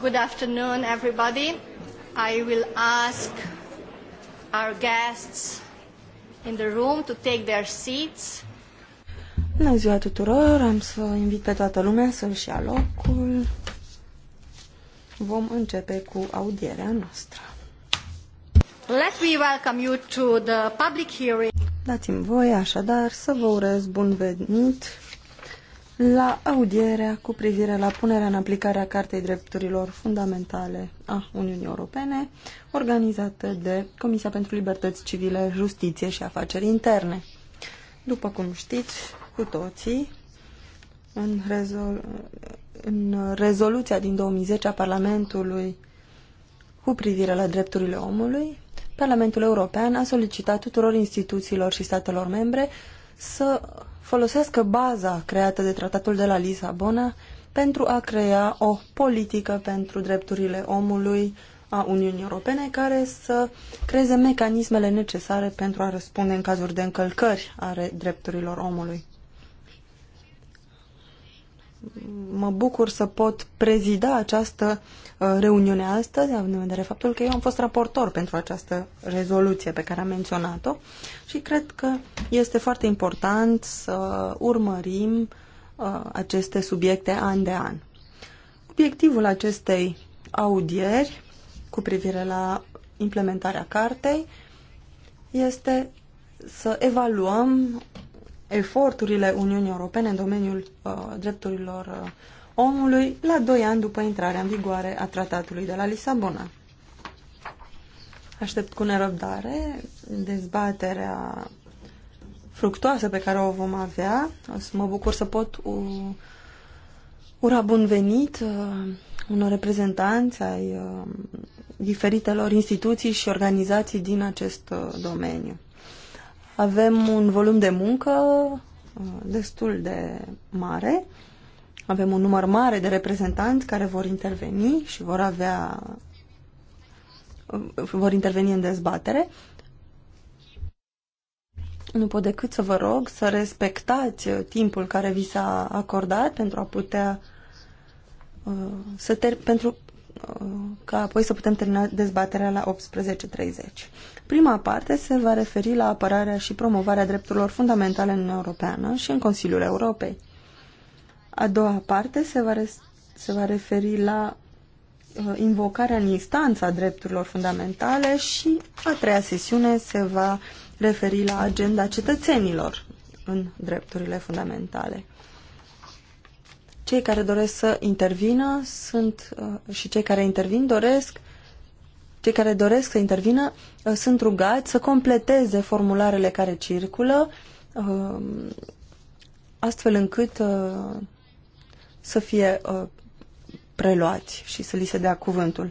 Good afternoon, everybody. I will ask our guests in the room to take their seats. Bună ziua tuturor, am să invit pe toată lumea să-și ia locul. Vom începe cu audierea noastră. Let me welcome you to the public hearing. Dați-mi voie așadar să vă urez bun venit la audierea cu privire la punerea în aplicare a Cartei Drepturilor Fundamentale a Uniunii Europene, organizată de Comisia pentru Libertăți Civile, Justiție și Afaceri Interne. După cum știți cu toții, în, rezol în rezoluția din 2010 a Parlamentului cu privire la drepturile omului, Parlamentul European a solicitat tuturor instituțiilor și statelor membre să folosească baza creată de tratatul de la Lisabona pentru a crea o politică pentru drepturile omului a Uniunii Europene care să creeze mecanismele necesare pentru a răspunde în cazuri de încălcări ale drepturilor omului mă bucur să pot prezida această uh, reuniune astăzi, având în vedere faptul că eu am fost raportor pentru această rezoluție pe care am menționat-o și cred că este foarte important să urmărim uh, aceste subiecte an de an. Obiectivul acestei audieri cu privire la implementarea cartei este să evaluăm eforturile Uniunii Europene în domeniul uh, drepturilor uh, omului la doi ani după intrarea în vigoare a tratatului de la Lisabona. Aștept cu nerăbdare dezbaterea fructoasă pe care o vom avea. O să mă bucur să pot uh, ura bun venit uh, unor reprezentanți ai uh, diferitelor instituții și organizații din acest uh, domeniu. Avem un volum de muncă uh, destul de mare. Avem un număr mare de reprezentanți care vor interveni și vor avea uh, vor interveni în dezbatere. Nu pot decât să vă rog să respectați uh, timpul care vi s-a acordat pentru a putea să ter- pentru ca apoi să putem termina dezbaterea la 18.30. Prima parte se va referi la apărarea și promovarea drepturilor fundamentale în Uniunea Europeană și în Consiliul Europei. A doua parte se va, se va referi la uh, invocarea în instanță a drepturilor fundamentale și a treia sesiune se va referi la agenda cetățenilor în drepturile fundamentale. Cei care doresc să intervină sunt uh, și cei care intervin doresc cei care doresc să intervină uh, sunt rugați să completeze formularele care circulă uh, astfel încât uh, să fie preluați și să li se dea cuvântul.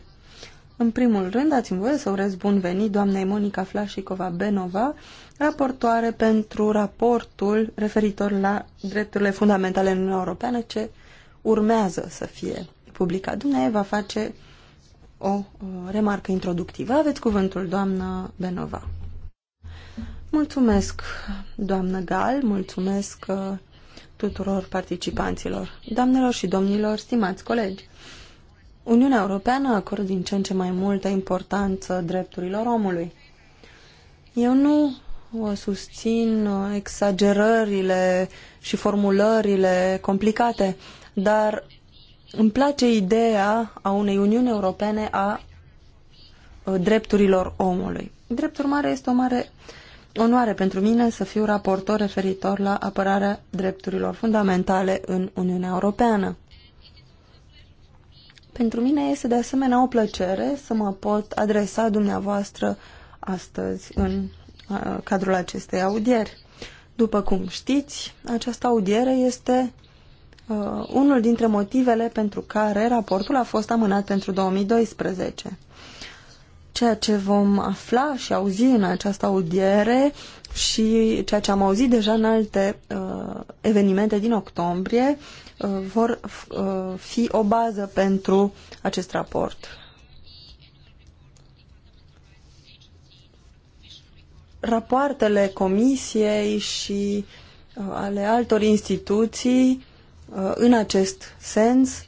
În primul rând, dați-mi voie să urez bun venit doamnei Monica Flașicova-Benova, raportoare pentru raportul referitor la drepturile fundamentale în Uniunea Europeană, ce urmează să fie publicat. Dumnezeu va face o uh, remarcă introductivă. Aveți cuvântul, doamnă Benova. Mulțumesc, doamnă Gal, mulțumesc uh, tuturor participanților. Doamnelor și domnilor, stimați colegi, Uniunea Europeană acordă din ce în ce mai multă importanță drepturilor omului. Eu nu uh, susțin exagerările și formulările complicate, dar îmi place ideea a unei Uniuni Europene a uh, drepturilor omului. Drept urmare, este o mare onoare pentru mine să fiu raportor referitor la apărarea drepturilor fundamentale în Uniunea Europeană. Pentru mine este de asemenea o plăcere să mă pot adresa dumneavoastră astăzi în uh, cadrul acestei audieri. După cum știți, această audiere este uh, unul dintre motivele pentru care raportul a fost amânat pentru 2012. Ceea ce vom afla și auzi în această audiere și ceea ce am auzit deja în alte uh, evenimente din octombrie uh, vor uh, fi o bază pentru acest raport. Rapoartele Comisiei și uh, ale altor instituții Uh, în acest sens,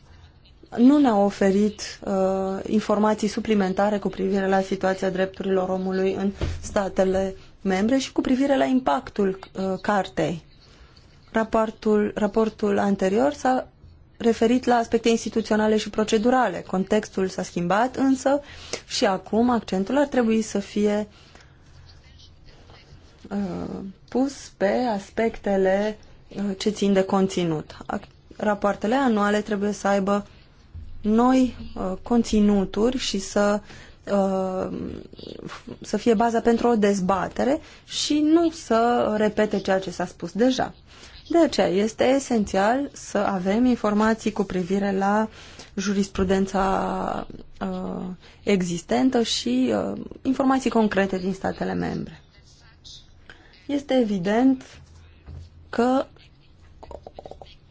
nu ne-a oferit uh, informații suplimentare cu privire la situația drepturilor omului în statele membre și cu privire la impactul uh, cartei. Raportul, raportul anterior s-a referit la aspecte instituționale și procedurale. Contextul s-a schimbat, însă și acum accentul ar trebui să fie uh, pus pe aspectele Uh, ce țin de conținut. Rapoartele anuale trebuie să aibă noi uh, conținuturi și să uh, să fie baza pentru o dezbatere și nu să repete ceea ce s-a spus deja. De aceea este esențial să avem informații cu privire la jurisprudența uh, existentă și uh, informații concrete din statele membre. Este evident că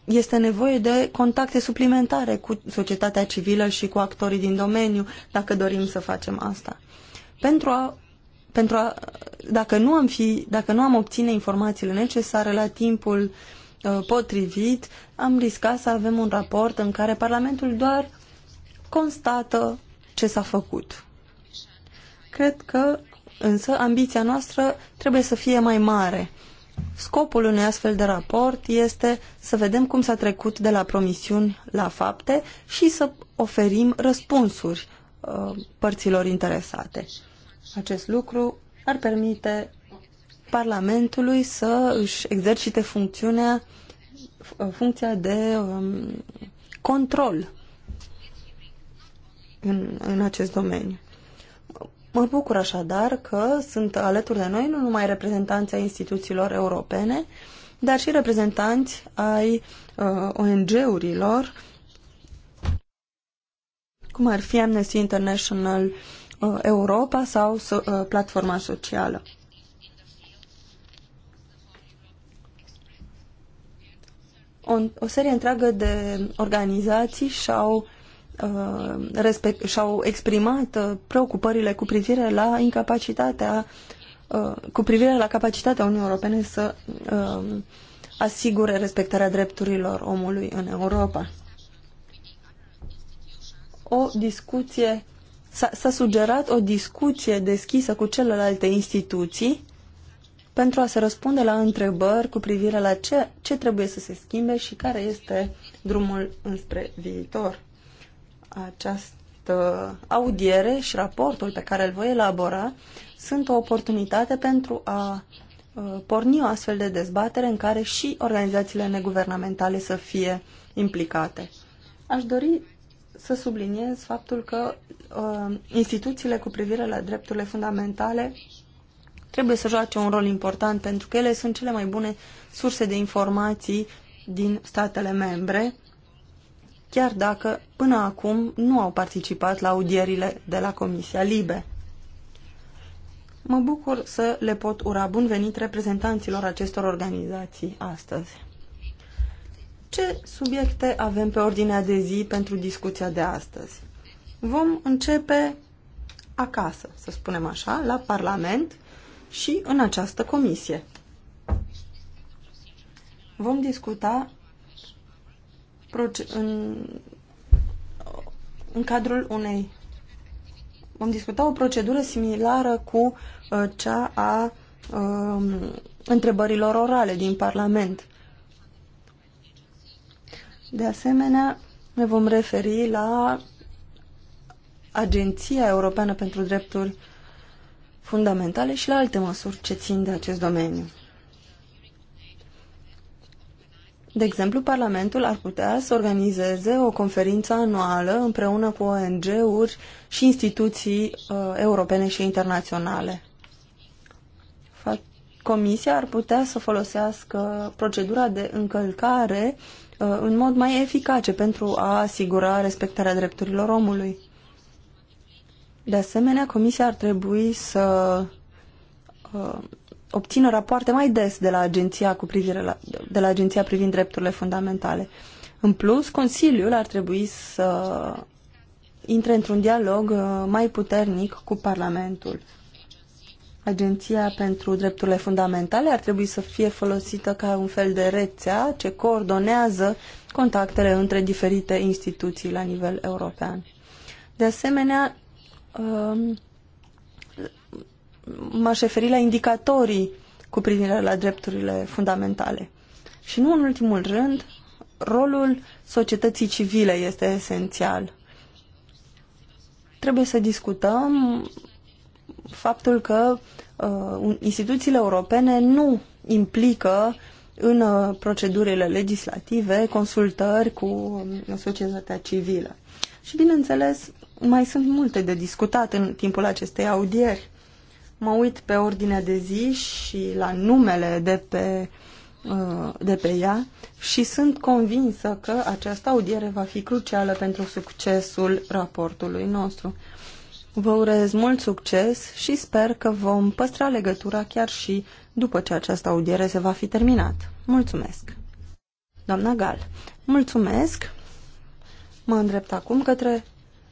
este nevoie de contacte suplimentare cu societatea civilă și cu actorii din domeniu, dacă dorim să facem asta. Pentru a, pentru a, dacă, nu am fi, dacă nu am obține informațiile necesare la timpul uh, potrivit, am riscat să avem un raport în care Parlamentul doar constată ce s-a făcut. Cred că, însă, ambiția noastră trebuie să fie mai mare Scopul unui astfel de raport este să vedem cum s-a trecut de la promisiuni la fapte și să oferim răspunsuri uh, părților interesate. Acest lucru ar permite Parlamentului să își exercite funcțiunea, uh, funcția de um, control în, în acest domeniu. Mă bucur așadar că sunt alături de noi nu numai reprezentanții ai instituțiilor europene, dar și reprezentanți ai uh, ONG-urilor, cum ar fi Amnesty International uh, Europa sau so uh, Platforma Socială. O, o serie întreagă de organizații și-au Uh, respect, și-au exprimat uh, preocupările cu privire la incapacitatea, uh, cu privire la capacitatea Uniunii Europene să asigure respectarea drepturilor omului în Europa. O discuție s-a sugerat o discuție deschisă cu celelalte instituții pentru a se răspunde la întrebări cu privire la ce, ce trebuie să se schimbe și care este drumul înspre viitor această audiere și raportul pe care îl voi elabora sunt o oportunitate pentru a uh, porni o astfel de dezbatere în care și organizațiile neguvernamentale să fie implicate. Aș dori să subliniez faptul că uh, instituțiile cu privire la drepturile fundamentale trebuie să joace un rol important pentru că ele sunt cele mai bune surse de informații din statele membre chiar dacă până acum nu au participat la audierile de la Comisia Libe. Mă bucur să le pot ura bun venit reprezentanților acestor organizații astăzi. Ce subiecte avem pe ordinea de zi pentru discuția de astăzi? Vom începe acasă, să spunem așa, la Parlament și în această comisie. Vom discuta în, în cadrul unei vom discuta o procedură similară cu uh, cea a uh, întrebărilor orale din Parlament. De asemenea, ne vom referi la Agenția Europeană pentru Drepturi Fundamentale și la alte măsuri ce țin de acest domeniu. De exemplu, Parlamentul ar putea să organizeze o conferință anuală împreună cu ONG-uri și instituții uh, europene și internaționale. Comisia ar putea să folosească procedura de încălcare uh, în mod mai eficace pentru a asigura respectarea drepturilor omului. De asemenea, Comisia ar trebui să uh, obțină rapoarte mai des de la agenția, cu privire la, de la agenția privind drepturile fundamentale. În plus, Consiliul ar trebui să intre într-un dialog uh, mai puternic cu Parlamentul. Agenția pentru Drepturile Fundamentale ar trebui să fie folosită ca un fel de rețea ce coordonează contactele între diferite instituții la nivel european. De asemenea, um, m-aș referi la indicatorii cu privire la drepturile fundamentale. Și nu în ultimul rând, rolul societății civile este esențial. Trebuie să discutăm faptul că uh, instituțiile europene nu implică în uh, procedurile legislative consultări cu um, societatea civilă. Și bineînțeles, mai sunt multe de discutat în timpul acestei audieri mă uit pe ordinea de zi și la numele de pe, uh, de pe ea și sunt convinsă că această audiere va fi crucială pentru succesul raportului nostru. Vă urez mult succes și sper că vom păstra legătura chiar și după ce această audiere se va fi terminat. Mulțumesc! Doamna Gal, mulțumesc! Mă îndrept acum către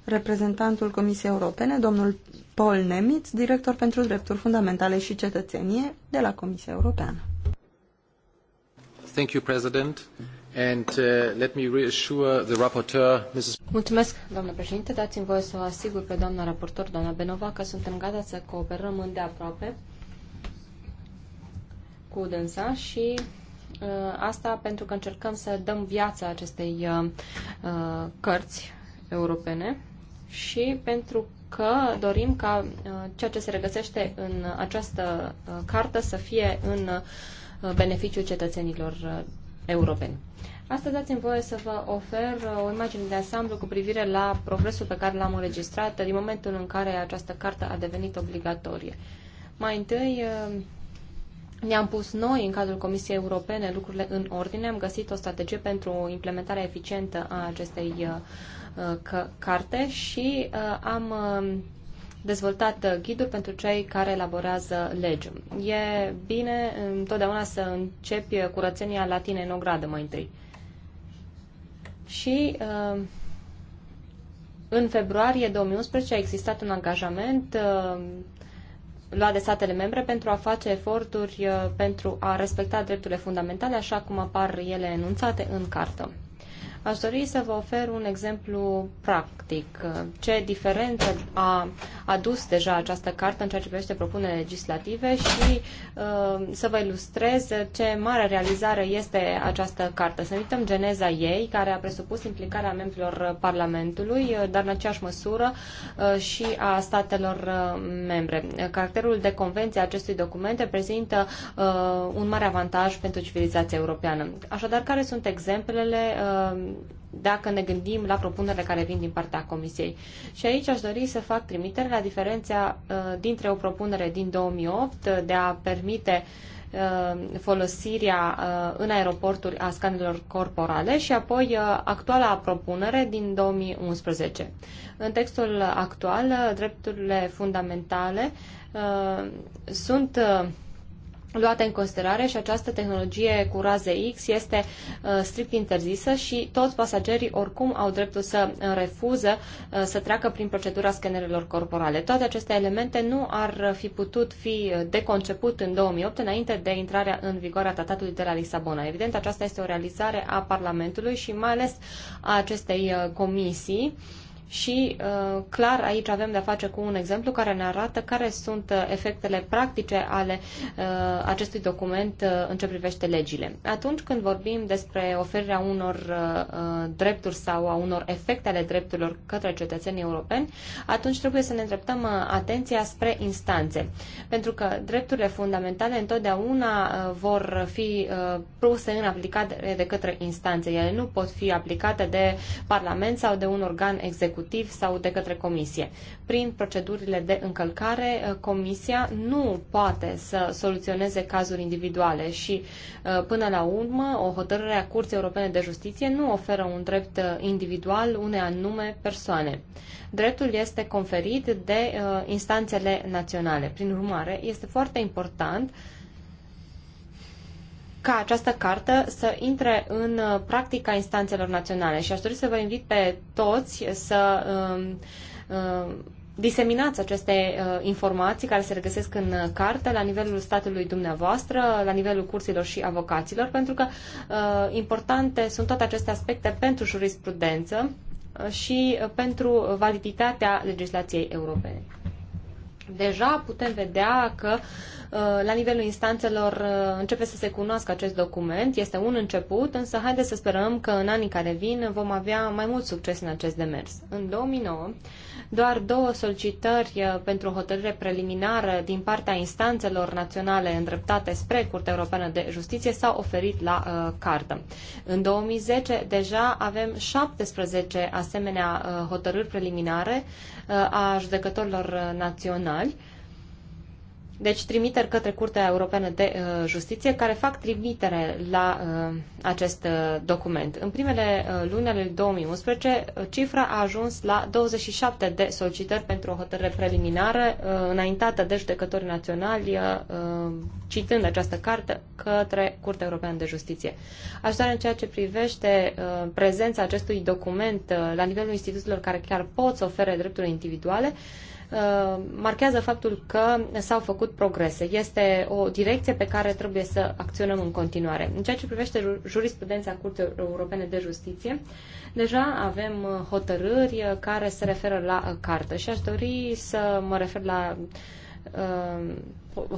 reprezentantul Comisiei Europene, domnul Paul Nemitz, director pentru drepturi fundamentale și cetățenie de la Comisia Europeană. Thank you, President. And uh, let me reassure the rapporteur, Mrs. Mulțumesc, doamnă președinte. Dați-mi voie să o asigur pe doamna raportor, doamna Benova, că suntem gata să cooperăm îndeaproape cu dânsa și uh, asta pentru că încercăm să dăm viața acestei uh, uh, cărți europene și pentru că dorim ca uh, ceea ce se regăsește în această uh, cartă să fie în uh, beneficiul cetățenilor europeni. Astăzi dați-mi voie să vă ofer o imagine de ansamblu cu privire la progresul pe care l-am înregistrat din momentul în care această carte a devenit obligatorie. Mai întâi ne-am pus noi în cadrul Comisiei Europene lucrurile în ordine, am găsit o strategie pentru implementarea eficientă a acestei Uh, carte și uh, am uh, dezvoltat ghiduri pentru cei care elaborează legi. E bine întotdeauna să începi curățenia la tine în ogradă mai întâi. Și în februarie 2011 a existat un angajament luat de statele membre pentru a face eforturi pentru a respecta drepturile fundamentale așa cum apar ele enunțate în cartă. Aș dori să vă ofer un exemplu practic. Ce diferență a adus deja această carte în ceea ce privește propunerile legislative și uh, să vă ilustrez ce mare realizare este această carte. Să uităm geneza ei, care a presupus implicarea membrilor Parlamentului, uh, dar în aceeași măsură uh, și a statelor uh, membre. Caracterul de convenție a acestui document reprezintă uh, un mare avantaj pentru civilizația europeană. Așadar, care sunt exemplele dacă ne gândim la propunerile care vin din partea Comisiei. Și aici aș dori să fac trimitere la diferența uh, dintre o propunere din 2008 uh, de a permite uh, folosirea în aeroporturi a scanelor corporale și apoi actuala propunere din 2011. În textul actual, drepturile fundamentale sunt luate în considerare și această tehnologie cu raze X este uh, strict interzisă și toți pasagerii oricum au dreptul să uh, refuză uh, să treacă prin procedura scanerelor corporale. Toate aceste elemente nu ar fi putut fi uh, deconceput în 2008 înainte de intrarea în vigoare a tratatului de la Lisabona. Evident, aceasta este o realizare a Parlamentului și mai ales a acestei uh, comisii și uh, clar aici avem de-a face cu un exemplu care ne arată care sunt uh, efectele practice ale uh, acestui document în ce privește legile. Atunci când vorbim despre oferirea unor drepturi sau a unor efecte ale drepturilor către cetățenii europeni, atunci trebuie să ne îndreptăm atenția spre instanțe. Pentru că drepturile fundamentale întotdeauna vor fi puse în aplicare de către instanțe. Ele nu pot fi aplicate de Parlament sau de un organ executiv executiv sau de către comisie. Prin procedurile de încălcare, uh, comisia nu poate să soluționeze cazuri individuale și, uh, până la urmă, o hotărâre a Curții Europene de Justiție nu oferă un drept uh, individual unei anume persoane. Dreptul este conferit de instanțele naționale. Prin urmare, este foarte important ca această carte să intre în uh, practica instanțelor naționale și aș dori să vă invit pe toți să um, um, diseminați aceste uh, informații care se regăsesc în uh, carte la nivelul statului dumneavoastră, la nivelul cursilor și avocaților, pentru că importante sunt toate aceste aspecte pentru jurisprudență și pentru validitatea legislației europene. Deja putem vedea că uh, Uh, la nivelul instanțelor uh, începe să se cunoască acest document. Este un început, însă haideți să sperăm că în anii care vin vom avea mai mult succes în acest demers. În 2009, doar două solicitări uh, pentru hotărâre preliminară din partea instanțelor naționale îndreptate spre Curtea Europeană de Justiție s-au oferit la uh, cardă. În 2010 deja avem 17 asemenea uh, hotărâri preliminare uh, a judecătorilor naționali deci trimiteri către Curtea Europeană de uh, Justiție care fac trimitere la uh, acest uh, document. În primele uh, luni ale 2011, uh, cifra a ajuns la 27 de solicitări pentru o hotărâre preliminară uh, înaintată de judecători naționali, uh, uh, citând această carte către Curtea Europeană de Justiție. Așadar, în ceea ce privește uh, prezența acestui document uh, la nivelul instituțiilor care chiar pot să ofere drepturi individuale, uh, Uh, marchează faptul că s-au făcut progrese. Este o direcție pe care trebuie să acționăm în continuare. În ceea ce privește jurisprudența Curții Europene de Justiție, deja avem uh, hotărâri uh, care se referă la cartă și aș dori să mă refer la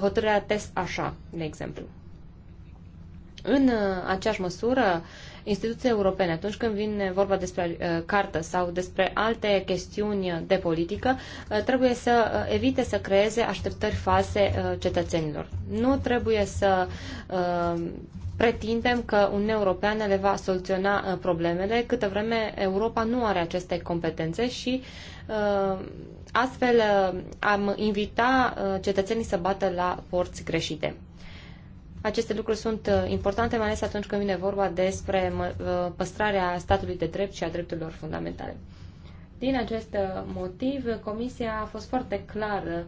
hotărârea test așa, de exemplu. În aceeași măsură, uh, instituțiile europene, atunci când vine vorba despre uh, cartă sau despre alte chestiuni de politică, uh, trebuie să uh, evite să creeze așteptări false uh, cetățenilor. Nu trebuie să uh, pretindem că Uniunea Europeană le va soluționa uh, problemele, câtă vreme Europa nu are aceste competențe și uh, astfel uh, am invita uh, cetățenii să bată la porți greșite. Aceste lucruri sunt uh, importante, mai ales atunci când vine vorba despre uh, păstrarea statului de drept și a drepturilor fundamentale. Din acest uh, motiv, Comisia a fost foarte clară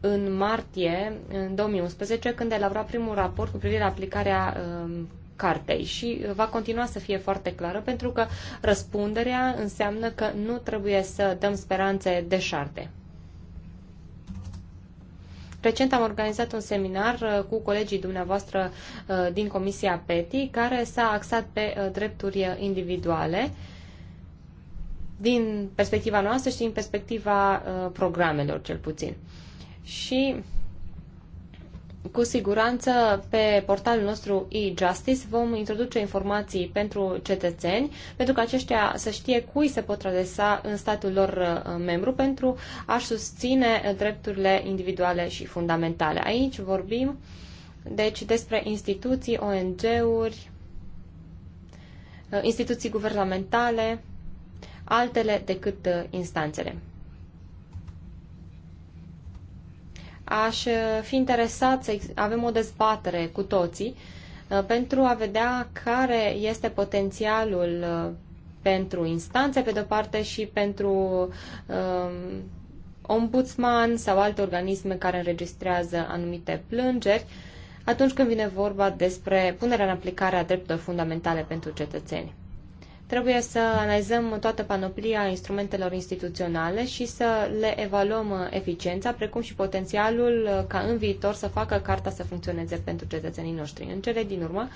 în martie în 2011, când a elaborat primul raport cu privire la aplicarea um, cartei și va continua să fie foarte clară pentru că răspunderea înseamnă că nu trebuie să dăm speranțe deșarte. Recent am organizat un seminar uh, cu colegii dumneavoastră uh, din Comisia PETI, care s-a axat pe uh, drepturi individuale din perspectiva noastră și din perspectiva programelor, cel puțin. Și cu siguranță pe portalul nostru e-justice vom introduce informații pentru cetățeni, pentru că aceștia să știe cui se pot adresa în statul lor uh, membru pentru a-și susține drepturile individuale și fundamentale. Aici vorbim deci despre instituții, ONG-uri, uh, instituții guvernamentale, altele decât uh, instanțele. aș fi interesat să avem o dezbatere cu toții uh, pentru a vedea care este potențialul uh, pentru instanțe, pe de-o parte, și pentru um, ombudsman sau alte organisme care înregistrează anumite plângeri atunci când vine vorba despre punerea în aplicare a drepturilor fundamentale pentru cetățeni. Trebuie să analizăm toată panoplia instrumentelor instituționale și să le evaluăm eficiența, precum și potențialul ca în viitor să facă carta să funcționeze pentru cetățenii noștri. În cele din urmă,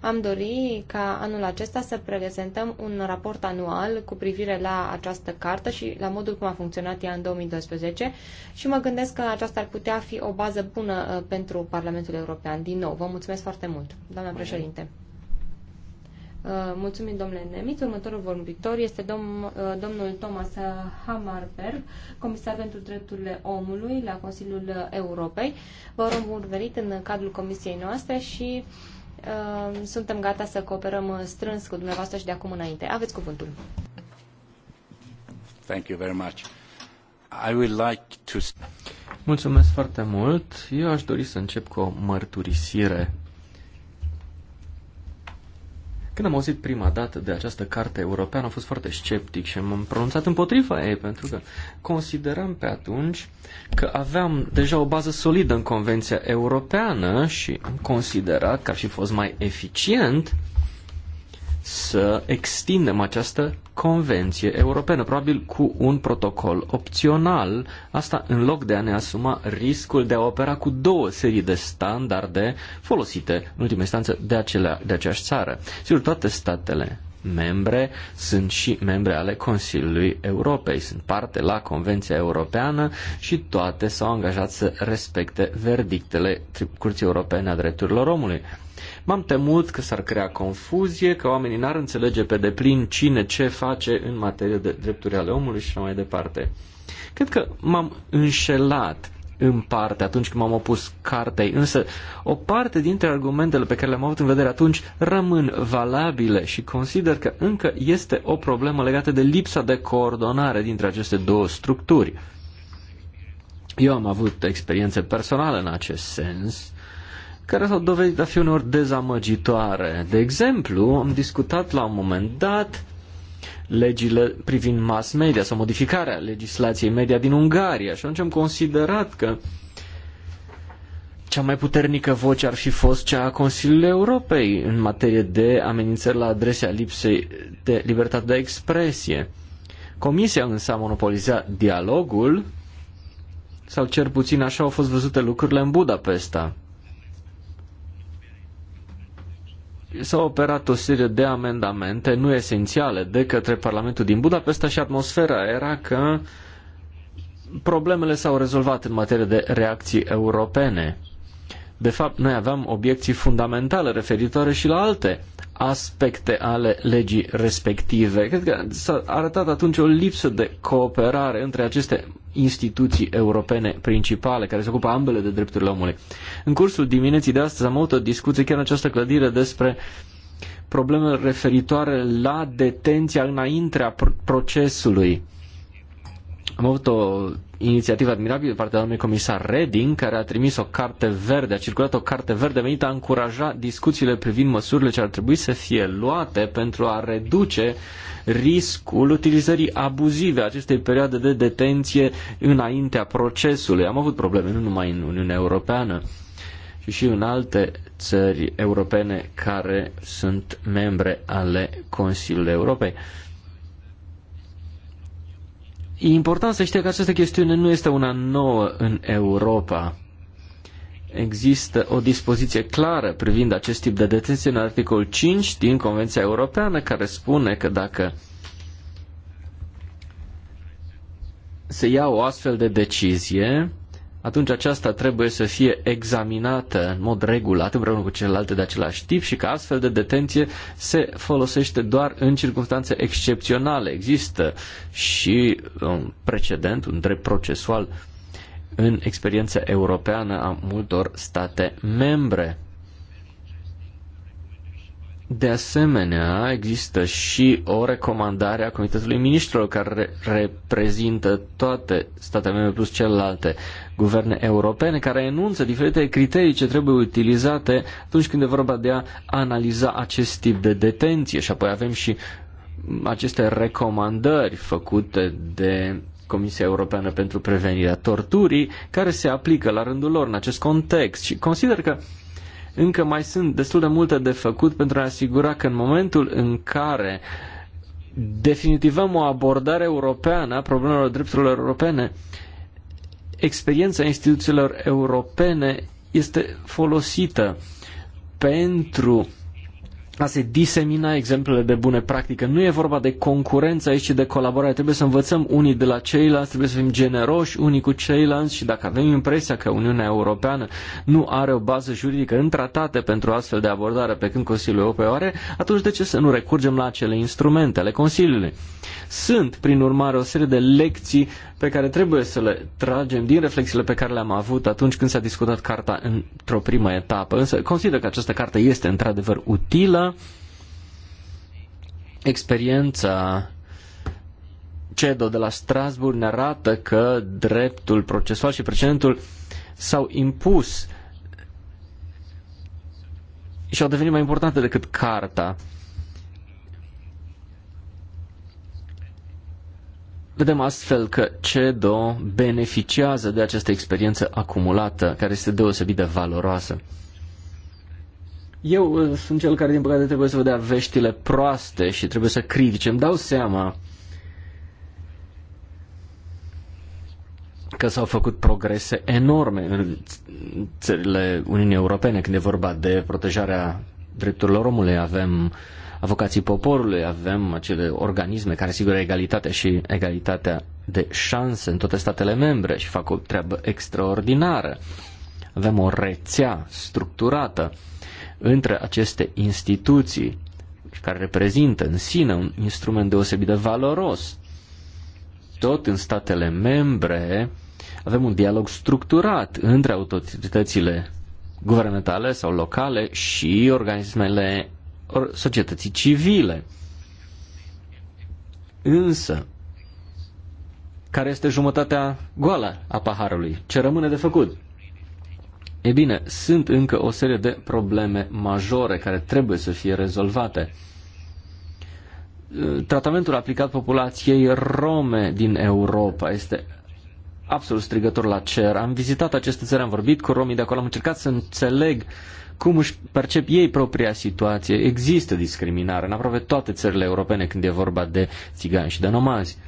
am dori ca anul acesta să prezentăm un raport anual cu privire la această carte și la modul cum a funcționat ea în 2012 și mă gândesc că aceasta ar putea fi o bază bună uh, pentru Parlamentul European. Din nou, vă mulțumesc foarte mult, doamna președinte. Uh, mulțumim, domnule Nemitz. Următorul vorbitor este dom uh, domnul Thomas Hammarberg, comisar pentru drepturile omului la Consiliul Europei. Vă rog bun venit în cadrul comisiei noastre și uh, suntem gata să cooperăm strâns cu dumneavoastră și de acum înainte. Aveți cuvântul. Thank you very much. I would like to... Mulțumesc foarte mult. Eu aș dori să încep cu o mărturisire când am auzit prima dată de această carte europeană, am fost foarte sceptic și m-am pronunțat împotriva ei, pentru că consideram pe atunci că aveam deja o bază solidă în Convenția Europeană și am considerat că ar fi fost mai eficient să extindem această convenție europeană, probabil cu un protocol opțional, asta în loc de a ne asuma riscul de a opera cu două serii de standarde folosite, în ultima instanță, de, acelea, de aceeași țară. Sigur, toate statele membre sunt și membre ale Consiliului Europei, sunt parte la Convenția Europeană și toate s-au angajat să respecte verdictele Curții Europene a Drepturilor Omului. M-am temut că s-ar crea confuzie, că oamenii n-ar înțelege pe deplin cine ce face în materie de drepturi ale omului și așa mai departe. Cred că m-am înșelat în parte atunci când m-am opus cartei, însă o parte dintre argumentele pe care le-am avut în vedere atunci rămân valabile și consider că încă este o problemă legată de lipsa de coordonare dintre aceste două structuri. Eu am avut experiențe personale în acest sens care s-au dovedit a fi uneori dezamăgitoare. De exemplu, am discutat la un moment dat legile privind mass media sau modificarea legislației media din Ungaria și atunci am considerat că cea mai puternică voce ar fi fost cea a Consiliului Europei în materie de amenințări la adresa lipsei de libertate de expresie. Comisia însă a monopolizat dialogul, sau cel puțin așa au fost văzute lucrurile în Budapesta. s au operat o serie de amendamente nu esențiale de către Parlamentul din Budapesta și atmosfera era că problemele s-au rezolvat în materie de reacții europene. De fapt, noi aveam obiecții fundamentale referitoare și la alte aspecte ale legii respective. Cred că s-a arătat atunci o lipsă de cooperare între aceste instituții europene principale care se ocupă ambele de drepturile omului. În cursul dimineții de astăzi am avut o discuție chiar în această clădire despre probleme referitoare la detenția înaintea procesului. Am avut o inițiativă admirabilă de partea doamnei comisar Reding, care a trimis o carte verde, a circulat o carte verde venită a încuraja discuțiile privind măsurile ce ar trebui să fie luate pentru a reduce riscul utilizării abuzive a acestei perioade de detenție înaintea procesului. Am avut probleme nu numai în Uniunea Europeană, ci și în alte țări europene care sunt membre ale Consiliului Europei. E important să știe că această chestiune nu este una nouă în Europa. Există o dispoziție clară privind acest tip de detenție în articolul 5 din Convenția Europeană care spune că dacă se ia o astfel de decizie, atunci aceasta trebuie să fie examinată în mod regulat împreună cu celelalte de același tip și că astfel de detenție se folosește doar în circunstanțe excepționale. Există și un precedent, un drept procesual în experiența europeană a multor state membre. De asemenea, există și o recomandare a Comitetului Ministrilor care reprezintă toate statele membre plus celelalte guverne europene care enunță diferite criterii ce trebuie utilizate atunci când e vorba de a analiza acest tip de detenție și apoi avem și aceste recomandări făcute de Comisia Europeană pentru Prevenirea Torturii, care se aplică la rândul lor în acest context și consider că încă mai sunt destul de multe de făcut pentru a asigura că în momentul în care definitivăm o abordare europeană a problemelor drepturilor europene, uh, experiența instituțiilor europene este folosită pentru a se disemina exemplele de bune practică. Nu e vorba de concurență aici, ci de colaborare. Trebuie să învățăm unii de la ceilalți, trebuie să fim generoși unii cu ceilalți și dacă avem impresia că Uniunea Europeană nu are o bază juridică în tratate pentru astfel de abordare pe când Consiliul Europei o are, atunci de ce să nu recurgem la acele instrumente ale Consiliului? Sunt, prin urmare, o serie de lecții pe care trebuie să le tragem din reflexiile pe care le-am avut atunci când s-a discutat carta într-o primă etapă. Însă consider că această carte este într-adevăr utilă. Experiența CEDO de la Strasbourg ne arată că dreptul procesual și precedentul s-au impus și au devenit mai importante decât carta. Vedem astfel că CEDO beneficiază de această experiență acumulată, care este deosebit de valoroasă. Eu uh, sunt cel care, din păcate, trebuie să vedea veștile proaste și trebuie să critic. Îmi dau seama că s-au făcut progrese enorme în țările Uniunii Europene când e vorba de protejarea drepturilor omului. Avem uh, avocații poporului, avem acele organisme care asigură egalitatea și egalitatea de șanse în toate statele membre și fac o treabă extraordinară. Avem o rețea structurată între aceste instituții care reprezintă în sine un instrument deosebit de valoros. Tot în statele membre avem un dialog structurat între autoritățile guvernamentale sau locale și organismele societății civile. Însă, care este jumătatea goală a paharului? Ce rămâne de făcut? E bine, sunt încă o serie de probleme majore care trebuie să fie rezolvate. Tratamentul aplicat populației rome din Europa este absolut strigător la cer. Am vizitat aceste țări, am vorbit cu romii de acolo, am încercat să înțeleg cum își percep ei propria situație. Există discriminare în aproape toate țările europene când e vorba de țigani și de nomazi.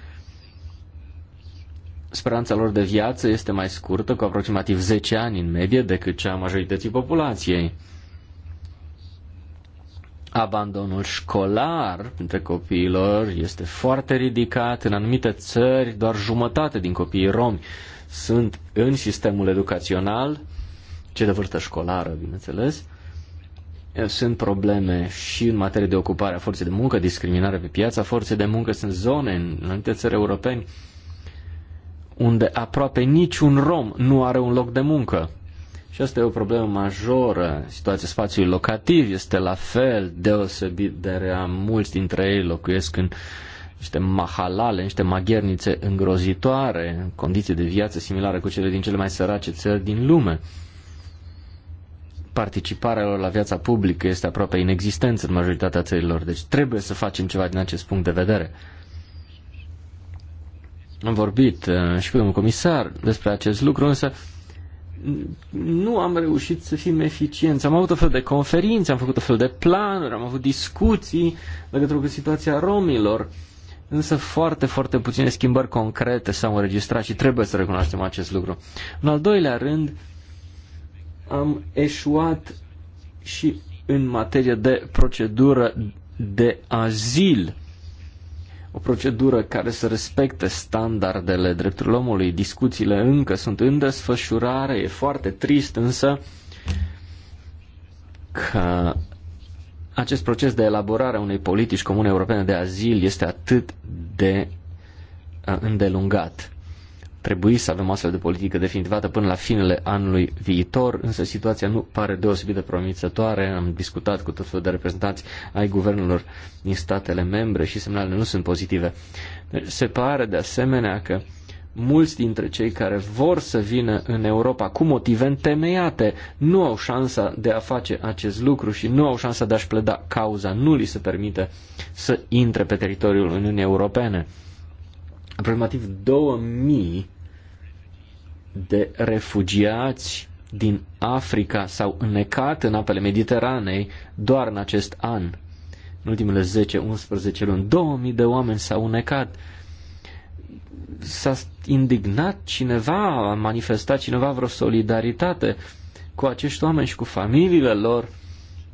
Speranța lor de viață este mai scurtă, cu aproximativ 10 ani în medie, decât cea a majorității populației. Abandonul școlar între copiilor este foarte ridicat. În anumite țări, doar jumătate din copiii romi sunt în sistemul educațional cei de vârstă școlară, bineînțeles. Sunt probleme și în materie de ocupare a forței de muncă, discriminare pe piața forței de muncă. Sunt zone în anumite țări europeni unde aproape niciun rom nu are un loc de muncă. Și asta e o problemă majoră. Situația spațiului locativ este la fel deosebit de rea. Mulți dintre ei locuiesc în niște mahalale, niște maghernițe îngrozitoare, în condiții de viață similare cu cele din cele mai sărace țări din lume participarea lor la viața publică este aproape inexistență în majoritatea țărilor. Deci trebuie să facem ceva din acest punct de vedere. Am vorbit uh, și cu un comisar despre acest lucru, însă nu am reușit să fim eficienți. Am avut o fel de conferințe, am făcut o fel de planuri, am avut discuții legătură cu situația romilor, însă foarte, foarte puține schimbări concrete s-au înregistrat și trebuie să recunoaștem acest lucru. În al doilea rând, uh, am eșuat și în materie de procedură de azil. O procedură care să respecte standardele drepturilor omului. Discuțiile încă sunt în desfășurare, e foarte trist însă că acest proces de elaborare a unei politici comune europene de azil este atât de uh, îndelungat trebui să avem o astfel de politică definitivată până la finele anului viitor, însă situația nu pare deosebit de promițătoare. Am discutat cu tot felul de reprezentanți ai guvernelor din statele membre și semnalele nu sunt pozitive. Deci, se pare de asemenea că mulți dintre cei care vor să vină în Europa cu motive întemeiate nu au șansa de a face acest lucru și nu au șansa de a-și pleda cauza, nu li se permite să intre pe teritoriul Uniunii Europene aproximativ 2000 de refugiați din Africa s-au înnecat în apele Mediteranei doar în acest an. În ultimele 10-11 luni, 2000 de oameni s-au înnecat. S-a indignat cineva, a manifestat cineva vreo solidaritate cu acești oameni și cu familiile lor,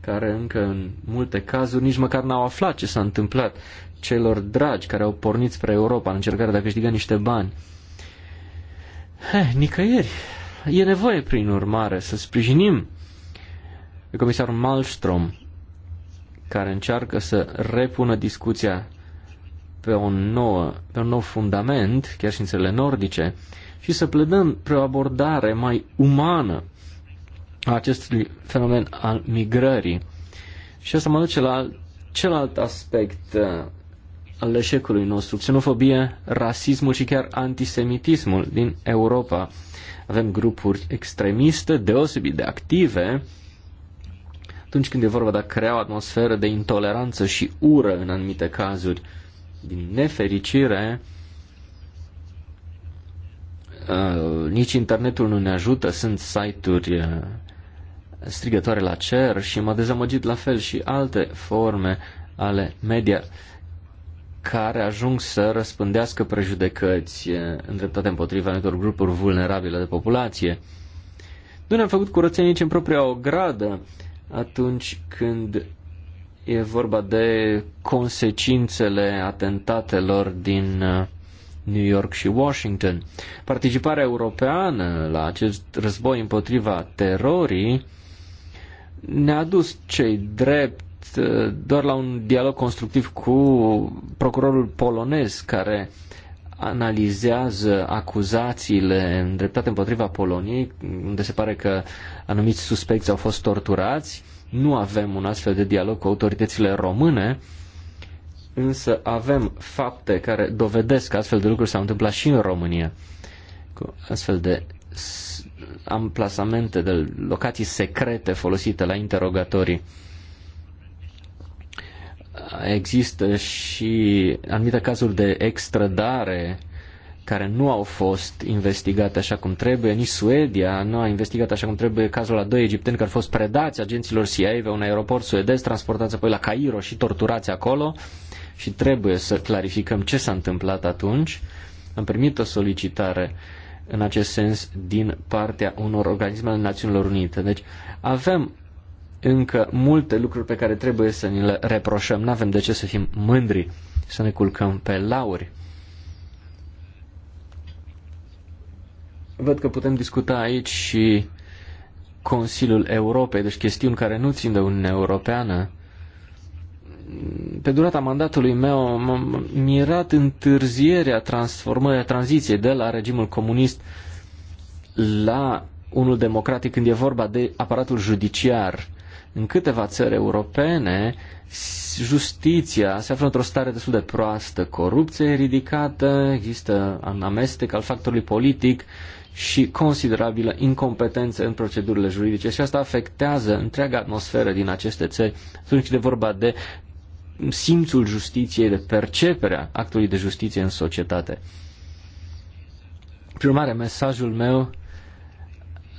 care încă în multe cazuri nici măcar n-au aflat ce s-a întâmplat celor dragi care au pornit spre Europa în încercarea de a câștiga niște bani. He, nicăieri. E nevoie, prin urmare, să sprijinim pe comisarul Malmström, care încearcă să repună discuția pe, un nou, pe un nou fundament, chiar și în țările nordice, și să plădăm pe o abordare mai umană a acestui fenomen al migrării. Și asta mă duce la celălalt aspect al eșecului nostru, xenofobie, rasismul și chiar antisemitismul din Europa. Avem grupuri extremiste deosebit de active atunci când e vorba de a crea o atmosferă de intoleranță și ură în anumite cazuri. Din nefericire, uh, nici internetul nu ne ajută, sunt site-uri uh, strigătoare la cer și m-a dezamăgit la fel și alte forme ale media care ajung să răspândească prejudecăți îndreptate împotriva anumitor grupuri vulnerabile de populație. Nu ne-am făcut curățenie nici în propria ogradă atunci când e vorba de consecințele atentatelor din New York și Washington. Participarea europeană la acest război împotriva terorii ne-a dus cei drept Uh, doar la un dialog constructiv cu procurorul polonez care analizează acuzațiile îndreptate împotriva Poloniei, unde se pare că anumiți suspecți au fost torturați. Nu avem un astfel de dialog cu autoritățile române, însă avem fapte care dovedesc că astfel de lucruri s-au întâmplat și în România, cu astfel de amplasamente de locații secrete folosite la interogatorii există și anumite cazuri de extradare care nu au fost investigate așa cum trebuie, nici Suedia nu a investigat așa cum trebuie cazul a doi egipteni care au fost predați agenților CIA pe un aeroport suedez, transportați apoi la Cairo și torturați acolo și trebuie să clarificăm ce s-a întâmplat atunci. Am primit o solicitare în acest sens din partea unor organisme ale Națiunilor Unite. Deci avem încă multe lucruri pe care trebuie să ni le reproșăm. Nu avem de ce să fim mândri, să ne culcăm pe lauri. Văd că putem discuta aici și Consiliul Europei, deci chestiuni care nu țin de Uniunea Europeană. Pe durata mandatului meu m-am mirat întârzierea transformării, tranziției de la regimul comunist la unul democratic când e vorba de aparatul judiciar. În câteva țări europene, justiția se află într-o stare destul de proastă, corupție ridicată, există un amestec al factorului politic și considerabilă incompetență în procedurile juridice și asta afectează întreaga atmosferă din aceste țări atunci de vorba de simțul justiției, de perceperea actului de justiție în societate. Prin urmare, mesajul meu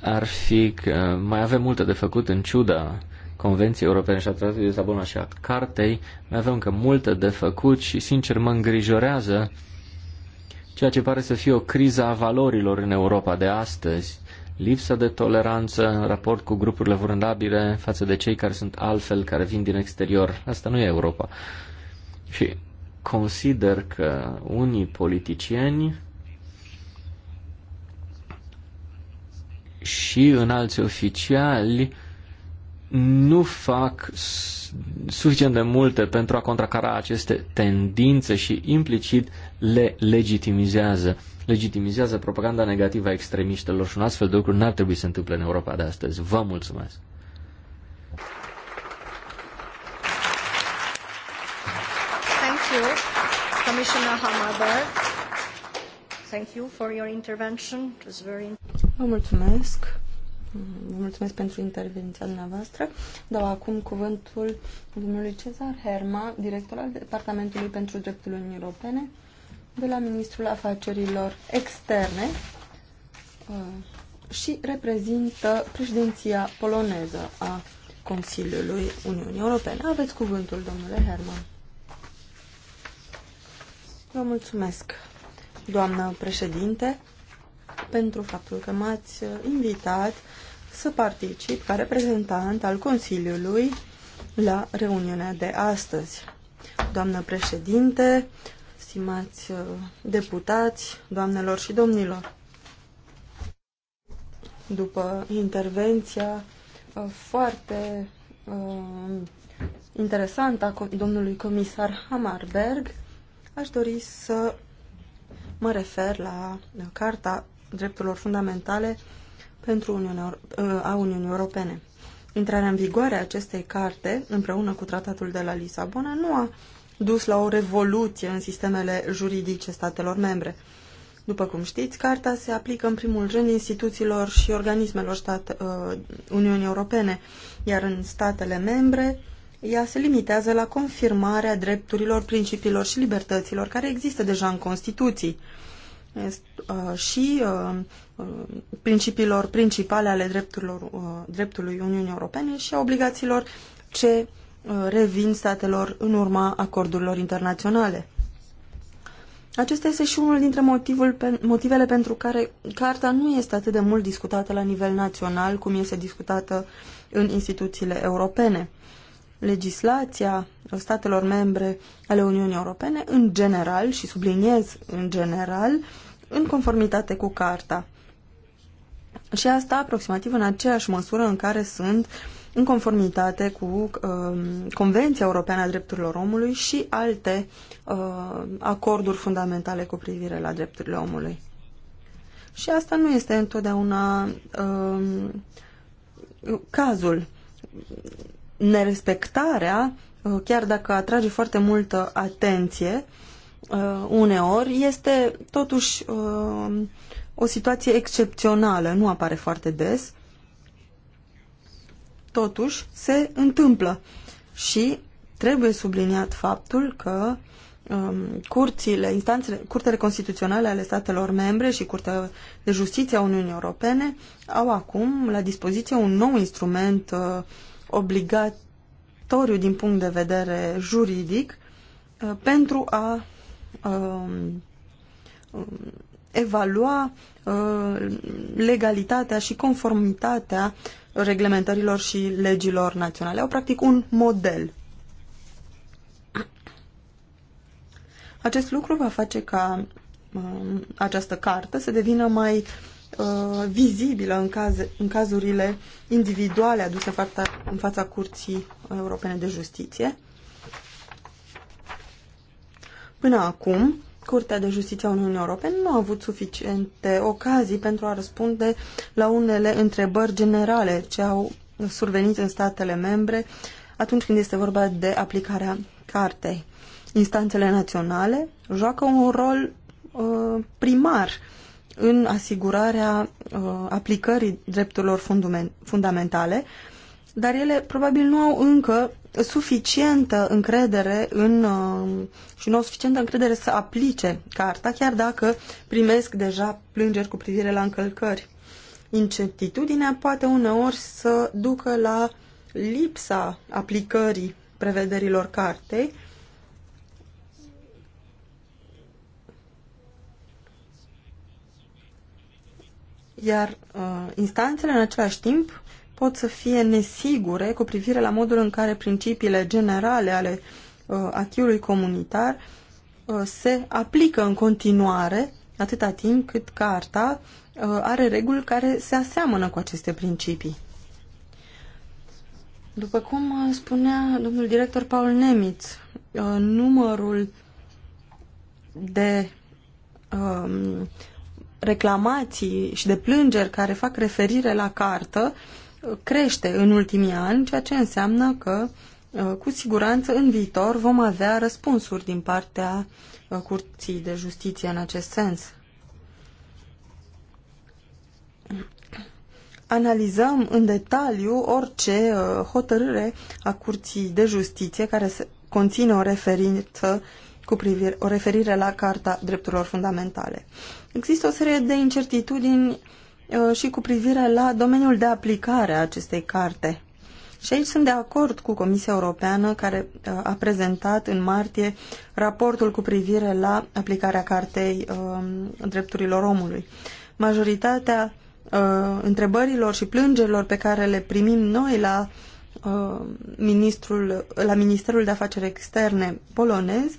ar fi că mai avem multe de făcut în ciuda Convenției Europene și a Tratatului de Lisabona și a Cartei, mai avem încă multe de făcut și, sincer, mă îngrijorează ceea ce pare să fie o criză a valorilor în Europa de astăzi. Lipsa de toleranță în raport cu grupurile vulnerabile față de cei care sunt altfel, care vin din exterior. Asta nu e Europa. Și consider că unii politicieni și în alți oficiali nu fac suficient de multe pentru a contracara aceste tendințe și implicit le legitimizează. Legitimizează propaganda negativă a extremiștilor și un astfel de lucru n-ar trebui să întâmple în Europa de astăzi. Vă mulțumesc! Thank you, Commissioner Thank you for your intervention. It was very... Vă mulțumesc! Vă mulțumesc pentru intervenția dumneavoastră. Dau acum cuvântul domnului Cezar Herma, director al Departamentului pentru Dreptul Uniunii Europene, de la Ministrul Afacerilor Externe uh, și reprezintă președinția poloneză a Consiliului Uniunii Europene. Aveți cuvântul, domnule Herman. Vă mulțumesc, doamnă președinte, pentru faptul că m-ați invitat să particip ca reprezentant al Consiliului la reuniunea de astăzi. Doamnă președinte, stimați uh, deputați, doamnelor și domnilor, după intervenția uh, foarte uh, interesantă a domnului comisar Hamarberg, aș dori să mă refer la Carta Drepturilor Fundamentale pentru Uniunea, a Uniunii Europene. Intrarea în vigoare a acestei carte, împreună cu tratatul de la Lisabona, nu a dus la o revoluție în sistemele juridice statelor membre. După cum știți, carta se aplică în primul rând instituțiilor și organismelor stat, uh, Uniunii Europene, iar în statele membre ea se limitează la confirmarea drepturilor, principiilor și libertăților care există deja în Constituții. Este, uh, și uh, Uh, principiilor principale ale drepturilor, uh, dreptului Uniunii Europene și a obligațiilor ce uh, revin statelor în urma acordurilor internaționale. Acesta este și unul dintre motivul, motivele pentru care carta nu este atât de mult discutată la nivel național cum este discutată în instituțiile europene. Legislația statelor membre ale Uniunii Europene, în general, și subliniez în general, în conformitate cu carta și asta aproximativ în aceeași măsură în care sunt în conformitate cu uh, Convenția Europeană a Drepturilor Omului și alte uh, acorduri fundamentale cu privire la drepturile omului. Și asta nu este întotdeauna uh, cazul. Nerespectarea, uh, chiar dacă atrage foarte multă atenție, uh, uneori este totuși uh, o situație excepțională, nu apare foarte des, totuși se întâmplă și trebuie subliniat faptul că um, curțile, instanțele, curtele constituționale ale statelor membre și Curtea de Justiție a Uniunii Europene au acum la dispoziție un nou instrument uh, obligatoriu din punct de vedere juridic uh, pentru a uh, evalua uh, legalitatea și conformitatea reglementărilor și legilor naționale. Au practic un model. Acest lucru va face ca um, această carte să devină mai uh, vizibilă în, caz, în cazurile individuale aduse în fața, Curții Europene de Justiție. Până acum, Curtea de Justiție a Uniunii Europene nu a avut suficiente ocazii pentru a răspunde la unele întrebări generale ce au survenit în statele membre atunci când este vorba de aplicarea cartei. Instanțele naționale joacă un rol uh, primar în asigurarea uh, aplicării drepturilor fundamentale, dar ele probabil nu au încă suficientă încredere în, uh, și nu au suficientă încredere să aplice carta, chiar dacă primesc deja plângeri cu privire la încălcări. Incertitudinea poate uneori să ducă la lipsa aplicării prevederilor cartei, iar uh, instanțele în același timp pot să fie nesigure cu privire la modul în care principiile generale ale uh, achiului comunitar uh, se aplică în continuare atâta timp cât carta uh, are reguli care se aseamănă cu aceste principii. După cum uh, spunea domnul director Paul Nemitz, uh, numărul de uh, reclamații și de plângeri care fac referire la cartă crește în ultimii ani, ceea ce înseamnă că uh, cu siguranță în viitor vom avea răspunsuri din partea uh, Curții de Justiție în acest sens. Analizăm în detaliu orice uh, hotărâre a Curții de Justiție care conține o referință cu privire, o referire la Carta Drepturilor Fundamentale. Există o serie de incertitudini Uh, și cu privire la domeniul de aplicare a acestei carte. Și aici sunt de acord cu Comisia Europeană care uh, a prezentat în martie raportul cu privire la aplicarea cartei uh, drepturilor omului. Majoritatea întrebărilor și plângerilor pe care le primim noi la ministrul, la Ministerul de Afaceri Externe polonez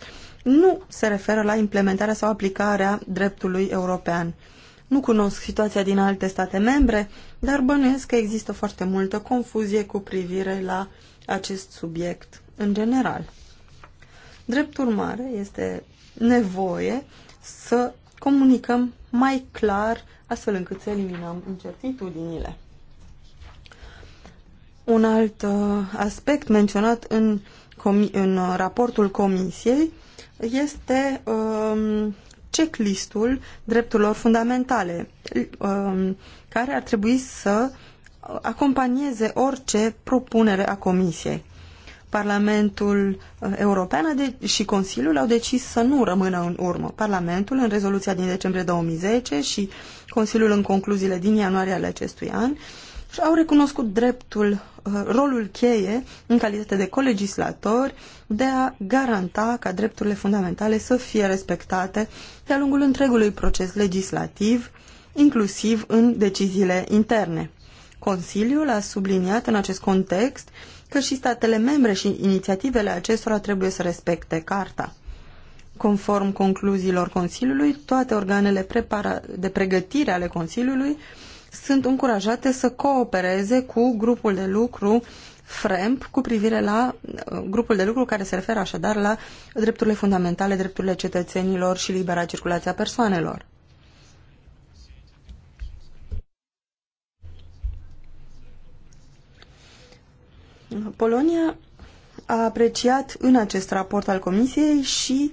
nu se referă la implementarea sau aplicarea dreptului european. Nu cunosc situația din alte state membre, dar bănuiesc că există foarte multă confuzie cu privire la acest subiect în general. Drept urmare, este nevoie să comunicăm mai clar, astfel încât să eliminăm incertitudinile. Un alt uh, aspect menționat în, în uh, raportul Comisiei este um, checklistul drepturilor fundamentale, um, care ar trebui să acompanieze orice propunere a Comisiei. Parlamentul uh, European și Consiliul au decis să nu rămână în urmă. Parlamentul, în rezoluția din decembrie 2010 și Consiliul în concluziile din ianuarie ale acestui an, și au recunoscut dreptul, uh, rolul cheie în calitate de colegislatori de a garanta ca drepturile fundamentale să fie respectate de-a lungul întregului proces legislativ, inclusiv în deciziile interne. Consiliul a subliniat în acest context că și statele membre și inițiativele acestora trebuie să respecte Carta. Conform concluziilor Consiliului, toate organele de pregătire ale Consiliului sunt încurajate să coopereze cu grupul de lucru FREMP cu privire la uh, grupul de lucru care se referă așadar la drepturile fundamentale, drepturile cetățenilor și libera circulație a persoanelor. Polonia a apreciat în acest raport al Comisiei și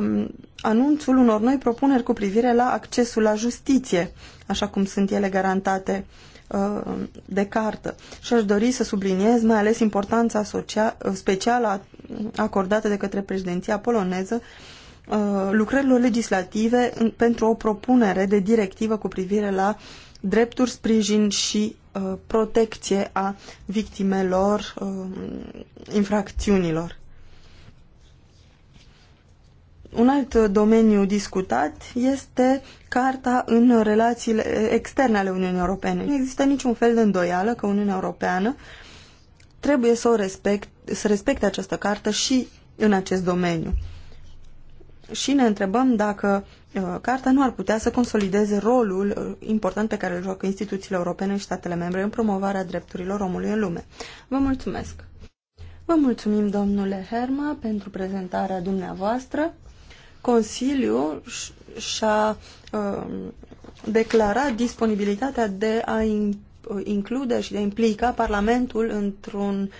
uh, anunțul unor noi propuneri cu privire la accesul la justiție, așa cum sunt ele garantate uh, de cartă. Și aș dori să subliniez mai ales importanța uh, specială acordată de către președinția poloneză uh, lucrărilor legislative pentru o propunere de directivă cu privire la drepturi, sprijin și protecție a victimelor infracțiunilor. Un alt domeniu discutat este carta în relațiile externe ale Uniunii Europene. Nu există niciun fel de îndoială că Uniunea Europeană trebuie să, o respect, să respecte această Cartă și în acest domeniu. Și ne întrebăm dacă uh, carta nu ar putea să consolideze rolul uh, important pe care îl joacă instituțiile europene și statele membre în promovarea drepturilor omului în lume. Vă mulțumesc! Vă mulțumim, domnule Herma, pentru prezentarea dumneavoastră. Consiliul și-a um, declarat disponibilitatea de a include și de a implica Parlamentul într-un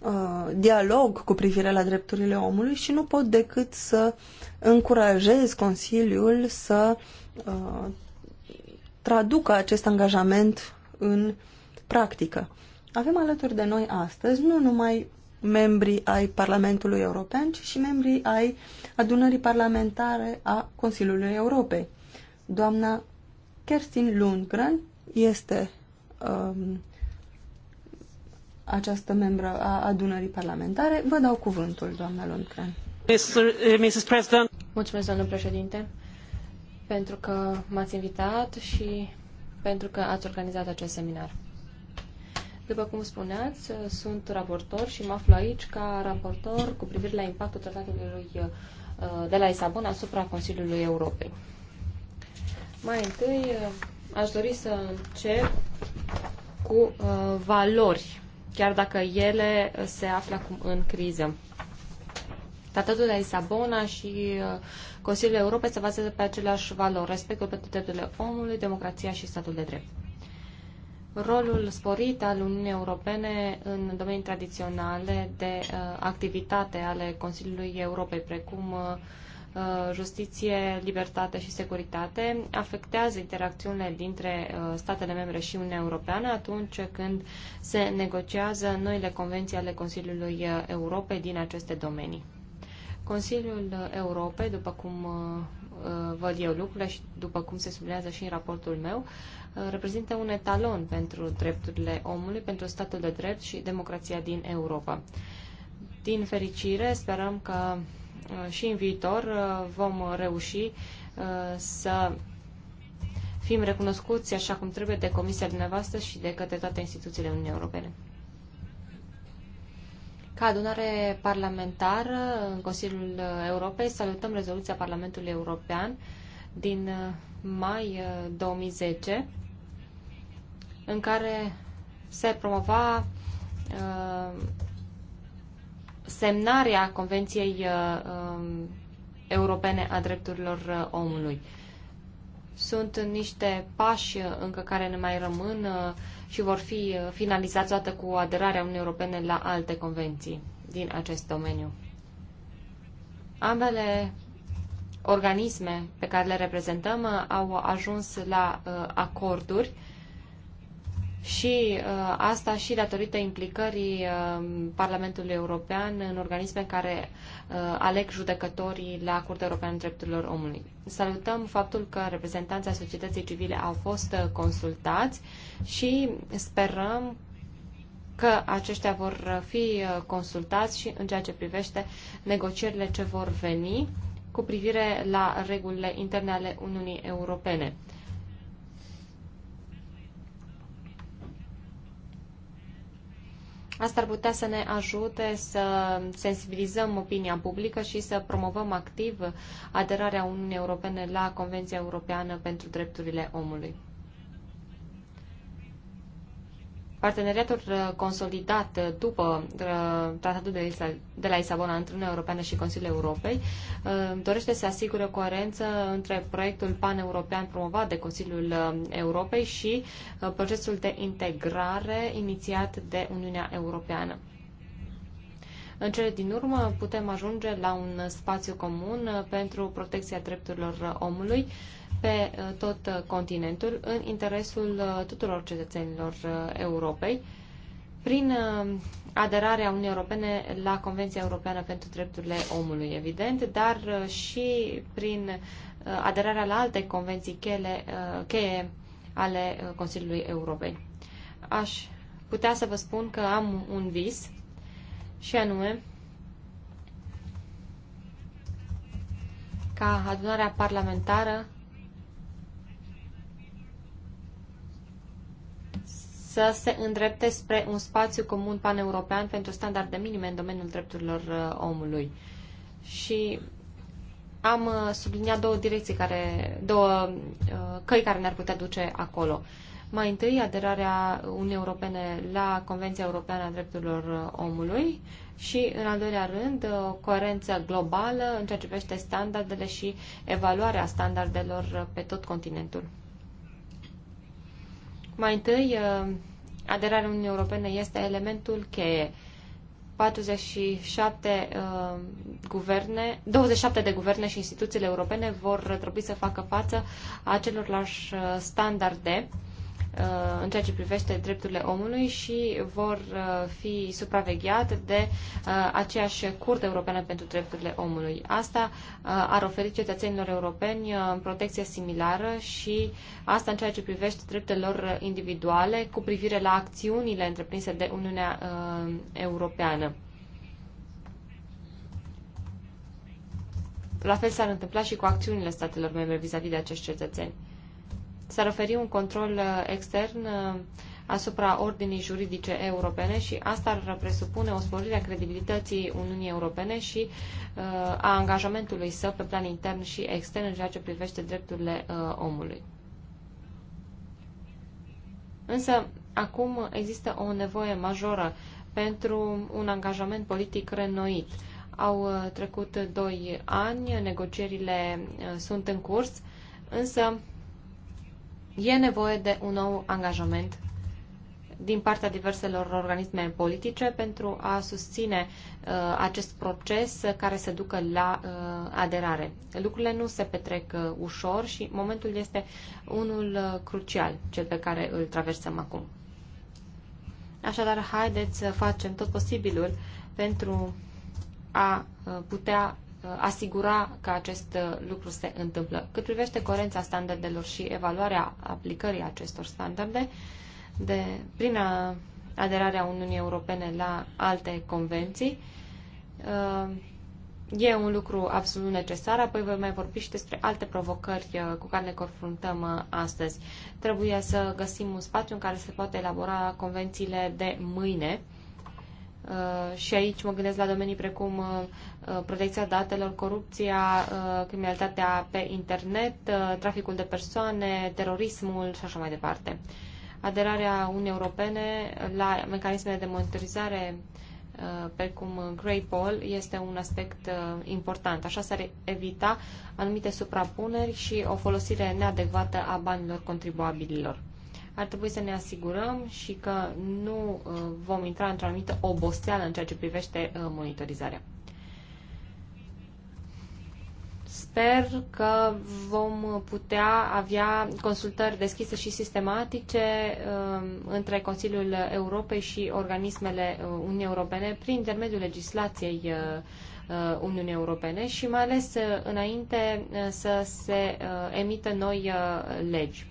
uh, dialog cu privire la drepturile omului și nu pot decât să încurajez Consiliul să uh, traducă acest angajament în practică. Avem alături de noi astăzi nu numai membrii ai Parlamentului European, ci și membrii ai adunării parlamentare a Consiliului Europei. Doamna Kerstin Lundgren este um, această membră a adunării parlamentare. Vă dau cuvântul, doamna Lundgren. Mr. Eh, President. Mulțumesc, doamnă președinte, pentru că m-ați invitat și pentru că ați organizat acest seminar. După cum spuneați, sunt raportor și mă aflu aici ca raportor cu privire la impactul tratatului uh, de la Lisabona asupra Consiliului Europei. Mai întâi, uh, aș dori să încep cu uh, valori, chiar dacă ele se află acum în criză. Tratatul de la Lisabona și Consiliul Europei se bazează pe aceleași valori, respectul pentru drepturile omului, democrația și statul de drept rolul sporit al Uniunii Europene în domenii tradiționale de uh, activitate ale Consiliului Europei, precum uh, uh justiție, libertate și securitate afectează interacțiunile dintre uh, statele membre și Uniunea Europeană atunci când se negociază noile convenții ale Consiliului uh, Europei din aceste domenii. Consiliul Europei, după cum văd eu lucrurile și după cum se sublinează și în raportul meu, Uh, reprezintă un etalon pentru drepturile omului, pentru statul de drept și democrația din Europa. Din fericire, sperăm că uh, și în viitor uh, vom reuși să fim recunoscuți așa cum trebuie de Comisia dumneavoastră și de către toate instituțiile Uniunii Europene. Ca adunare parlamentară în Consiliul Europei salutăm rezoluția Parlamentului European din mai 2010 în care se promova uh, semnarea Convenției uh, um, Europene a Drepturilor uh, Omului. Sunt niște pași încă care ne mai rămân și vor fi finalizați odată cu aderarea Uniunii Europene la alte convenții din acest domeniu. Ambele organisme pe care le reprezentăm au ajuns la acorduri și uh, asta și datorită implicării uh, Parlamentului European în organisme care uh, aleg judecătorii la Curtea Europeană Drepturilor Omului. Salutăm faptul că reprezentanții societății civile au fost uh, consultați și sperăm că aceștia vor uh, fi uh, consultați și în ceea ce privește negocierile ce vor veni cu privire la regulile interne ale Uniunii Europene. Asta ar putea să ne ajute să sensibilizăm opinia publică și să promovăm activ aderarea Uniunii Europene la Convenția Europeană pentru Drepturile Omului. Parteneriatul uh, consolidat uh, după uh, tratatul de la Lisabona între Uniunea Europeană și Consiliul Europei dorește să asigure coerență între proiectul pan-european promovat de Consiliul Europei și procesul de integrare inițiat de Uniunea Europeană. În cele din urmă putem ajunge la un spațiu comun pentru protecția drepturilor omului, pe uh, tot uh, continentul în interesul uh, tuturor cetățenilor Europei prin aderarea Uniunii Europene la Convenția Europeană pentru Drepturile Omului, evident, dar și prin aderarea la alte convenții cheie, cheie ale Consiliului Europei. Aș putea să vă spun că am un vis și anume ca adunarea parlamentară să se îndrepte spre un spațiu comun paneuropean pentru standarde minime în domeniul drepturilor uh, omului. Și am uh, subliniat două direcții care, două uh, căi care ne-ar putea duce acolo. Mai întâi, aderarea Uniunii Europene la Convenția Europeană a Drepturilor Omului și, în al doilea rând, o coerență globală în ceea ce privește standardele și evaluarea standardelor pe tot continentul. Mai întâi, aderarea Uniunii Europene este elementul cheie. 47 uh, guverne, 27 de guverne și instituțiile europene vor trebui să facă față acelorlași uh, standarde uh, Uh, în ceea ce privește drepturile omului și vor uh, fi supravegheate de uh, aceeași Curte Europeană pentru Drepturile Omului. Asta ar oferi cetățenilor europeni protecție similară și asta în ceea ce privește drepturile lor individuale cu privire la acțiunile întreprinse de Uniunea Europeană. La fel s-ar întâmpla și cu acțiunile statelor membre vis-a-vis -vis de acești cetățeni s-ar oferi un control uh, extern uh, asupra ordinii juridice europene și asta ar presupune o sporire a credibilității Uniunii Europene și uh, a angajamentului său pe plan intern și extern în ceea ce privește drepturile omului. Însă, acum există o nevoie majoră pentru un angajament politic renoit. Au trecut doi ani, negocierile sunt în curs, însă E nevoie de un nou angajament din partea diverselor organisme politice pentru a susține uh, acest proces care se ducă la uh, aderare. Lucrurile nu se petrec uh, ușor și momentul este unul uh, crucial, cel pe care îl traversăm acum. Așadar, haideți să facem tot posibilul pentru a uh, putea Uh, asigura că acest uh, lucru se întâmplă. Cât privește coerența standardelor și evaluarea aplicării acestor standarde, de, prin aderarea Uniunii Europene la alte convenții, uh, e un lucru absolut necesar, apoi voi mai vorbi și despre alte provocări cu care ne confruntăm astăzi. Trebuie să găsim un spațiu în care se poate elabora convențiile de mâine, Uh, și aici mă gândesc la domenii precum uh, uh, protecția datelor, corupția, criminalitatea pe internet, traficul de persoane, terorismul și așa mai departe. Aderarea Uniunii Europene la mecanismele de monitorizare precum Grey Poll este un aspect important. Așa s-ar evita anumite suprapuneri și o folosire neadecvată a banilor contribuabililor ar trebui să ne asigurăm și că nu uh, vom intra într-o anumită oboseală în ceea ce privește uh, monitorizarea. Sper că vom putea avea consultări deschise și sistematice um, între Consiliul Europei și organismele uh, Uniunii Europene prin intermediul legislației Uniunii Europene și mai ales înainte să se emită noi legi.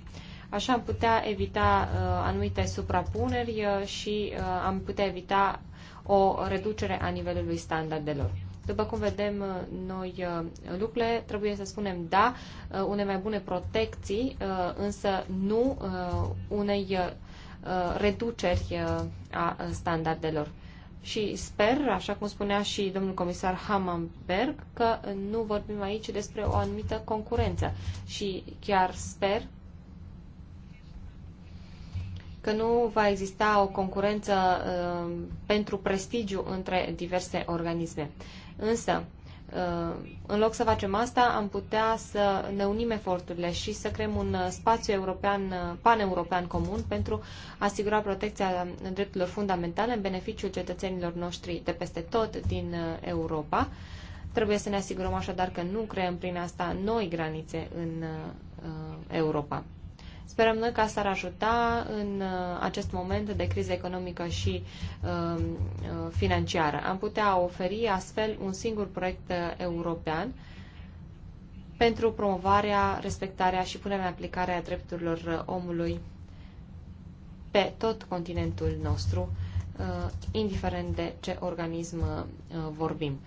Așa am putea evita uh, anumite suprapuneri uh, și uh, am putea evita o reducere a nivelului standardelor. După cum vedem noi lucrurile, trebuie să spunem da unei mai bune protecții, însă nu unei reduceri a standardelor. Și sper, așa cum spunea și domnul comisar Hammamberg, că nu vorbim aici despre o anumită concurență. Și chiar sper că nu va exista o concurență uh, pentru prestigiu între diverse organisme. Însă, uh, în loc să facem asta, am putea să ne unim eforturile și să creăm un uh, spațiu european, uh, pan-european comun pentru a asigura protecția drepturilor fundamentale în beneficiul cetățenilor noștri de peste tot din Europa. Trebuie să ne asigurăm așadar că nu creăm prin asta noi granițe în Europa. Sperăm noi că asta ar ajuta în uh, acest moment de criză economică și um, uh, financiară. Am putea oferi astfel un singur proiect uh, european pentru promovarea, respectarea și punerea în aplicare a drepturilor omului pe tot continentul nostru, indiferent de ce organism vorbim.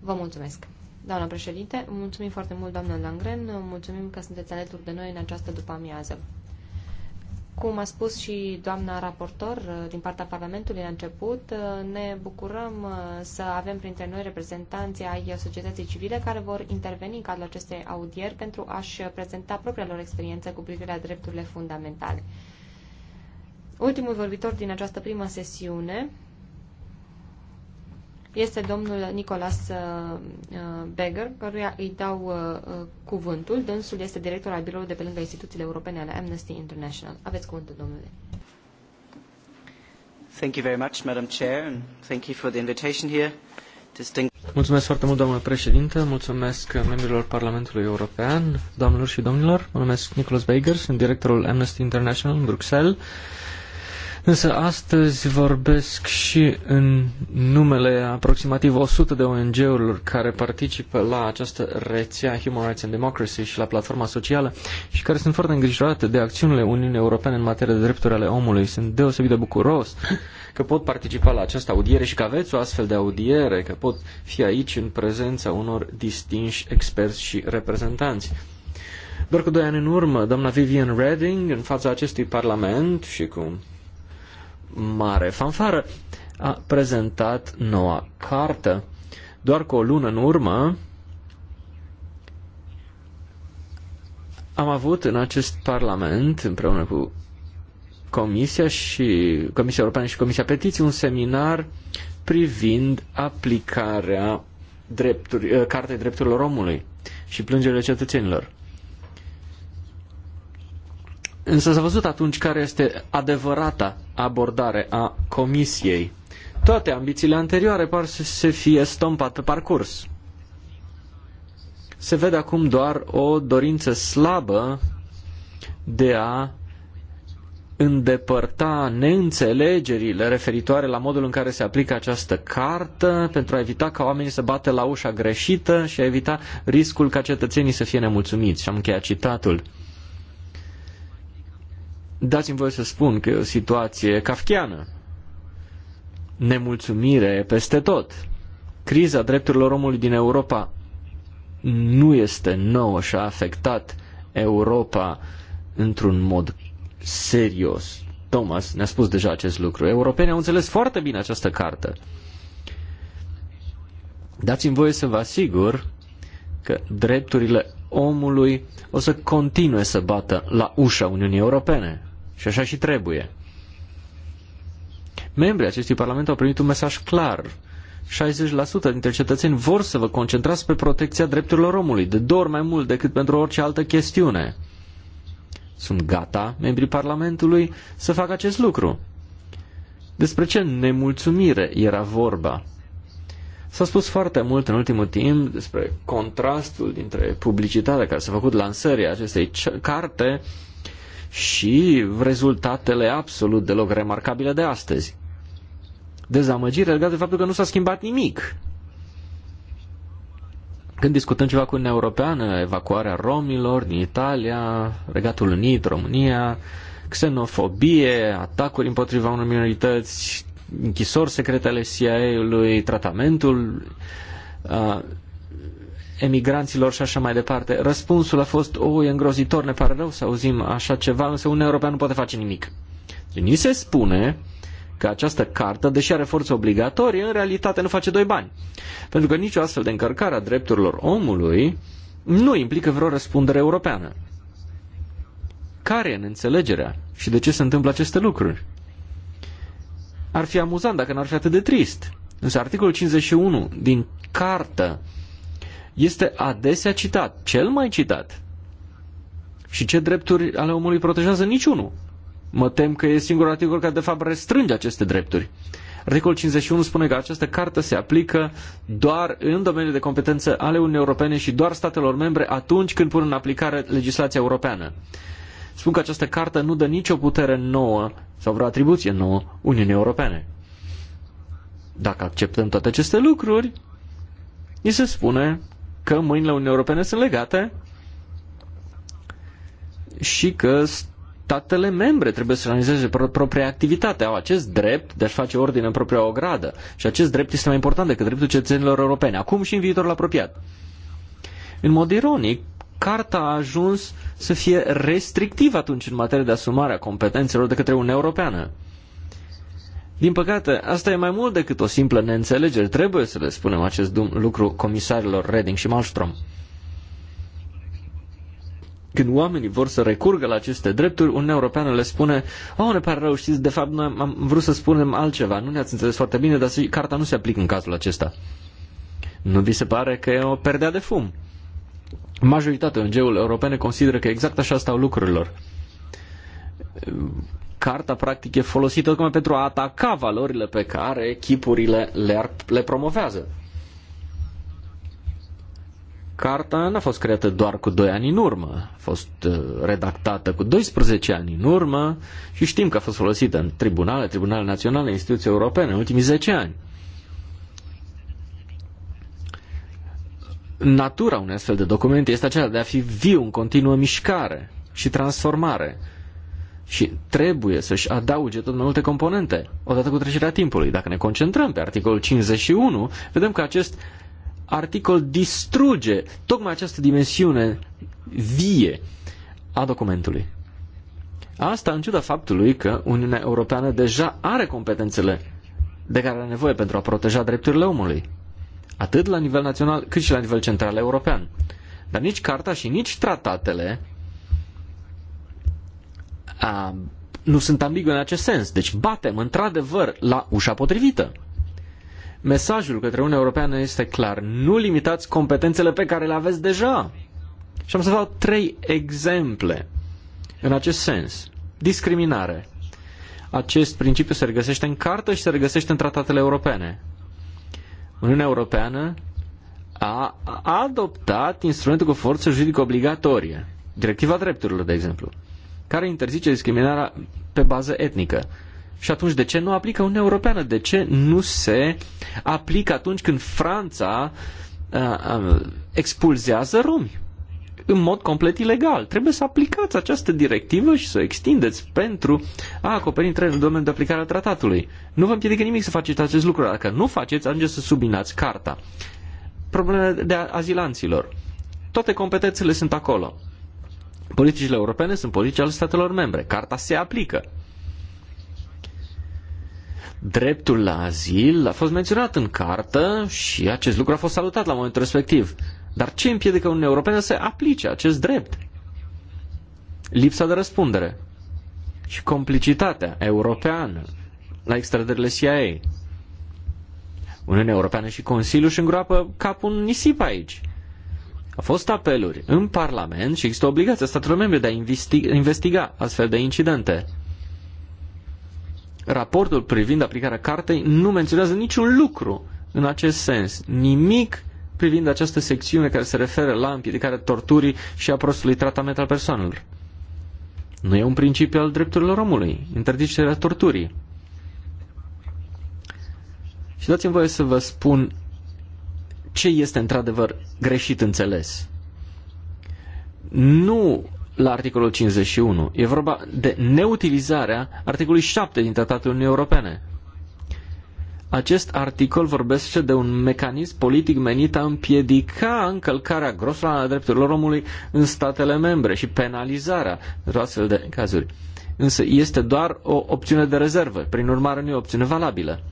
Vă mulțumesc! Doamna președinte, mulțumim foarte mult, doamna Langren, mulțumim că sunteți alături de noi în această după-amiază. Cum a spus și doamna raportor uh, din partea Parlamentului la început, uh, ne bucurăm uh, să avem printre noi reprezentanții ai societății civile care vor interveni în cadrul acestei audieri pentru a-și prezenta propria lor experiență cu privire la drepturile fundamentale. Ultimul vorbitor din această primă sesiune este domnul Nicolas uh, uh, Beger, căruia îi dau uh, cuvântul. Dânsul este director al biroului de pe lângă instituțiile europene ale Amnesty International. Aveți cuvântul, domnule. Thank you very much, Madam Chair, and thank you for the invitation here. Mulțumesc foarte mult, doamnă președinte, mulțumesc membrilor Parlamentului European, doamnelor și domnilor. Mă numesc Nicolas Baker, sunt directorul Amnesty International în Bruxelles Însă astăzi vorbesc și în numele aproximativ 100 de ONG-urilor care participă la această rețea Human Rights and Democracy și la platforma socială și care sunt foarte îngrijorate de acțiunile Uniunii Europene în materie de drepturi ale omului. Sunt deosebit de bucuros că pot participa la această audiere și că aveți o astfel de audiere, că pot fi aici în prezența unor distinși experți și reprezentanți. Doar cu doi ani în urmă, doamna Vivian Redding, în fața acestui parlament și cu mare fanfară, a prezentat noua cartă. Doar cu o lună în urmă am avut în acest Parlament, împreună cu Comisia și Comisia Europeană și Comisia Petiții, un seminar privind aplicarea drepturi, eh, Cartei Drepturilor Omului și plângerile cetățenilor. Însă s-a văzut atunci care este adevărata abordare a Comisiei. Toate ambițiile anterioare par să se fie stompat pe parcurs. Se vede acum doar o dorință slabă de a îndepărta neînțelegerile referitoare la modul în care se aplică această cartă pentru a evita ca oamenii să bată la ușa greșită și a evita riscul ca cetățenii să fie nemulțumiți. Și am încheiat citatul. Dați-mi voie să spun că e o situație kafkiană. Nemulțumire peste tot. Criza drepturilor omului din Europa nu este nouă și a afectat Europa într-un mod serios. Thomas ne-a spus deja acest lucru. Europenii au înțeles foarte bine această carte. Dați-mi voie să vă asigur că drepturile omului o să continue să bată la ușa Uniunii Europene. Și așa și trebuie. Membrii acestui parlament au primit un mesaj clar. 60% dintre cetățeni vor să vă concentrați pe protecția drepturilor omului, de două ori mai mult decât pentru orice altă chestiune. Sunt gata membrii Parlamentului să facă acest lucru. Despre ce nemulțumire era vorba? S-a spus foarte mult în ultimul timp despre contrastul dintre publicitatea care s-a făcut lansării acestei carte și rezultatele absolut deloc remarcabile de astăzi. Dezamăgire legată de faptul că nu s-a schimbat nimic. Când discutăm ceva cu Uniunea Europeană, evacuarea romilor din Italia, Regatul Unit, România, xenofobie, atacuri împotriva unor minorități, închisori secrete ale CIA-ului, tratamentul uh, emigranților și așa mai departe. Răspunsul a fost, o, oh, e îngrozitor, ne pare rău să auzim așa ceva, însă Uniunea Europeană nu poate face nimic. Deci, ni se spune că această cartă, deși are forță obligatorie, în realitate nu face doi bani. Pentru că nicio astfel de încărcare a drepturilor omului nu implică vreo răspundere europeană. Care e în înțelegerea și de ce se întâmplă aceste lucruri? Ar fi amuzant dacă n-ar fi atât de trist. Însă articolul 51 din cartă este adesea citat, cel mai citat. Și ce drepturi ale omului protejează? Niciunul. Mă tem că e singurul articol care de fapt restrânge aceste drepturi. Articolul 51 spune că această carte se aplică doar în domeniul de competență ale Uniunii Europene și doar statelor membre atunci când pun în aplicare legislația europeană. Spun că această carte nu dă nicio putere nouă sau vreo atribuție nouă Uniunii Europene. Dacă acceptăm toate aceste lucruri, ni se spune că mâinile Uniunii Europene sunt legate și că statele membre trebuie să organizeze pro- propria activitate. Au acest drept de a-și face ordine în propria ogradă. Și acest drept este mai important decât dreptul cetățenilor europene, acum și în viitorul apropiat. În mod ironic, Carta a ajuns să fie restrictivă atunci în materie de asumare a competențelor de către Uniunea Europeană. Din păcate, asta e mai mult decât o simplă neînțelegere. Trebuie să le spunem acest lucru comisarilor Reding și Malmström. Când oamenii vor să recurgă la aceste drepturi, un european le spune, oh, ne pare rău, știți, de fapt noi am vrut să spunem altceva, nu ne-ați înțeles foarte bine, dar carta nu se aplică în cazul acesta. Nu vi se pare că e o perdea de fum? Majoritatea ONG-urilor europene consideră că exact așa stau lucrurilor carta practic e folosită tocmai pentru a ataca valorile pe care chipurile le, le promovează. Carta n-a fost creată doar cu 2 ani în urmă, a fost uh, redactată cu 12 ani în urmă și știm că a fost folosită în tribunale, tribunale naționale, instituții europene în ultimii 10 ani. Natura unui astfel de document este aceea de a fi viu în continuă mișcare și transformare și trebuie să-și adauge tot mai multe componente odată cu trecerea timpului. Dacă ne concentrăm pe articolul 51, vedem că acest articol distruge tocmai această dimensiune vie a documentului. Asta în ciuda faptului că Uniunea Europeană deja are competențele de care are nevoie pentru a proteja drepturile omului, atât la nivel național cât și la nivel central european. Dar nici carta și nici tratatele nu sunt ambigu în acest sens. Deci batem într-adevăr la ușa potrivită. Mesajul către Uniunea Europeană este clar. Nu limitați competențele pe care le aveți deja. Și am să dau trei exemple în acest sens. Discriminare. Acest principiu se regăsește în cartă și se regăsește în tratatele europene. Uniunea Europeană a adoptat instrumentul cu forță juridică obligatorie. Directiva drepturilor, de exemplu care interzice discriminarea pe bază etnică. Și atunci de ce nu aplică Uniunea Europeană? De ce nu se aplică atunci când Franța uh, uh expulzează romi? în mod complet ilegal. Trebuie să aplicați această directivă și să o extindeți pentru a acoperi între în domeniul de aplicare a tratatului. Nu vă împiedică nimic să faceți acest lucru. Dacă nu faceți, ajungeți să subinați carta. Problemele de azilanților. Toate competențele sunt acolo. Politicile europene sunt politici ale statelor membre. Carta se aplică. Dreptul la azil a fost menționat în cartă și acest lucru a fost salutat la momentul respectiv. Dar ce împiedică Uniunea Europeană să aplice acest drept? Lipsa de răspundere și complicitatea europeană la extraderile CIA. Uniunea Europeană și Consiliul își îngroapă capul în nisip aici. Au fost apeluri în Parlament și există obligația statelor membre de a investiga astfel de incidente. Raportul privind aplicarea cartei nu menționează niciun lucru în acest sens. Nimic privind această secțiune care se referă la împiedicarea torturii și a prostului tratament al persoanelor. Nu e un principiu al drepturilor omului, interdicerea torturii. Și dați-mi voie să vă spun ce este într-adevăr greșit înțeles. Nu la articolul 51. E vorba de neutilizarea articolului 7 din Tratatul Uniunii Europene. Acest articol vorbește de un mecanism politic menit a împiedica încălcarea grosolană a drepturilor omului în statele membre și penalizarea pentru astfel de cazuri. Însă este doar o opțiune de rezervă, prin urmare nu e o opțiune valabilă.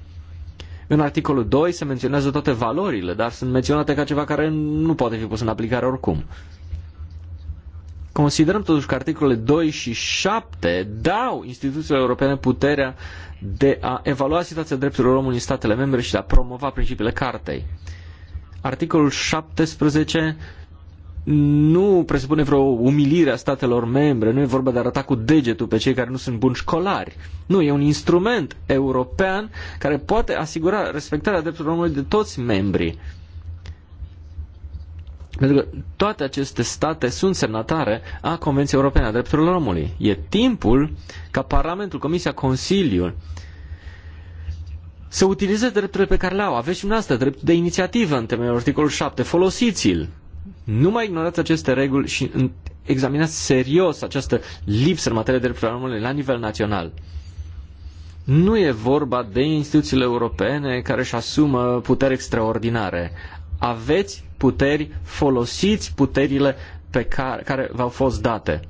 În articolul 2 se menționează toate valorile, dar sunt menționate ca ceva care nu poate fi pus în aplicare oricum. Considerăm totuși că articolele 2 și 7 dau instituțiilor europene puterea de a evalua situația drepturilor omului în statele membre și de a promova principiile cartei. Articolul 17 nu presupune vreo umilire a statelor membre, nu e vorba de a arăta cu degetul pe cei care nu sunt buni școlari. Nu, e un instrument european care poate asigura respectarea drepturilor omului de toți membrii. Pentru că toate aceste state sunt semnatare a Convenției Europene a Drepturilor Omului. E timpul ca Parlamentul, Comisia, Consiliul să utilizeze drepturile pe care le au. Aveți și dumneavoastră dreptul de inițiativă în temeiul articolul 7. Folosiți-l nu mai ignorați aceste reguli și examinați serios această lipsă în materie de drepturile omului la nivel național. Nu e vorba de instituțiile europene care își asumă puteri extraordinare. Aveți puteri, folosiți puterile pe care, care v-au fost date.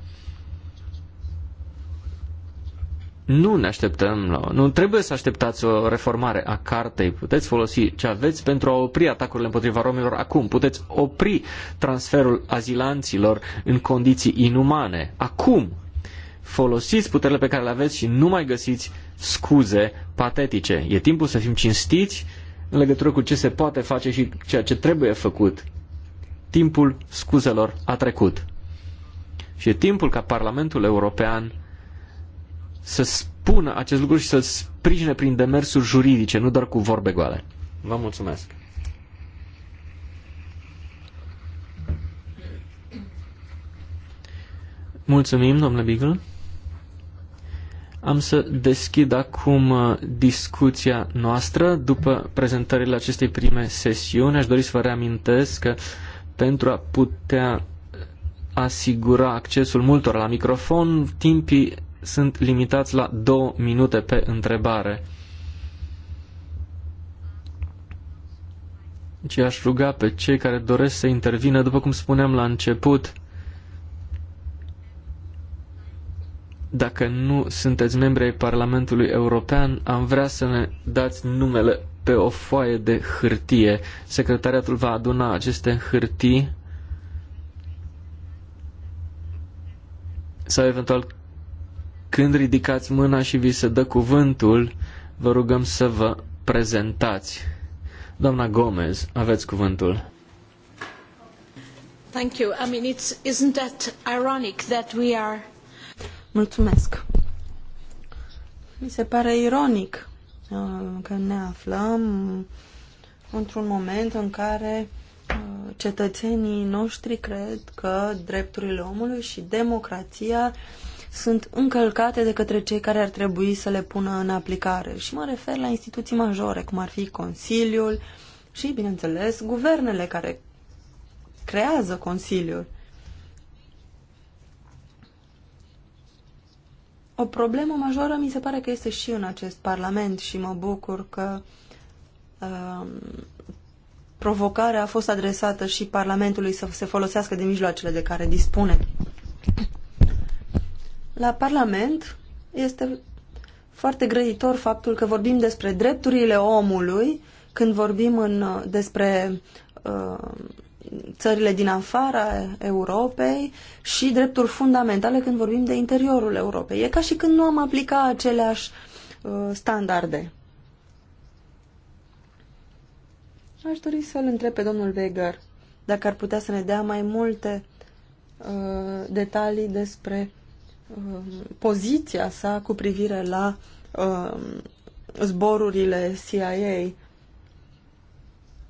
Nu ne așteptăm la... Nu trebuie să așteptați o reformare a cartei. Puteți folosi ce aveți pentru a opri atacurile împotriva romilor acum. Puteți opri transferul azilanților în condiții inumane. Acum! Folosiți puterile pe care le aveți și nu mai găsiți scuze patetice. E timpul să fim cinstiți în legătură cu ce se poate face și ceea ce trebuie făcut. Timpul scuzelor a trecut. Și e timpul ca Parlamentul European să spună acest lucru și să-l sprijine prin demersuri juridice, nu doar cu vorbe goale. Vă mulțumesc! Mulțumim, domnule Bigel. Am să deschid acum uh, discuția noastră după prezentările acestei prime sesiuni. Aș dori să vă reamintesc că pentru a putea asigura accesul multor la microfon, timpii sunt limitați la două minute pe întrebare. Deci aș ruga pe cei care doresc să intervină, după cum spuneam la început, dacă nu sunteți membri ai Parlamentului European, am vrea să ne dați numele pe o foaie de hârtie. Secretariatul va aduna aceste hârtii sau eventual când ridicați mâna și vi se dă cuvântul, vă rugăm să vă prezentați. Doamna Gomez, aveți cuvântul. Thank you. I mean, it's, isn't that ironic that we are... Mulțumesc. Mi se pare ironic uh, că ne aflăm într-un moment în care uh, cetățenii noștri cred că drepturile omului și democrația sunt încălcate de către cei care ar trebui să le pună în aplicare. Și mă refer la instituții majore, cum ar fi Consiliul și, bineînțeles, guvernele care creează Consiliul. O problemă majoră mi se pare că este și în acest Parlament și mă bucur că uh, provocarea a fost adresată și Parlamentului să se folosească de mijloacele de care dispune. La Parlament este foarte grăitor faptul că vorbim despre drepturile omului când vorbim în, despre uh, țările din afara Europei și drepturi fundamentale când vorbim de interiorul Europei. E ca și când nu am aplica aceleași uh, standarde. Aș dori să-l întreb pe domnul Weger dacă ar putea să ne dea mai multe uh, detalii despre Um, poziția sa cu privire la uh, zborurile CIA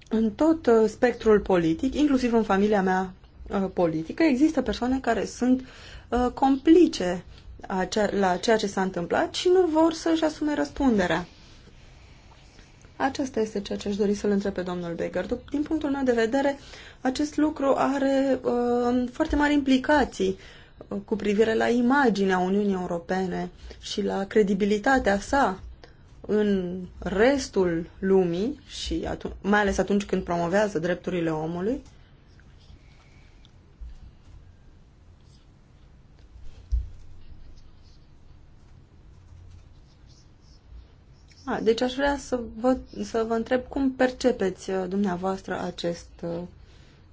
în tot uh, spectrul politic, inclusiv în familia mea uh, politică, există persoane care sunt uh, complice la ceea ce s-a întâmplat și nu vor să-și asume răspunderea. Aceasta este ceea ce aș dori să-l întreb pe domnul Baker. Din punctul meu de vedere, acest lucru are uh, foarte mari implicații cu privire la imaginea Uniunii Europene și la credibilitatea sa în restul lumii și mai ales atunci când promovează drepturile omului. A, deci aș vrea să vă, să vă întreb cum percepeți uh, dumneavoastră acest, uh,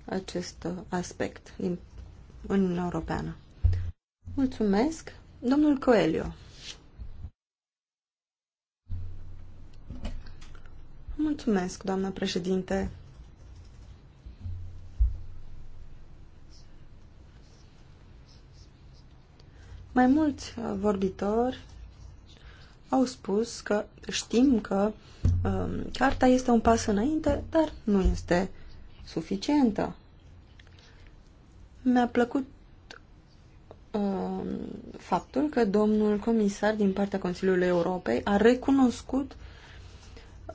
acest uh, aspect din, în Europeană. Mulțumesc. Domnul Coelio. Mulțumesc, doamnă președinte. Mai mulți uh, vorbitori au spus că știm că um, carta este un pas înainte, dar nu este suficientă. Mi-a plăcut Um, faptul că domnul comisar din partea Consiliului Europei a recunoscut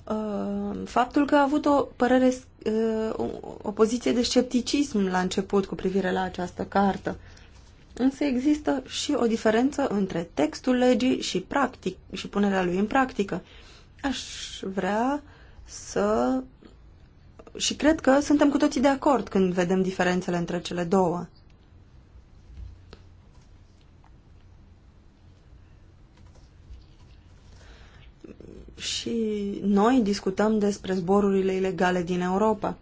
uh, faptul că a avut o părere, uh, o poziție de scepticism la început cu privire la această cartă. Însă există și o diferență între textul legii și, practic, și punerea lui în practică. Aș vrea să... Și cred că suntem cu toții de acord când vedem diferențele între cele două. și noi discutăm despre zborurile ilegale din Europa.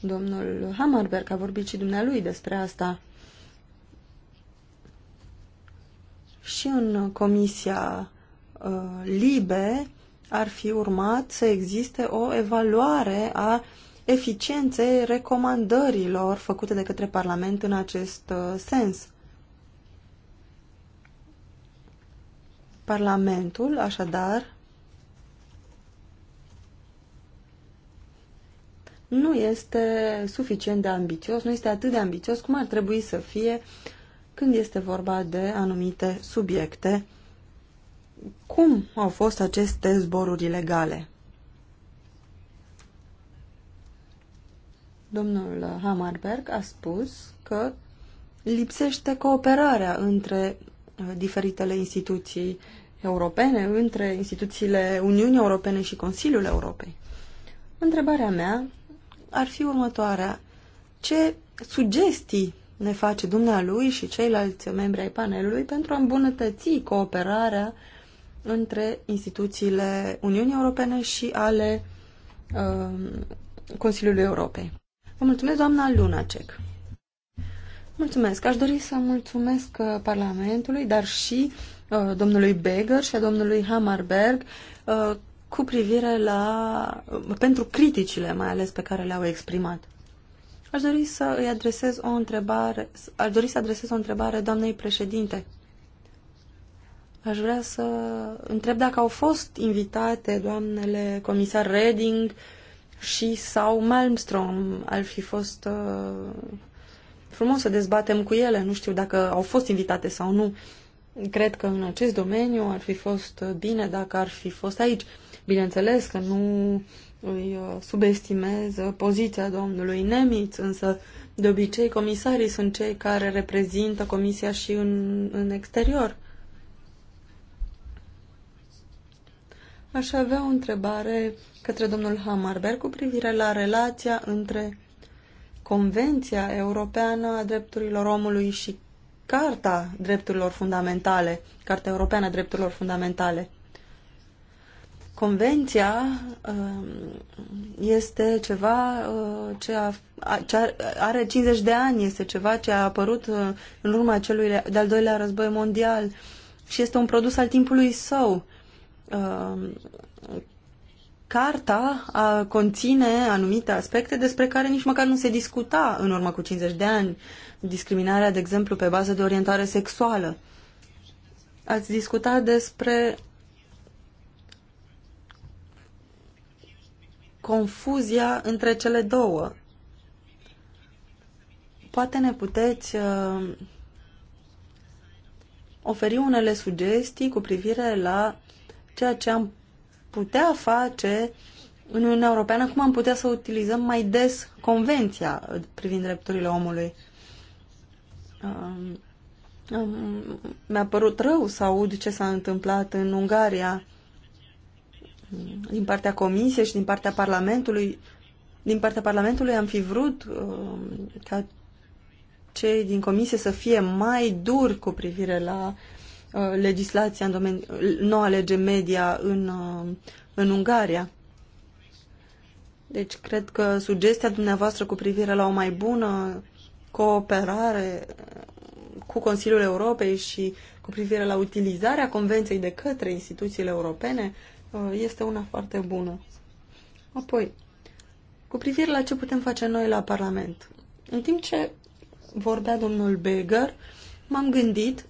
Domnul Hammerberg a vorbit și dumnealui despre asta. Și în comisia uh, LIBE ar fi urmat să existe o evaluare a eficienței recomandărilor făcute de către Parlament în acest uh, sens. Parlamentul, așadar, nu este suficient de ambițios, nu este atât de ambițios cum ar trebui să fie când este vorba de anumite subiecte. Cum au fost aceste zboruri ilegale? Domnul Hammerberg a spus că lipsește cooperarea între uh, diferitele instituții europene, între instituțiile Uniunii Europene și Consiliul Europei. Întrebarea mea ar fi următoarea. Ce sugestii ne face dumnealui și ceilalți membri ai panelului pentru a îmbunătăți cooperarea între instituțiile Uniunii Europene și ale uh, Consiliului Europei. Vă mulțumesc, doamna Lunacek. Mulțumesc. Aș dori să mulțumesc uh, Parlamentului, dar și uh, domnului Beger și a domnului Hammerberg, uh, cu privire la, pentru criticile mai ales pe care le-au exprimat. Aș dori să îi adresez o întrebare, aș dori să adresez o întrebare doamnei președinte. Aș vrea să întreb dacă au fost invitate doamnele comisar Reding și sau Malmstrom. Ar fi fost uh, frumos să dezbatem cu ele. Nu știu dacă au fost invitate sau nu. Cred că în acest domeniu ar fi fost uh, bine dacă ar fi fost aici. Bineînțeles că nu îi uh, subestimez poziția domnului Nemitz, însă de obicei comisarii sunt cei care reprezintă comisia și în, în exterior. Aș avea o întrebare către domnul Hamarberg cu privire la relația între Convenția Europeană a Drepturilor Omului și Carta Drepturilor Fundamentale, Carta Europeană a Drepturilor Fundamentale. Convenția um, este ceva uh, ce, a, ce are 50 de ani, este ceva ce a apărut uh, în urma celui de-al doilea război mondial și este un produs al timpului său. Um, carta conține anumite aspecte despre care nici măcar nu se discuta în urmă cu 50 de ani. Discriminarea, de exemplu, pe bază de orientare sexuală. Ați discutat despre confuzia între cele două. Poate ne puteți uh, oferi unele sugestii cu privire la ceea ce am putea face în Uniunea Europeană, cum am putea să utilizăm mai des convenția privind drepturile omului. Uh, mi-a părut rău să aud ce s-a întâmplat în Ungaria din partea Comisiei și din partea Parlamentului. Din partea Parlamentului am fi vrut uh, ca cei din Comisie să fie mai duri cu privire la uh, legislația în domeniu, noua lege media în, uh, în Ungaria. Deci cred că sugestia dumneavoastră cu privire la o mai bună cooperare uh, cu Consiliul Europei și cu privire la utilizarea Convenției de către instituțiile europene Uh, este una foarte bună. Apoi, cu privire la ce putem face noi la Parlament. În timp ce vorbea domnul Beger, m-am gândit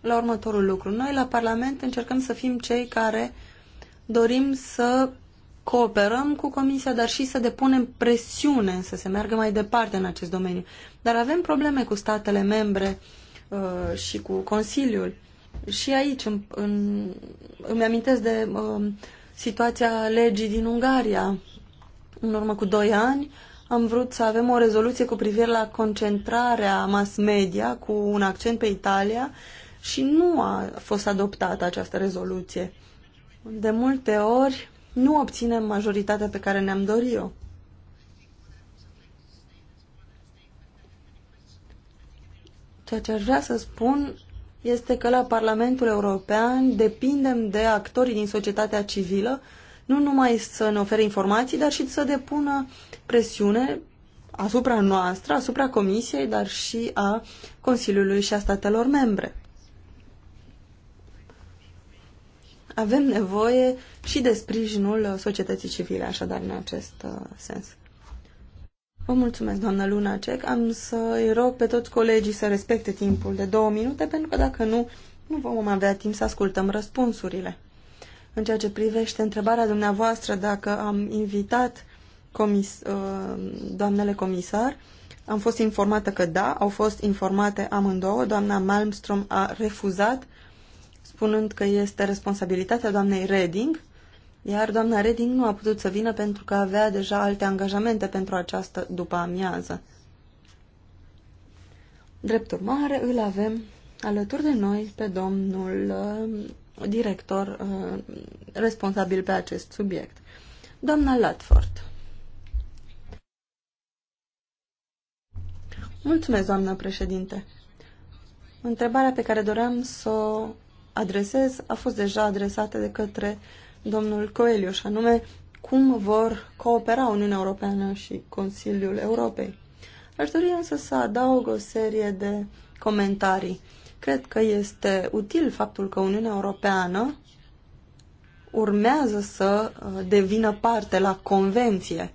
la următorul lucru. Noi la Parlament încercăm să fim cei care dorim să cooperăm cu Comisia, dar și să depunem presiune să se meargă mai departe în acest domeniu. Dar avem probleme cu statele membre uh, și cu Consiliul. Și aici în, în, îmi amintesc de um, situația legii din Ungaria. În urmă cu doi ani am vrut să avem o rezoluție cu privire la concentrarea mass media cu un accent pe Italia și nu a fost adoptată această rezoluție. De multe ori nu obținem majoritatea pe care ne-am dorit-o. Ceea ce aș vrea să spun este că la Parlamentul European depindem de actorii din societatea civilă, nu numai să ne ofere informații, dar și să depună presiune asupra noastră, asupra Comisiei, dar și a Consiliului și a statelor membre. Avem nevoie și de sprijinul societății civile, așadar, în acest uh, sens. Vă mulțumesc, doamnă Lunacek. Am să-i rog pe toți colegii să respecte timpul de două minute, pentru că dacă nu, nu vom avea timp să ascultăm răspunsurile. În ceea ce privește întrebarea dumneavoastră dacă am invitat comis, uh, doamnele comisar, am fost informată că da, au fost informate amândouă. Doamna Malmström a refuzat, spunând că este responsabilitatea doamnei Reding iar doamna Reding nu a putut să vină pentru că avea deja alte angajamente pentru această după amiază. Drept urmare, îl avem alături de noi pe domnul uh, director uh, responsabil pe acest subiect, doamna Latford. Mulțumesc, doamnă președinte. Întrebarea pe care doream să o adresez a fost deja adresată de către domnul Coelho, și anume cum vor coopera Uniunea Europeană și Consiliul Europei. Aș dori însă să adaug o serie de comentarii. Cred că este util faptul că Uniunea Europeană urmează să uh, devină parte la convenție,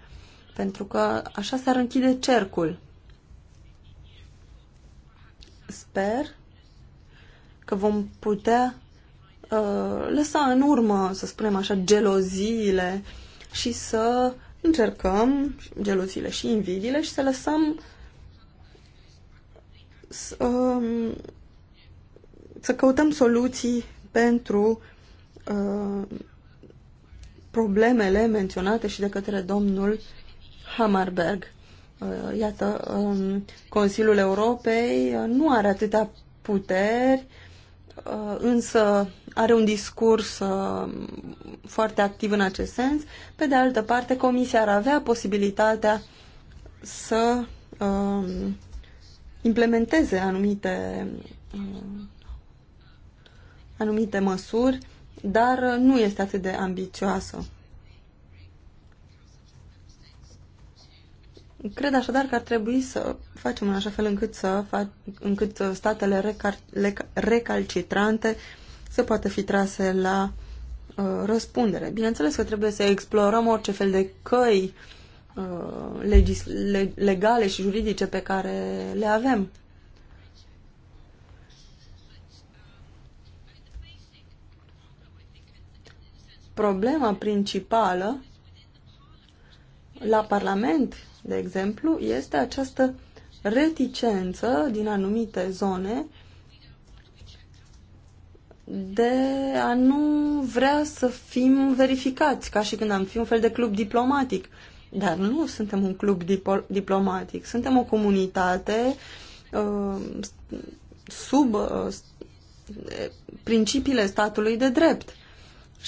pentru că așa s-ar închide cercul. Sper că vom putea Uh, lăsa în urmă, să spunem așa, geloziile și să încercăm geloziile și invidiile și să lăsăm să, um, să căutăm soluții pentru uh, problemele menționate și de către domnul Hammerberg. Uh, iată, um, Consiliul Europei uh, nu are atâtea puteri Uh, însă are un discurs uh, foarte activ în acest sens. Pe de altă parte, Comisia ar avea posibilitatea să um, implementeze anumite, um, anumite măsuri, dar nu este atât de ambicioasă. Cred așadar că ar trebui să facem în așa fel încât, să fac, încât uh, statele recal, recalcitrante să poată fi trase la uh, răspundere. Bineînțeles că trebuie să explorăm orice fel de căi uh, legis, le, legale și juridice pe care le avem. Problema principală la Parlament de exemplu, este această reticență din anumite zone de a nu vrea să fim verificați, ca și când am fi un fel de club diplomatic. Dar nu suntem un club dip- diplomatic, suntem o comunitate uh, sub uh, principiile statului de drept.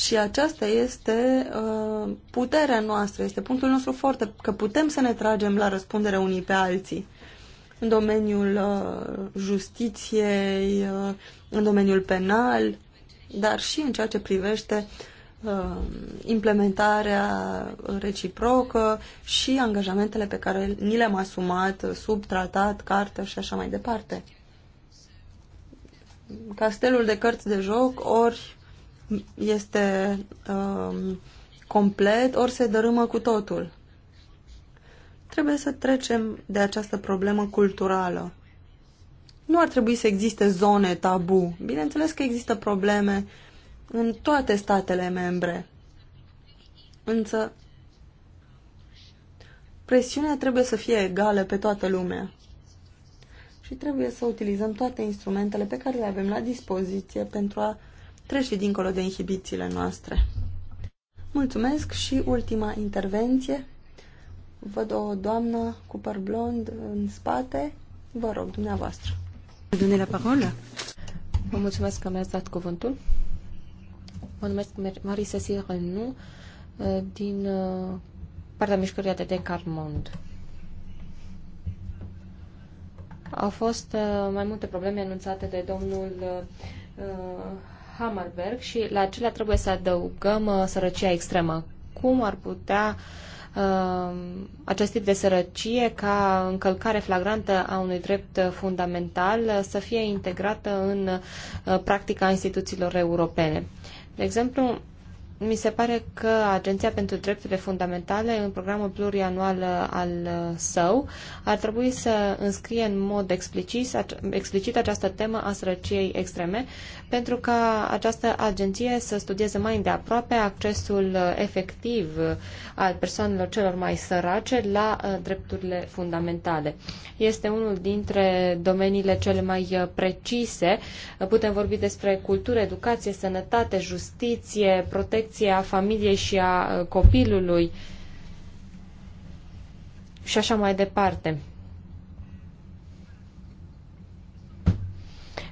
Și aceasta este uh, puterea noastră, este punctul nostru foarte, că putem să ne tragem la răspundere unii pe alții în domeniul uh, justiției, uh, în domeniul penal, dar și în ceea ce privește uh, implementarea reciprocă și angajamentele pe care ni le-am asumat sub tratat, carte și așa mai departe. Castelul de cărți de joc ori este um, complet, ori se dărâmă cu totul. Trebuie să trecem de această problemă culturală. Nu ar trebui să existe zone tabu. Bineînțeles că există probleme în toate statele membre. Însă, presiunea trebuie să fie egală pe toată lumea. Și trebuie să utilizăm toate instrumentele pe care le avem la dispoziție pentru a treci și dincolo de inhibițiile noastre. Mulțumesc și ultima intervenție. Văd o doamnă cu păr blond în spate. Vă rog, dumneavoastră. Dune la parola. Vă mulțumesc că mi-ați dat cuvântul. Mă numesc Marisa Sirenu eh, din eh, partea mișcării de Decarmond. Au fost eh, mai multe probleme anunțate de domnul Hammerberg și la acelea trebuie să adăugăm uh, sărăcia extremă. Cum ar putea uh, acest tip de sărăcie ca încălcare flagrantă a unui drept uh, fundamental să fie integrată în practica instituțiilor europene. De exemplu, mi se pare că Agenția pentru Drepturile Fundamentale, în programul plurianual uh, al uh, său, ar trebui să înscrie în mod explicit, explicit această temă a sărăciei extreme, pentru ca această agenție să studieze mai îndeaproape accesul uh, efectiv al persoanelor celor mai sărace la drepturile fundamentale. Este unul dintre domeniile cele mai precise. Putem vorbi despre cultură, educație, sănătate, justiție, protecție a familiei și a uh, copilului și așa mai departe.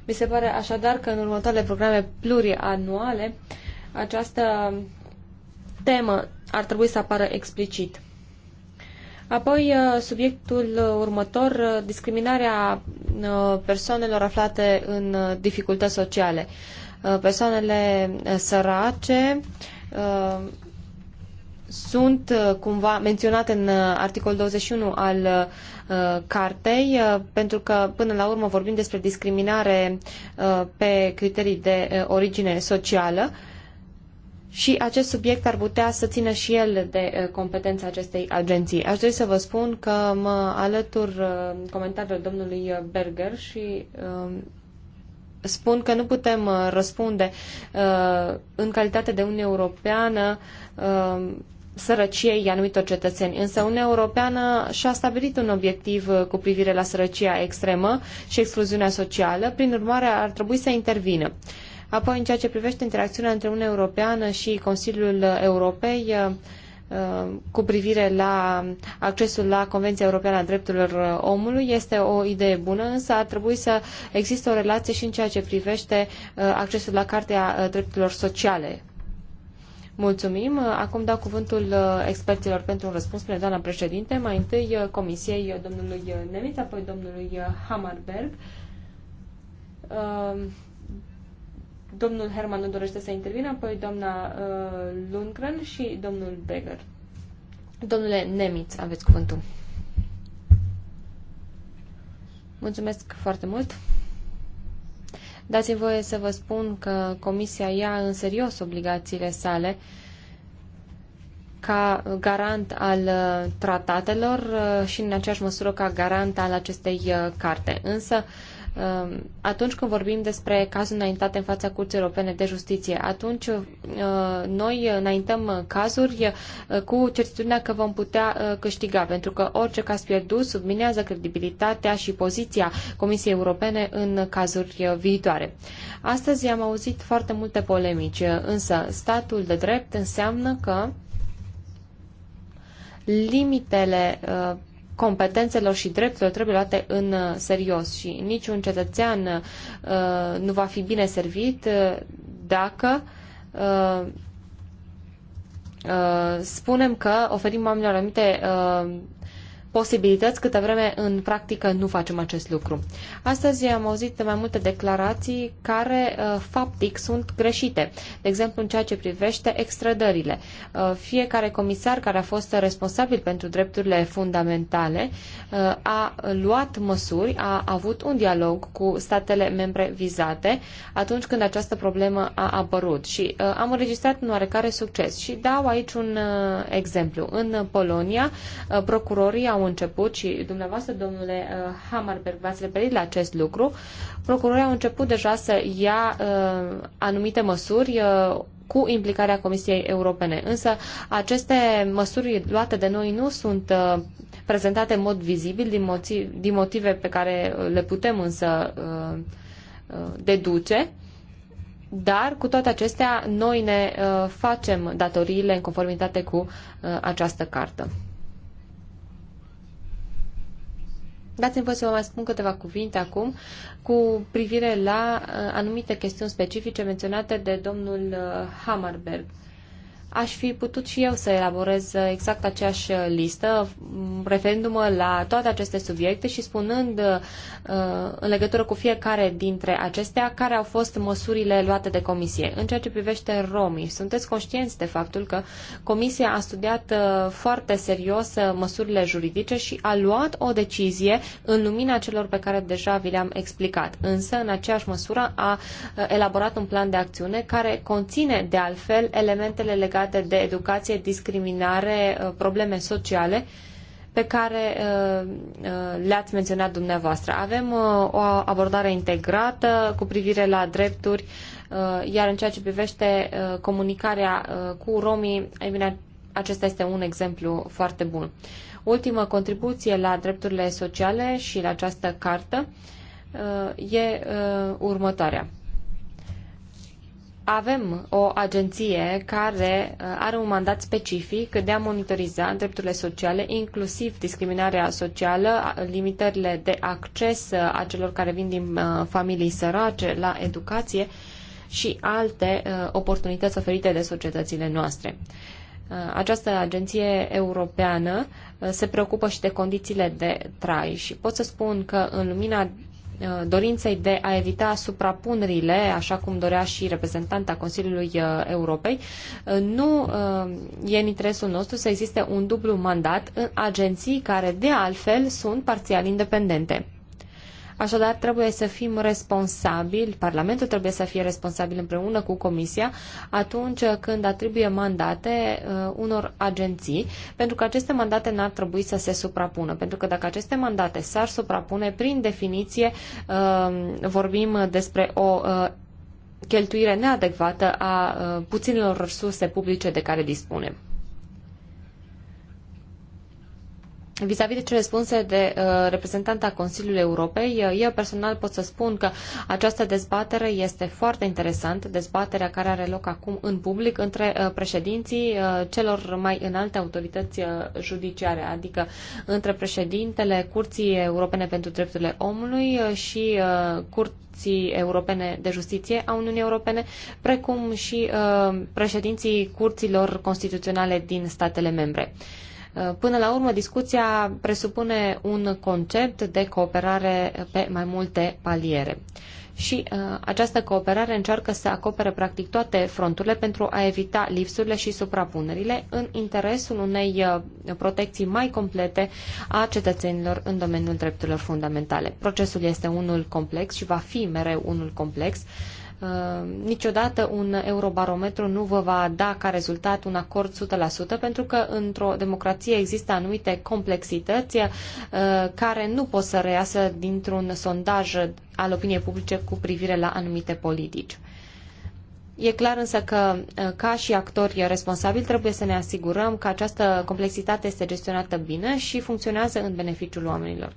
Mi se pare așadar că în următoarele programe plurianuale această temă ar trebui să apară explicit. Apoi, uh, subiectul următor, uh, discriminarea persoanelor aflate în dificultăți sociale. Uh, persoanele uh, sărace uh, sunt cumva menționate în articolul 21 al cartei, pentru că până la urmă vorbim despre discriminare pe criterii de origine socială și acest subiect ar putea să țină și el de competența acestei agenții. Aș dori să vă spun că mă alătur comentariul domnului Berger și spun că nu putem uh, răspunde uh, în calitate de Uniune Europeană uh, sărăciei anumitor cetățeni. Însă Uniunea Europeană și-a stabilit un obiectiv cu privire la sărăcia extremă și excluziunea socială, prin urmare ar trebui să intervină. Apoi, în ceea ce privește interacțiunea între Uniunea Europeană și Consiliul Europei, uh, Uh, cu privire la accesul la Convenția Europeană a Drepturilor Omului este o idee bună, însă ar trebui să existe o relație și în ceea ce privește uh, accesul la Cartea uh, Drepturilor Sociale. Mulțumim. Acum dau cuvântul experților pentru un răspuns, spune doamna președinte. Mai întâi Comisiei domnului Nemitz, apoi domnului Hammerberg. Domnul Herman nu dorește să intervină, apoi doamna uh, Lundgren și domnul Beger. Domnule Nemitz, aveți cuvântul. Mulțumesc foarte mult. Dați-mi voie să vă spun că Comisia ia în serios obligațiile sale ca garant al uh, tratatelor uh, și în aceeași măsură ca garant al acestei uh, carte. Însă, Um, atunci când vorbim despre cazul înaintat în fața Curții Europene de Justiție, atunci uh, noi înaintăm cazuri uh, cu certitudinea că vom putea uh, câștiga, pentru că orice caz pierdut subminează credibilitatea și poziția Comisiei Europene în cazuri viitoare. Astăzi am auzit foarte multe polemici, însă statul de drept înseamnă că limitele competențelor și drepturilor trebuie luate în uh, serios și niciun cetățean uh, nu va fi bine servit uh, dacă uh, uh, spunem că oferim oamenilor anumite posibilități, câtă vreme în practică nu facem acest lucru. Astăzi am auzit mai multe declarații care uh, faptic sunt greșite, de exemplu în ceea ce privește extrădările. Uh, fiecare comisar care a fost responsabil pentru drepturile fundamentale uh, a luat măsuri, a avut un dialog cu statele membre vizate atunci când această problemă a apărut și am înregistrat un oarecare succes. Și dau aici un exemplu. În Polonia, procurorii au început și dumneavoastră, domnule uh, Hammerberg, v-ați referit la acest lucru, procurorii au început deja să ia uh, anumite măsuri uh, cu implicarea Comisiei Europene. Însă aceste măsuri luate de noi nu sunt prezentate în mod vizibil din, motiv, din motive pe care le putem însă deduce. Dar, cu toate acestea, noi ne facem datoriile în conformitate cu această cartă. Dați-mi voi să vă mai spun câteva cuvinte acum cu privire la uh, anumite chestiuni specifice menționate de domnul uh, Hammerberg aș fi putut și eu să elaborez exact aceeași listă, referindu-mă la toate aceste subiecte și spunând uh, în legătură cu fiecare dintre acestea care au fost măsurile luate de comisie. În ceea ce privește romii, sunteți conștienți de faptul că comisia a studiat uh, foarte serios uh, măsurile juridice și a luat o decizie în lumina celor pe care deja vi le-am explicat. Însă, în aceeași măsură, a elaborat un plan de acțiune care conține, de altfel, elementele legate legate de educație, discriminare, uh, probleme sociale pe care uh, uh, le-ați menționat dumneavoastră. Avem o abordare integrată cu privire la drepturi, iar în ceea ce privește comunicarea cu romii, ei bine, acesta este un exemplu foarte bun. Ultimă contribuție la drepturile sociale și la această cartă e următoarea avem o agenție care uh, are un mandat specific de a monitoriza drepturile sociale, inclusiv discriminarea socială, limitările de acces uh, a celor care vin din uh, familii sărace la educație și alte oportunități oferite de societățile noastre. Această agenție europeană se preocupă și de condițiile de trai și pot să spun că în lumina Uh, dorinței de a evita suprapunerile, așa cum dorea și reprezentanta Consiliului uh, Europei, uh, nu e în interesul nostru să existe un dublu mandat în agenții care, de altfel, sunt parțial independente. Așadar, trebuie să fim responsabili, Parlamentul trebuie să fie responsabil împreună cu Comisia atunci când atribuie mandate uh, unor agenții, pentru că aceste mandate n-ar trebui să se suprapună, pentru că dacă aceste mandate s-ar suprapune, prin definiție uh, vorbim despre o uh, cheltuire neadecvată a uh, puținilor resurse publice de care dispunem. Vis-a-vis de cele spuse de uh, reprezentanta Consiliului Europei, uh, eu personal pot să spun că această dezbatere este foarte interesantă, dezbaterea care are loc acum în public între uh, președinții uh, celor mai înalte autorități uh, judiciare, adică între președintele Curții Europene pentru Drepturile Omului uh, și uh, Curții Europene de Justiție a Uniunii Europene, precum și uh, președinții curților constituționale din statele membre. Uh, Până la urmă, discuția presupune un concept de cooperare pe mai multe paliere. Și uh, această cooperare încearcă să acopere practic toate fronturile pentru a evita lipsurile și suprapunerile în interesul unei uh, protecții mai complete a cetățenilor în domeniul drepturilor fundamentale. Procesul este unul complex și va fi mereu unul complex. Uh, Uh, niciodată un eurobarometru nu vă va da ca rezultat un acord 100%, pentru că într-o democrație există anumite complexități uh, care nu pot să reiasă dintr-un sondaj al opiniei publice cu privire la anumite politici. E clar însă că, uh, ca și actori responsabili, trebuie să ne asigurăm că această complexitate este gestionată bine și funcționează în beneficiul oamenilor.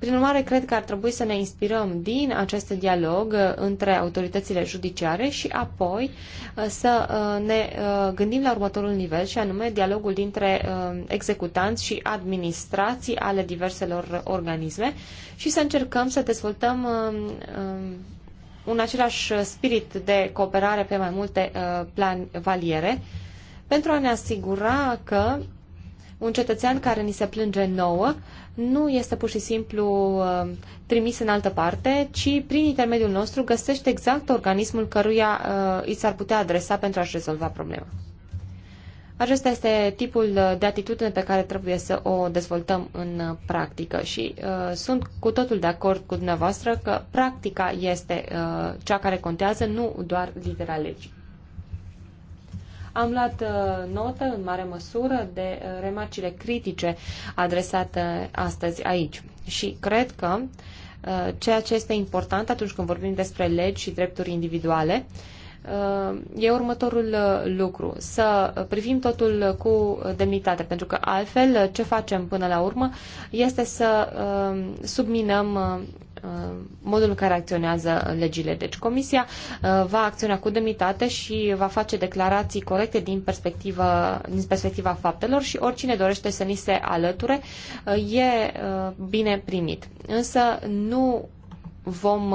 Prin urmare, cred că ar trebui să ne inspirăm din acest dialog uh, între autoritățile judiciare și apoi uh, să uh, ne gândim la următorul nivel și anume dialogul dintre executanți și administrații ale diverselor organisme și să încercăm să dezvoltăm un același spirit de cooperare pe mai multe plan valiere pentru a ne asigura că un cetățean care ni se plânge nouă nu este pur și simplu uh, trimis în altă parte, ci prin intermediul nostru găsește exact organismul căruia îi uh, s-ar putea adresa pentru a-și rezolva problema. Acesta este tipul de atitudine pe care trebuie să o dezvoltăm în uh, practică și uh, sunt cu totul de acord cu dumneavoastră că practica este uh, cea care contează, nu doar litera legii. Am luat uh, notă în mare măsură de uh, remarcile critice adresate astăzi aici și cred că uh, ceea ce este important atunci când vorbim despre legi și drepturi individuale e următorul lucru, să privim totul cu demnitate, pentru că altfel ce facem până la urmă este să subminăm Uh, modul în care acționează legile. Deci Comisia uh, va acționa cu demnitate și va face declarații corecte din perspectiva, din perspectiva faptelor și oricine dorește să ni se alăture uh, e bine primit. Însă nu vom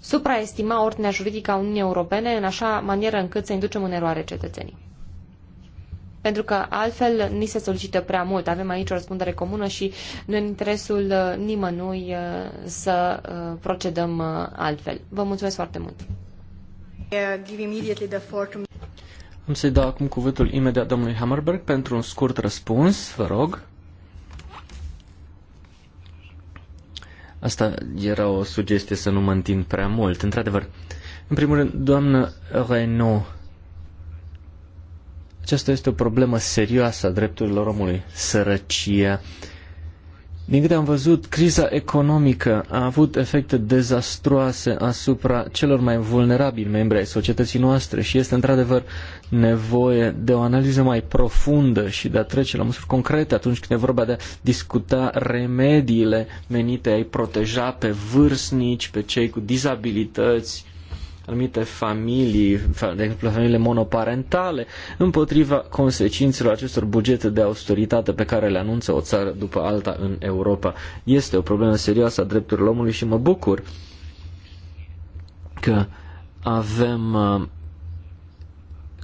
supraestima ordinea juridică a Uniunii Europene în așa manieră încât să inducem în eroare cetățenii pentru că altfel ni se solicită prea mult. Avem aici o răspundere comună și nu în interesul uh, nimănui uh, să uh, procedăm altfel. Vă mulțumesc foarte mult! Am să-i dau acum cuvântul imediat domnului Hammerberg pentru un scurt răspuns, vă rog. Asta era o sugestie să nu mă întind prea mult. Într-adevăr, în primul rând, doamnă Renault, aceasta este o problemă serioasă a drepturilor omului, sărăcia. Din câte am văzut, criza economică a avut efecte dezastroase asupra celor mai vulnerabili membri ai societății noastre și este într-adevăr nevoie de o analiză mai profundă și de a trece la măsuri concrete atunci când e vorba de a discuta remediile menite a-i proteja pe vârstnici, pe cei cu dizabilități, anumite familii, de exemplu familiile monoparentale, împotriva consecințelor acestor bugete de austeritate pe care le anunță o țară după alta în Europa. Este o problemă serioasă a drepturilor omului și mă bucur că avem uh,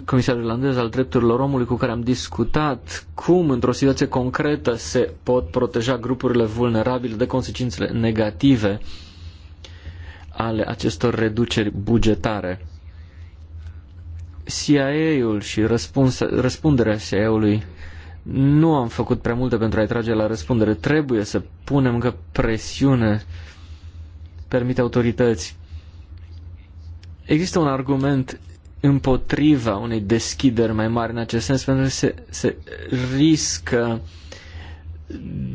comisarul irlandez al drepturilor omului cu care am discutat cum într-o situație concretă se pot proteja grupurile vulnerabile de consecințele negative uh, ale acestor reduceri bugetare. CIA-ul și răspuns, răspunderea CIA-ului nu am făcut prea multe pentru a-i trage la răspundere. Trebuie să punem încă presiune, permite autorități. Există un argument împotriva unei deschideri mai mari în acest sens, pentru că se, se riscă uh,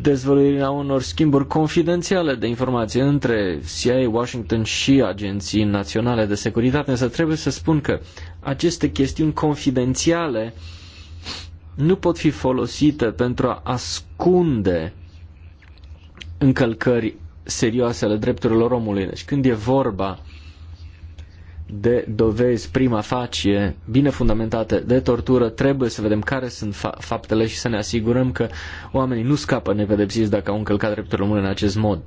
dezvăluirea unor schimburi confidențiale de informații între CIA, Washington și agenții naționale de securitate, însă trebuie să spun că aceste chestiuni confidențiale nu pot fi folosite pentru a ascunde încălcări serioase ale drepturilor omului. Deci când e vorba de dovezi prima facie, bine fundamentate de tortură, trebuie să vedem care sunt fa- faptele și să ne asigurăm că oamenii nu scapă nepedepsiți dacă au încălcat drepturile omului în acest mod.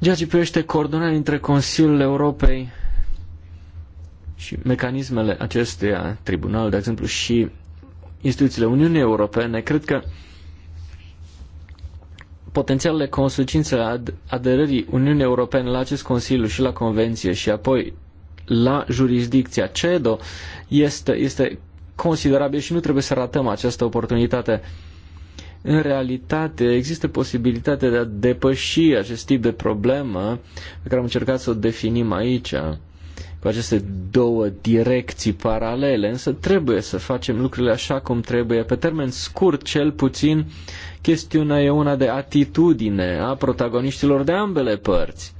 Ceea ce privește coordonarea între Consiliul Europei și mecanismele acestuia, tribunal, de exemplu, și instituțiile Uniunii Europene, cred că potențialele consecințe ad- aderării Uniunii Europene la acest Consiliu și la Convenție și apoi la jurisdicția CEDO este, este considerabil și nu trebuie să ratăm această oportunitate. În realitate, există posibilitatea de a depăși acest tip de problemă pe care am încercat să o definim aici, cu aceste două direcții paralele, însă trebuie să facem lucrurile așa cum trebuie. Pe termen scurt, cel puțin, chestiunea e una de atitudine a protagoniștilor de ambele părți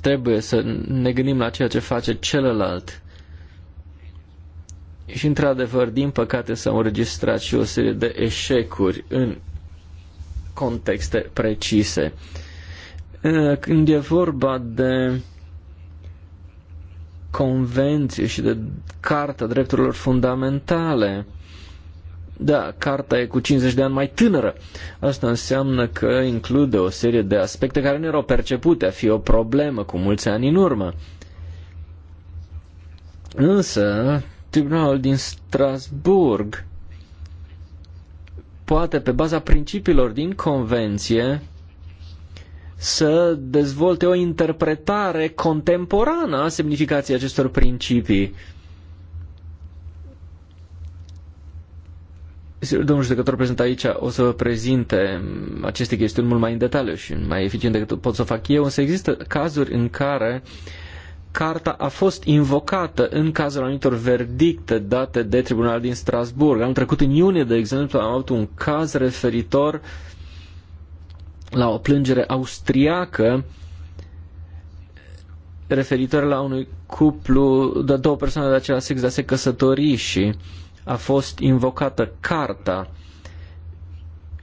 trebuie să ne gândim la ceea ce face celălalt. Și într-adevăr, din păcate, s-au înregistrat și o serie de eșecuri în contexte precise. Uh, când e vorba de convenție și de Carta Drepturilor Fundamentale, da, carta e cu 50 de ani mai tânără. Asta înseamnă că include o serie de aspecte care nu erau percepute a fi o problemă cu mulți ani în urmă. Însă, tribunalul din Strasburg poate, pe baza principiilor din convenție, să dezvolte o interpretare contemporană a semnificației acestor principii. Domnul judecător prezent aici o să vă prezinte aceste chestiuni mult mai în detaliu și mai eficient decât pot să fac eu, însă există cazuri în care carta a fost invocată în cazul anumitor verdicte date de tribunal din Strasburg. Am trecut, în iunie, de exemplu, am avut un caz referitor la o plângere austriacă referitor la unui cuplu de două persoane de același sex de a se căsători și uh, a fost invocată carta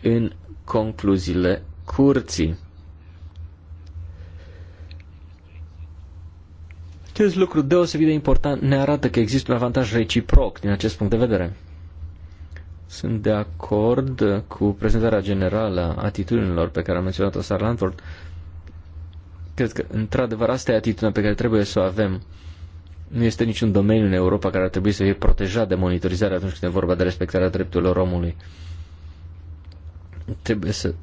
în concluziile curții. Acest lucru deosebit de important ne arată că există un avantaj reciproc din acest punct de vedere. Sunt de acord cu prezentarea generală a atitudinilor pe care a menționat-o Sarlanford. Cred că, într-adevăr, asta e atitudinea pe care trebuie să o avem. Nu este niciun domeniu în Europa care ar trebui să fie protejat de monitorizare atunci când e vorba de respectarea drepturilor omului. Trebuie să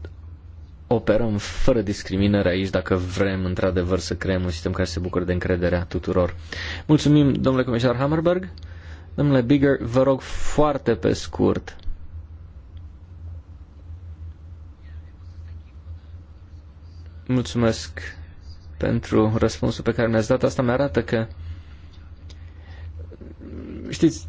operăm fără discriminare aici dacă vrem într-adevăr să creăm un sistem care se bucură de încrederea tuturor. Mulțumim, domnule comisar Hammerberg. Domnule Bigger, vă rog foarte pe scurt. Mulțumesc pentru răspunsul pe care mi-ați dat. Asta mi arată că știți,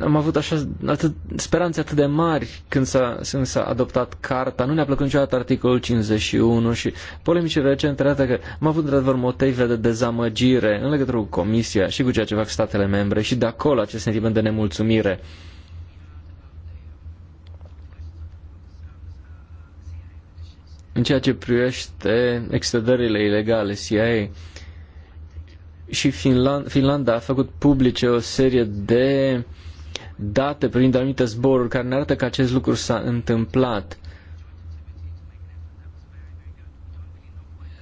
am avut așa atât, speranțe atât de mari când s-a, când s-a adoptat carta. Nu ne-a plăcut niciodată articolul 51 și polemice recente arată că am avut într-adevăr motive de dezamăgire în legătură cu Comisia și cu ceea ce fac statele membre și de acolo acest sentiment de nemulțumire. În ceea ce privește excedările ilegale CIA, și Finland, Finlanda a făcut publice o serie de date privind anumite zboruri care ne arată că acest lucru s-a întâmplat.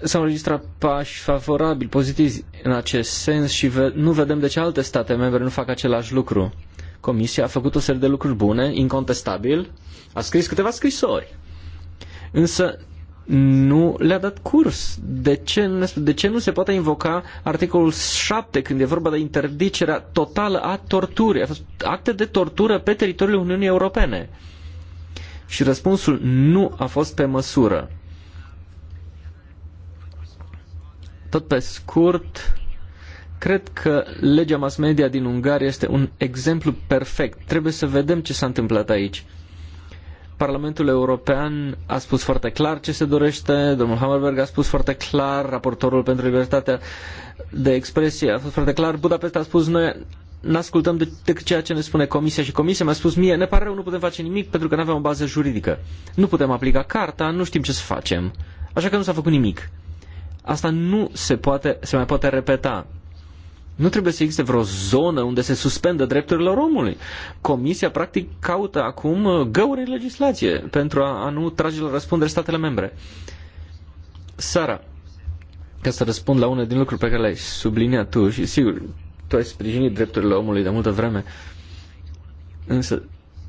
S-au înregistrat pași favorabili, pozitivi în acest sens și ve- nu vedem de ce alte state membre nu fac același lucru. Comisia a făcut o serie de lucruri bune, incontestabil, a scris câteva scrisori. Însă nu le-a dat curs. De ce, de ce nu se poate invoca articolul 7 când e vorba de interdicerea totală a torturii, acte de tortură pe teritoriul Uniunii Europene? Și răspunsul nu a fost pe măsură. Tot pe scurt, cred că legea mass media din Ungaria este un exemplu perfect. Trebuie să vedem ce s-a întâmplat aici. Parlamentul European a spus foarte clar ce se dorește, domnul Hammerberg a spus foarte clar, raportorul pentru libertatea de expresie a fost foarte clar, Budapesta a spus noi n-ascultăm decât ceea ce ne spune Comisia și Comisia mi-a spus mie, ne pare rău, nu putem face nimic pentru că nu avem o bază juridică. Nu putem aplica carta, nu știm ce să facem. Așa că nu s-a făcut nimic. Asta nu se, poate, se mai poate repeta. Nu trebuie să existe vreo zonă unde se suspendă drepturile omului. Comisia, practic, caută acum uh, găuri în legislație pentru a, a nu trage la răspundere statele membre. Sara, ca să răspund la unele din lucruri pe care le-ai subliniat tu și, sigur, tu ai sprijinit drepturile omului de multă vreme, însă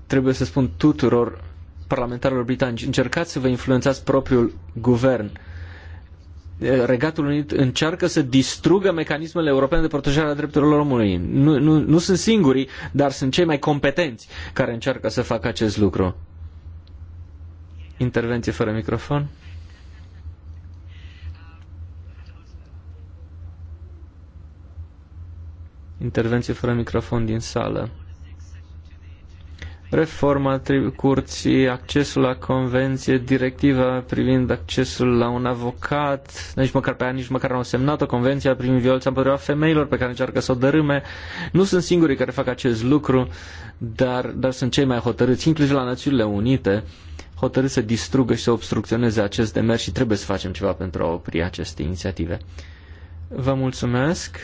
trebuie să spun tuturor parlamentarilor britanici, încercați să vă influențați propriul guvern. Uh, Regatul Unit încearcă să distrugă mecanismele europene de protejare a drepturilor omului. Nu, nu, nu sunt singurii, dar sunt cei mai competenți care încearcă să facă acest lucru. Intervenție fără microfon. Intervenție fără microfon din sală reforma curții, accesul la convenție, directiva privind accesul la un avocat, nici măcar pe aia, nici măcar nu au semnat o convenție privind violența împotriva femeilor pe care încearcă să o dărâme. Nu sunt singurii care fac acest lucru, dar, dar sunt cei mai hotărâți, inclusiv la Națiunile Unite, hotărâți să distrugă și să obstrucționeze acest demers și trebuie să facem ceva pentru a opri aceste inițiative. Vă mulțumesc.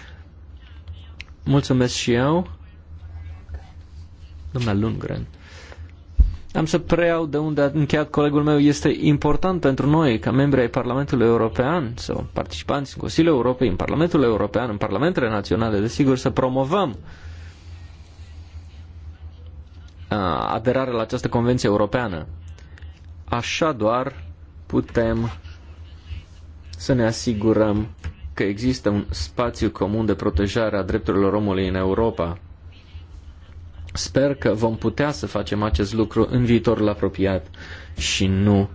Mulțumesc și eu. domnul Lundgren. Am să preiau de unde a încheiat colegul meu. Este important pentru noi, ca membri ai Parlamentului European sau participanți în Consiliul Europei, în Parlamentul European, în Parlamentele Naționale, desigur, să promovăm aderarea la această convenție europeană. Așa doar putem să ne asigurăm că există un spațiu comun de protejare a drepturilor omului în Europa. Sper că vom putea să facem acest lucru în viitorul apropiat și nu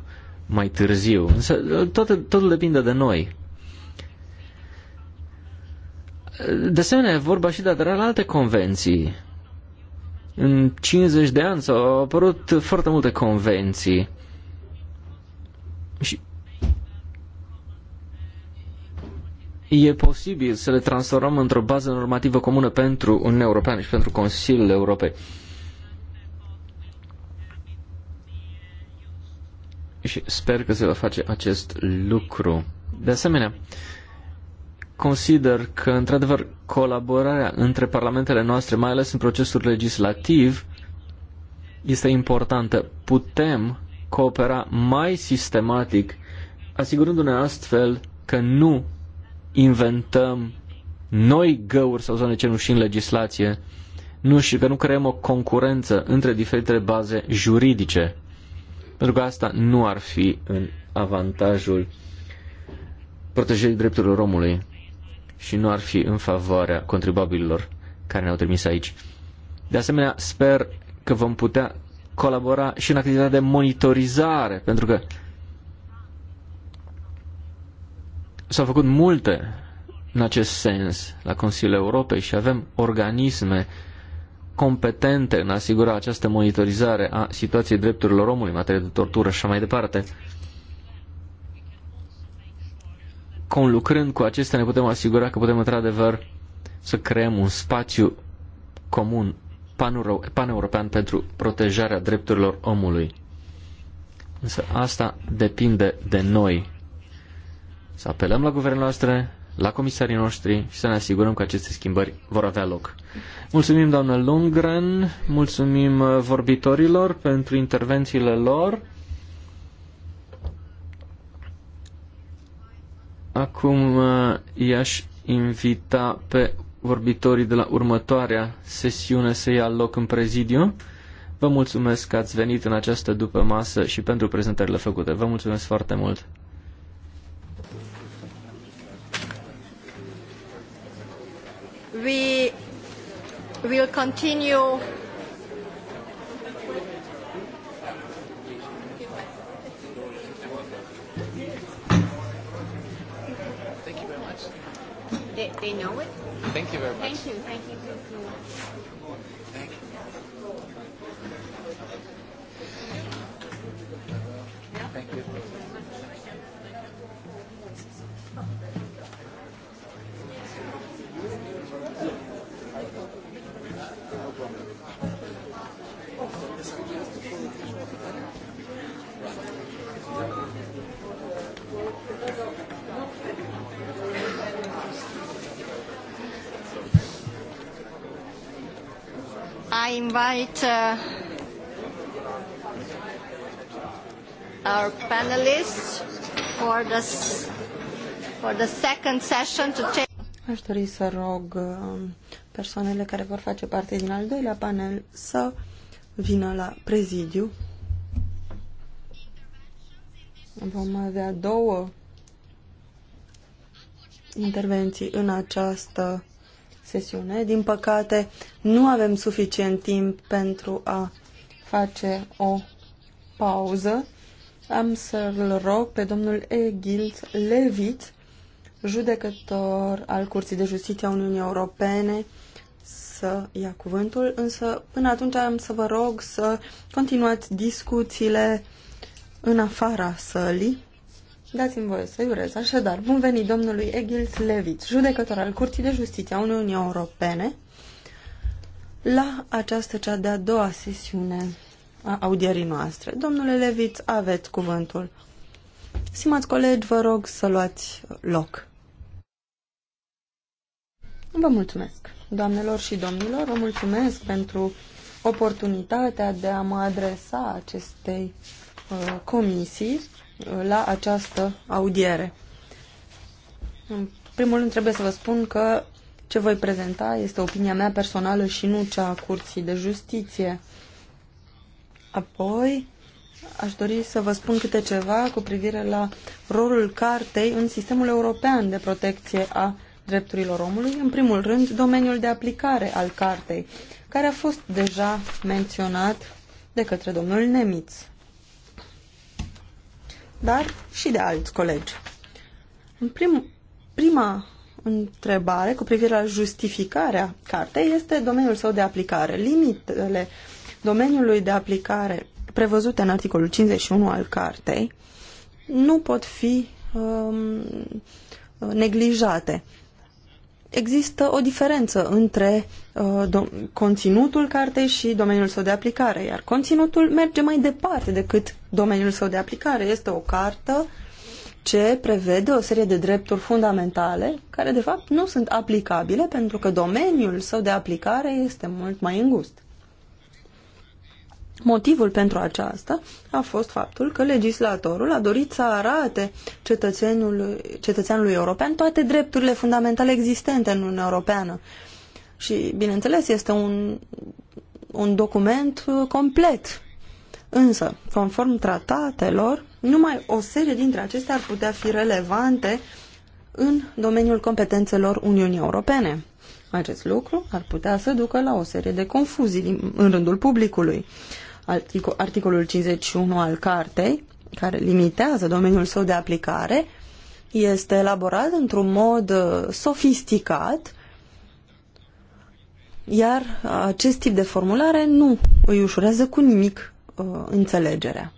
mai târziu. Însă tot totul depinde de noi. De asemenea, e vorba și de aderarea la alte convenții. În 50 de ani s-au apărut foarte multe convenții. e posibil să le transformăm într-o bază normativă comună pentru Uniunea Europeană și pentru Consiliul Europei. Și sper că se va face acest lucru. De asemenea, consider că, într-adevăr, colaborarea între parlamentele noastre, mai ales în procesul legislativ, este importantă. Putem coopera mai sistematic, asigurându-ne astfel că nu inventăm noi găuri sau zone cenușii în legislație, nu și că nu creăm o concurență între diferitele baze juridice. Pentru că asta nu ar fi în avantajul protejării drepturilor omului și nu ar fi în favoarea contribuabililor care ne-au trimis aici. De asemenea, sper că vom putea colabora și în activitatea de monitorizare, pentru că S-au făcut multe în acest sens la Consiliul Europei și avem organisme competente în a asigura această monitorizare a situației drepturilor omului în materie de tortură și așa mai departe. Conlucrând cu acestea ne putem asigura că putem într-adevăr să creăm un spațiu comun paneuropean pentru protejarea drepturilor omului. Însă asta depinde de noi să apelăm la guvernele noastre, la comisarii noștri și să ne asigurăm că aceste schimbări vor avea loc. Mulțumim, doamnă Lundgren, mulțumim vorbitorilor pentru intervențiile lor. Acum uh, i-aș invita pe vorbitorii de la următoarea sesiune să ia loc în prezidiu. Vă mulțumesc că ați venit în această după masă și pentru prezentările făcute. Vă mulțumesc foarte mult! we will continue They, they know it? Thank you very much. Thank you. Thank you. Invit, invite uh, our panelists for the, for the second session to take... Aș dori să rog uh, persoanele care vor face parte din al doilea panel să vină la prezidiu. Vom avea două intervenții în această sesiune. Din păcate, nu avem suficient timp pentru a face o pauză. Am să-l rog pe domnul Egil Levit, judecător al Curții de Justiție a Uniunii Europene, să ia cuvântul, însă până atunci am să vă rog să continuați discuțiile în afara sălii. Dați-mi voie să-i urez așadar. Bun venit domnului Egil Levit, judecător al Curții de Justiție a Uniunii Europene, la această cea de-a doua sesiune a audierii noastre. Domnule Levit, aveți cuvântul. Simați colegi, vă rog să luați loc. Vă mulțumesc, doamnelor și domnilor, vă mulțumesc pentru oportunitatea de a mă adresa acestei uh, comisii la această audiere. În primul rând trebuie să vă spun că ce voi prezenta este opinia mea personală și nu cea a Curții de Justiție. Apoi aș dori să vă spun câte ceva cu privire la rolul cartei în sistemul european de protecție a drepturilor omului, în primul rând domeniul de aplicare al cartei, care a fost deja menționat de către domnul Nemitz dar și de alți colegi. În prim, prima întrebare cu privire la justificarea cartei este domeniul său de aplicare. Limitele domeniului de aplicare prevăzute în articolul 51 al cartei nu pot fi um, neglijate există o diferență între uh, conținutul cartei și domeniul său de aplicare, iar conținutul merge mai departe decât domeniul său de aplicare. Este o cartă ce prevede o serie de drepturi fundamentale care, de fapt, nu sunt aplicabile pentru că domeniul său de aplicare este mult mai îngust. Motivul pentru aceasta a fost faptul că legislatorul a dorit să arate cetățenului, cetățeanului european toate drepturile fundamentale existente în Uniunea Europeană. Și, bineînțeles, este un, un document uh, complet. Însă, conform tratatelor, numai o serie dintre acestea ar putea fi relevante în domeniul competențelor Uniunii Europene. Acest lucru ar putea să ducă la o serie de confuzii în rândul publicului articolul 51 al cartei, care limitează domeniul său de aplicare, este elaborat într-un mod uh, sofisticat, iar acest tip de formulare nu îi ușurează cu nimic uh, înțelegerea.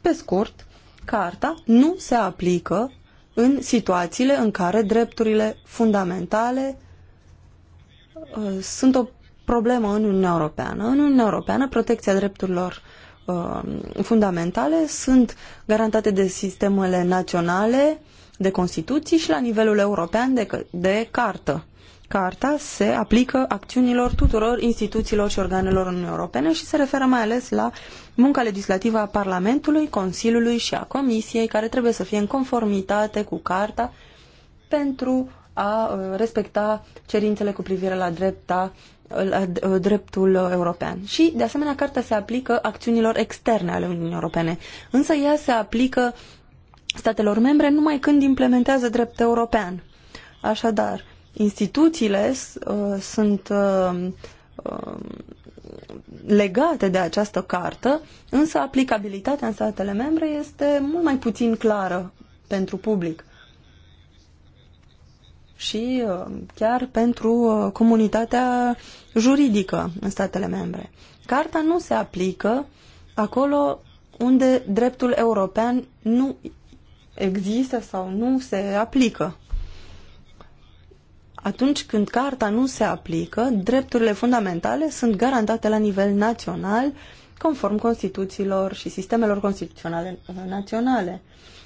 Pe scurt, carta nu se aplică în situațiile în care drepturile fundamentale uh, sunt o problemă în Uniunea Europeană. În Uniunea Europeană, protecția drepturilor uh, fundamentale sunt garantate de sistemele naționale, de Constituții și la nivelul european de, de cartă. Carta se aplică acțiunilor tuturor instituțiilor și organelor Uniunii Europene și se referă mai ales la munca legislativă a Parlamentului, Consiliului și a Comisiei, care trebuie să fie în conformitate cu Carta pentru a uh, respecta cerințele cu privire la drepta la uh, dreptul european. Și, de asemenea, cartea se aplică acțiunilor externe ale Uniunii Europene, însă ea se aplică statelor membre numai când implementează drept european. Așadar, instituțiile uh, sunt uh, uh, legate de această cartă, însă aplicabilitatea în statele membre este mult mai puțin clară pentru public și uh, chiar pentru uh, comunitatea juridică în statele membre. Carta nu se aplică acolo unde dreptul european nu există sau nu se aplică. Atunci când carta nu se aplică, drepturile fundamentale sunt garantate la nivel național, conform Constituțiilor și sistemelor constituționale naționale.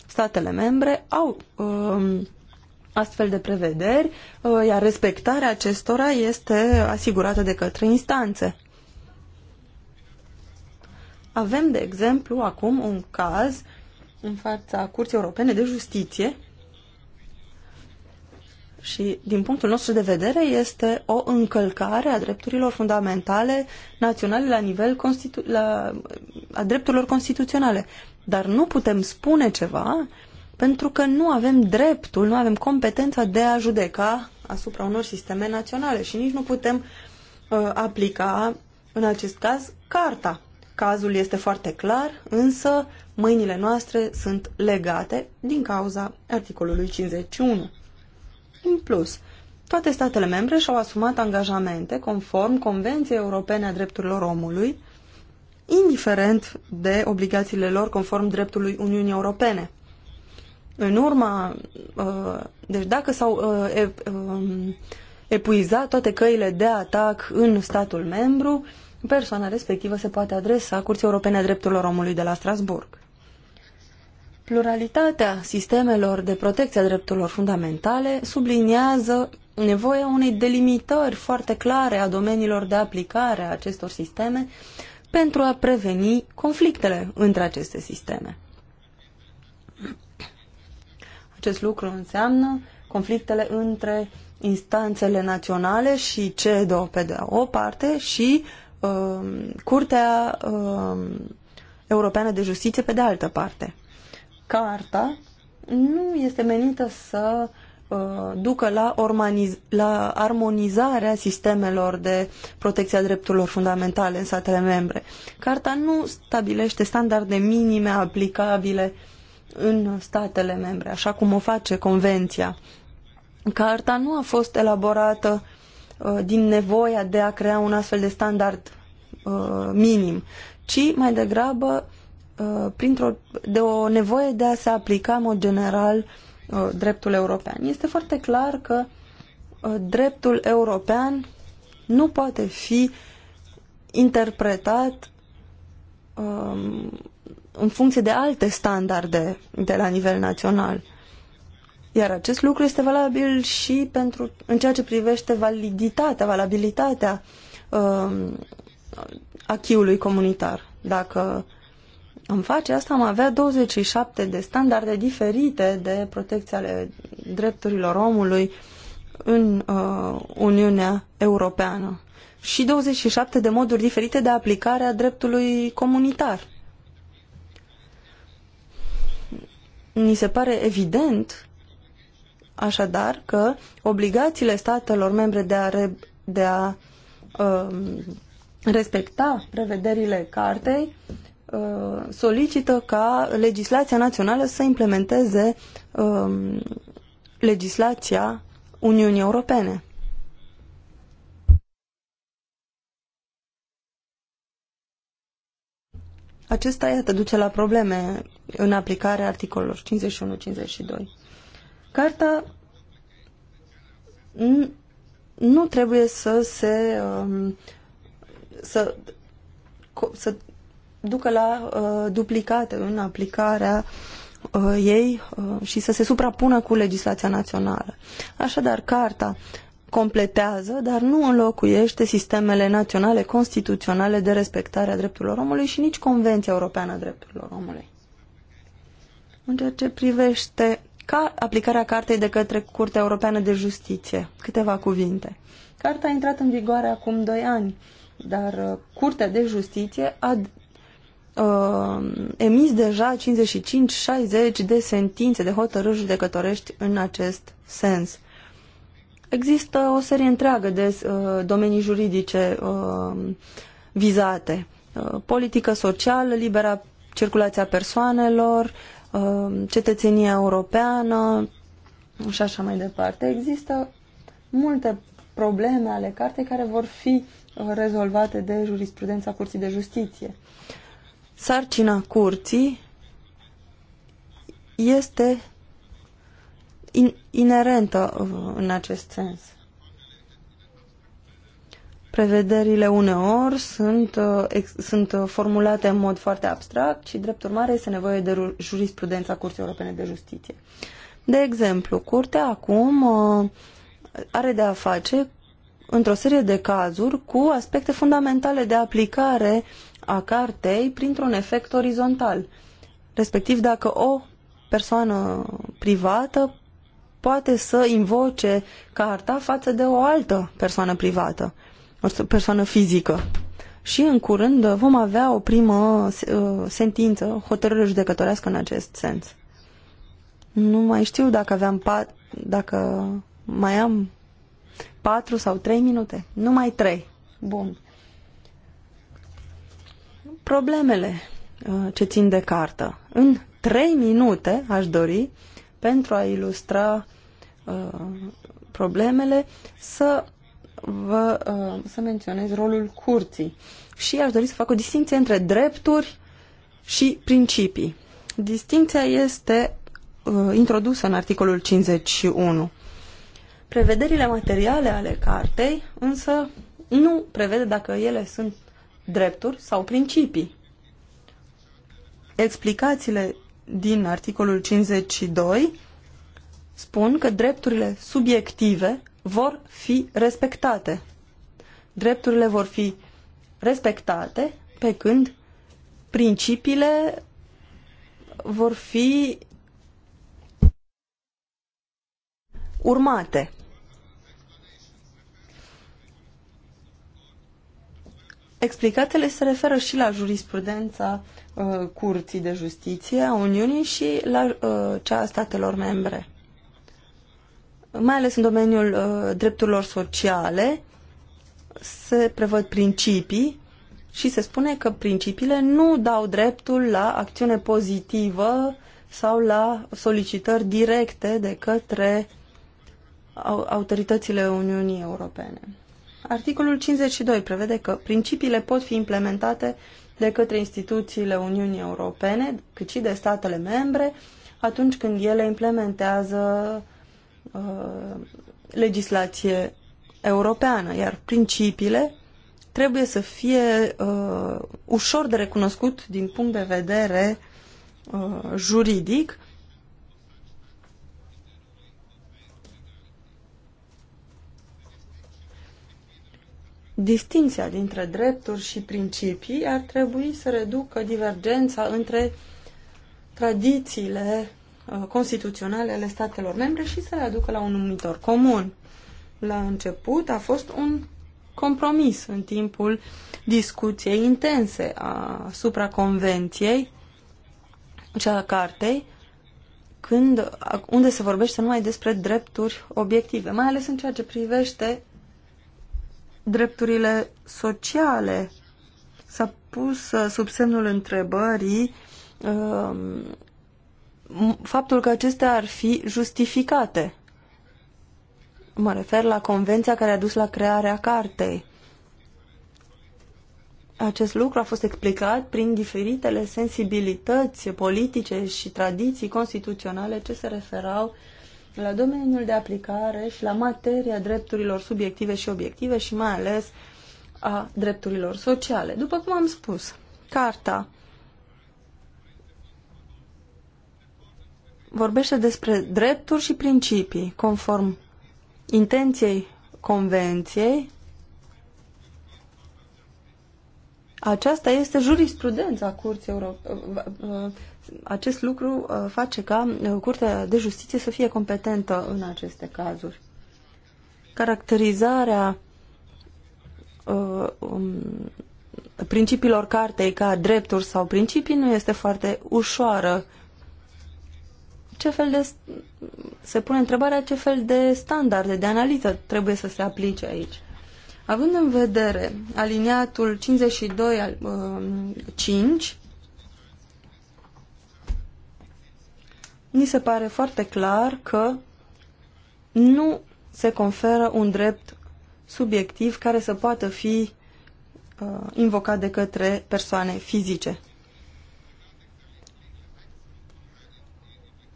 Statele membre au um, astfel de prevederi, uh, iar respectarea acestora este asigurată de către instanțe. Avem, de exemplu, acum un caz în fața Curții Europene de Justiție și, din punctul nostru de vedere, este o încălcare a drepturilor fundamentale naționale la nivel constitu- la, a drepturilor constituționale. Dar nu putem spune ceva uh, pentru că nu avem dreptul, nu avem competența de a judeca asupra unor sisteme naționale și nici nu putem uh, aplica, în acest caz, carta. Cazul este foarte clar, însă mâinile noastre sunt legate din cauza articolului 51. În plus, toate statele membre și-au asumat angajamente conform Convenției Europene a Drepturilor Omului, indiferent de obligațiile lor conform dreptului Uniunii Europene în urma, uh, deci dacă s-au uh, um, epuizat toate căile de atac în statul membru, persoana respectivă se poate adresa Curții Europene a Drepturilor Omului de la Strasburg. Pluralitatea sistemelor de protecție a drepturilor fundamentale subliniază nevoia unei delimitări foarte clare a domeniilor de aplicare a acestor sisteme pentru a preveni conflictele între aceste sisteme. Acest lucru înseamnă conflictele între instanțele naționale și CEDO pe de o parte și uh, Curtea uh, Europeană de Justiție pe de altă parte. Carta nu este menită să uh, ducă la, la armonizarea sistemelor de protecție a drepturilor fundamentale în statele membre. Carta nu stabilește standarde minime aplicabile uh, în statele membre, așa cum o face Convenția. Carta nu a fost elaborată uh, din nevoia de a crea un astfel de standard uh, minim, ci mai degrabă uh, printr-o, de o nevoie de a se aplica în mod general uh, dreptul european. Este foarte clar că uh, dreptul european nu poate fi interpretat um, în funcție de alte standarde de la nivel național. Iar acest lucru este valabil și pentru, în ceea ce privește validitatea, valabilitatea uh, um, achiului comunitar. Dacă am face asta, am avea 27 de standarde diferite de protecție ale drepturilor omului în uh, Uniunea Europeană și 27 de moduri diferite de aplicare a dreptului comunitar. ni se pare evident, așadar, că obligațiile statelor membre de a, re, de a uh, respecta prevederile cartei uh, solicită ca legislația națională să implementeze uh, legislația Uniunii Europene. Acesta, iată, duce la probleme în aplicare articolelor 51-52. Carta nu trebuie să se um, să, să ducă la uh, duplicate în aplicarea uh, ei uh, și să se suprapună cu legislația națională. Așadar, carta completează, dar nu înlocuiește sistemele naționale constituționale de respectare a drepturilor omului și nici Convenția Europeană a Drepturilor Omului. În ceea ce privește ca aplicarea cartei de către Curtea Europeană de Justiție, câteva cuvinte. Carta a intrat în vigoare acum doi ani, dar uh, Curtea de Justiție a uh, emis deja 55-60 de sentințe de hotărâri judecătorești în acest sens. Există o serie întreagă de uh, domenii juridice uh, vizate. Uh, politică socială, libera circulația persoanelor, Um, cetățenia europeană și așa mai departe. Există multe probleme ale cartei care vor fi uh, rezolvate de jurisprudența Curții de Justiție. Sarcina Curții este in inerentă uh, în acest sens. Prevederile uneori sunt, uh, ex, sunt uh, formulate în mod foarte abstract și, drept urmare, este nevoie de jurisprudența Curții Europene de Justiție. De exemplu, Curtea acum uh, are de a face într-o serie de cazuri cu aspecte fundamentale de aplicare a cartei printr-un efect orizontal. Respectiv, dacă o persoană privată poate să invoce carta față de o altă persoană privată persoană fizică. Și în curând uh, vom avea o primă uh, sentință, hotărâre judecătorească în acest sens. Nu mai știu dacă aveam pat, dacă mai am patru sau trei minute. Numai trei. Bun. Problemele uh, ce țin de cartă. În trei minute aș dori pentru a ilustra uh, problemele să vă, uh, să menționez rolul curții. Și aș dori să fac o distinție între drepturi și principii. Distinția este uh, introdusă în articolul 51. Prevederile materiale ale cartei însă nu prevede dacă ele sunt drepturi sau principii. Explicațiile din articolul 52 spun că drepturile subiective vor fi respectate. Drepturile vor fi respectate, pe când principiile vor fi urmate. Explicatele se referă și la jurisprudența uh, Curții de Justiție a Uniunii și la uh, cea a statelor membre mai ales în domeniul uh, drepturilor sociale, se prevăd principii și se spune că principiile nu dau dreptul la acțiune pozitivă sau la solicitări directe de către autoritățile Uniunii Europene. Articolul 52 prevede că principiile pot fi implementate de către instituțiile Uniunii Europene, cât și de statele membre, atunci când ele implementează Uh, legislație europeană, iar principiile trebuie să fie uh, ușor de recunoscut din punct de vedere uh, juridic Distinția dintre drepturi și principii ar trebui să reducă divergența între tradițiile Uh, constituționale ale statelor membre și să le aducă la un numitor comun. La început a fost un compromis în timpul discuției intense asupra convenției și a cartei, când, unde se vorbește numai despre drepturi obiective, mai ales în ceea ce privește drepturile sociale. S-a pus uh, sub semnul întrebării uh, faptul că acestea ar fi justificate. Mă refer la convenția care a dus la crearea cartei. Acest lucru a fost explicat prin diferitele sensibilități politice și tradiții constituționale ce se referau la domeniul de aplicare și la materia drepturilor subiective și obiective și mai ales a drepturilor sociale. După cum am spus, Carta vorbește despre drepturi și principii, conform intenției convenției. Aceasta este jurisprudența Curții Europene. Uh, uh, uh, acest lucru face ca Curtea de Justiție să fie competentă în aceste cazuri. Caracterizarea um, principiilor cartei ca drepturi sau principii nu este foarte ușoară ce fel de... se pune întrebarea ce fel de standarde de analiză trebuie să se aplice aici. Având în vedere aliniatul 52 al 5, uh, ni se pare foarte clar că nu se conferă un drept subiectiv care să poată fi uh, invocat de către persoane fizice.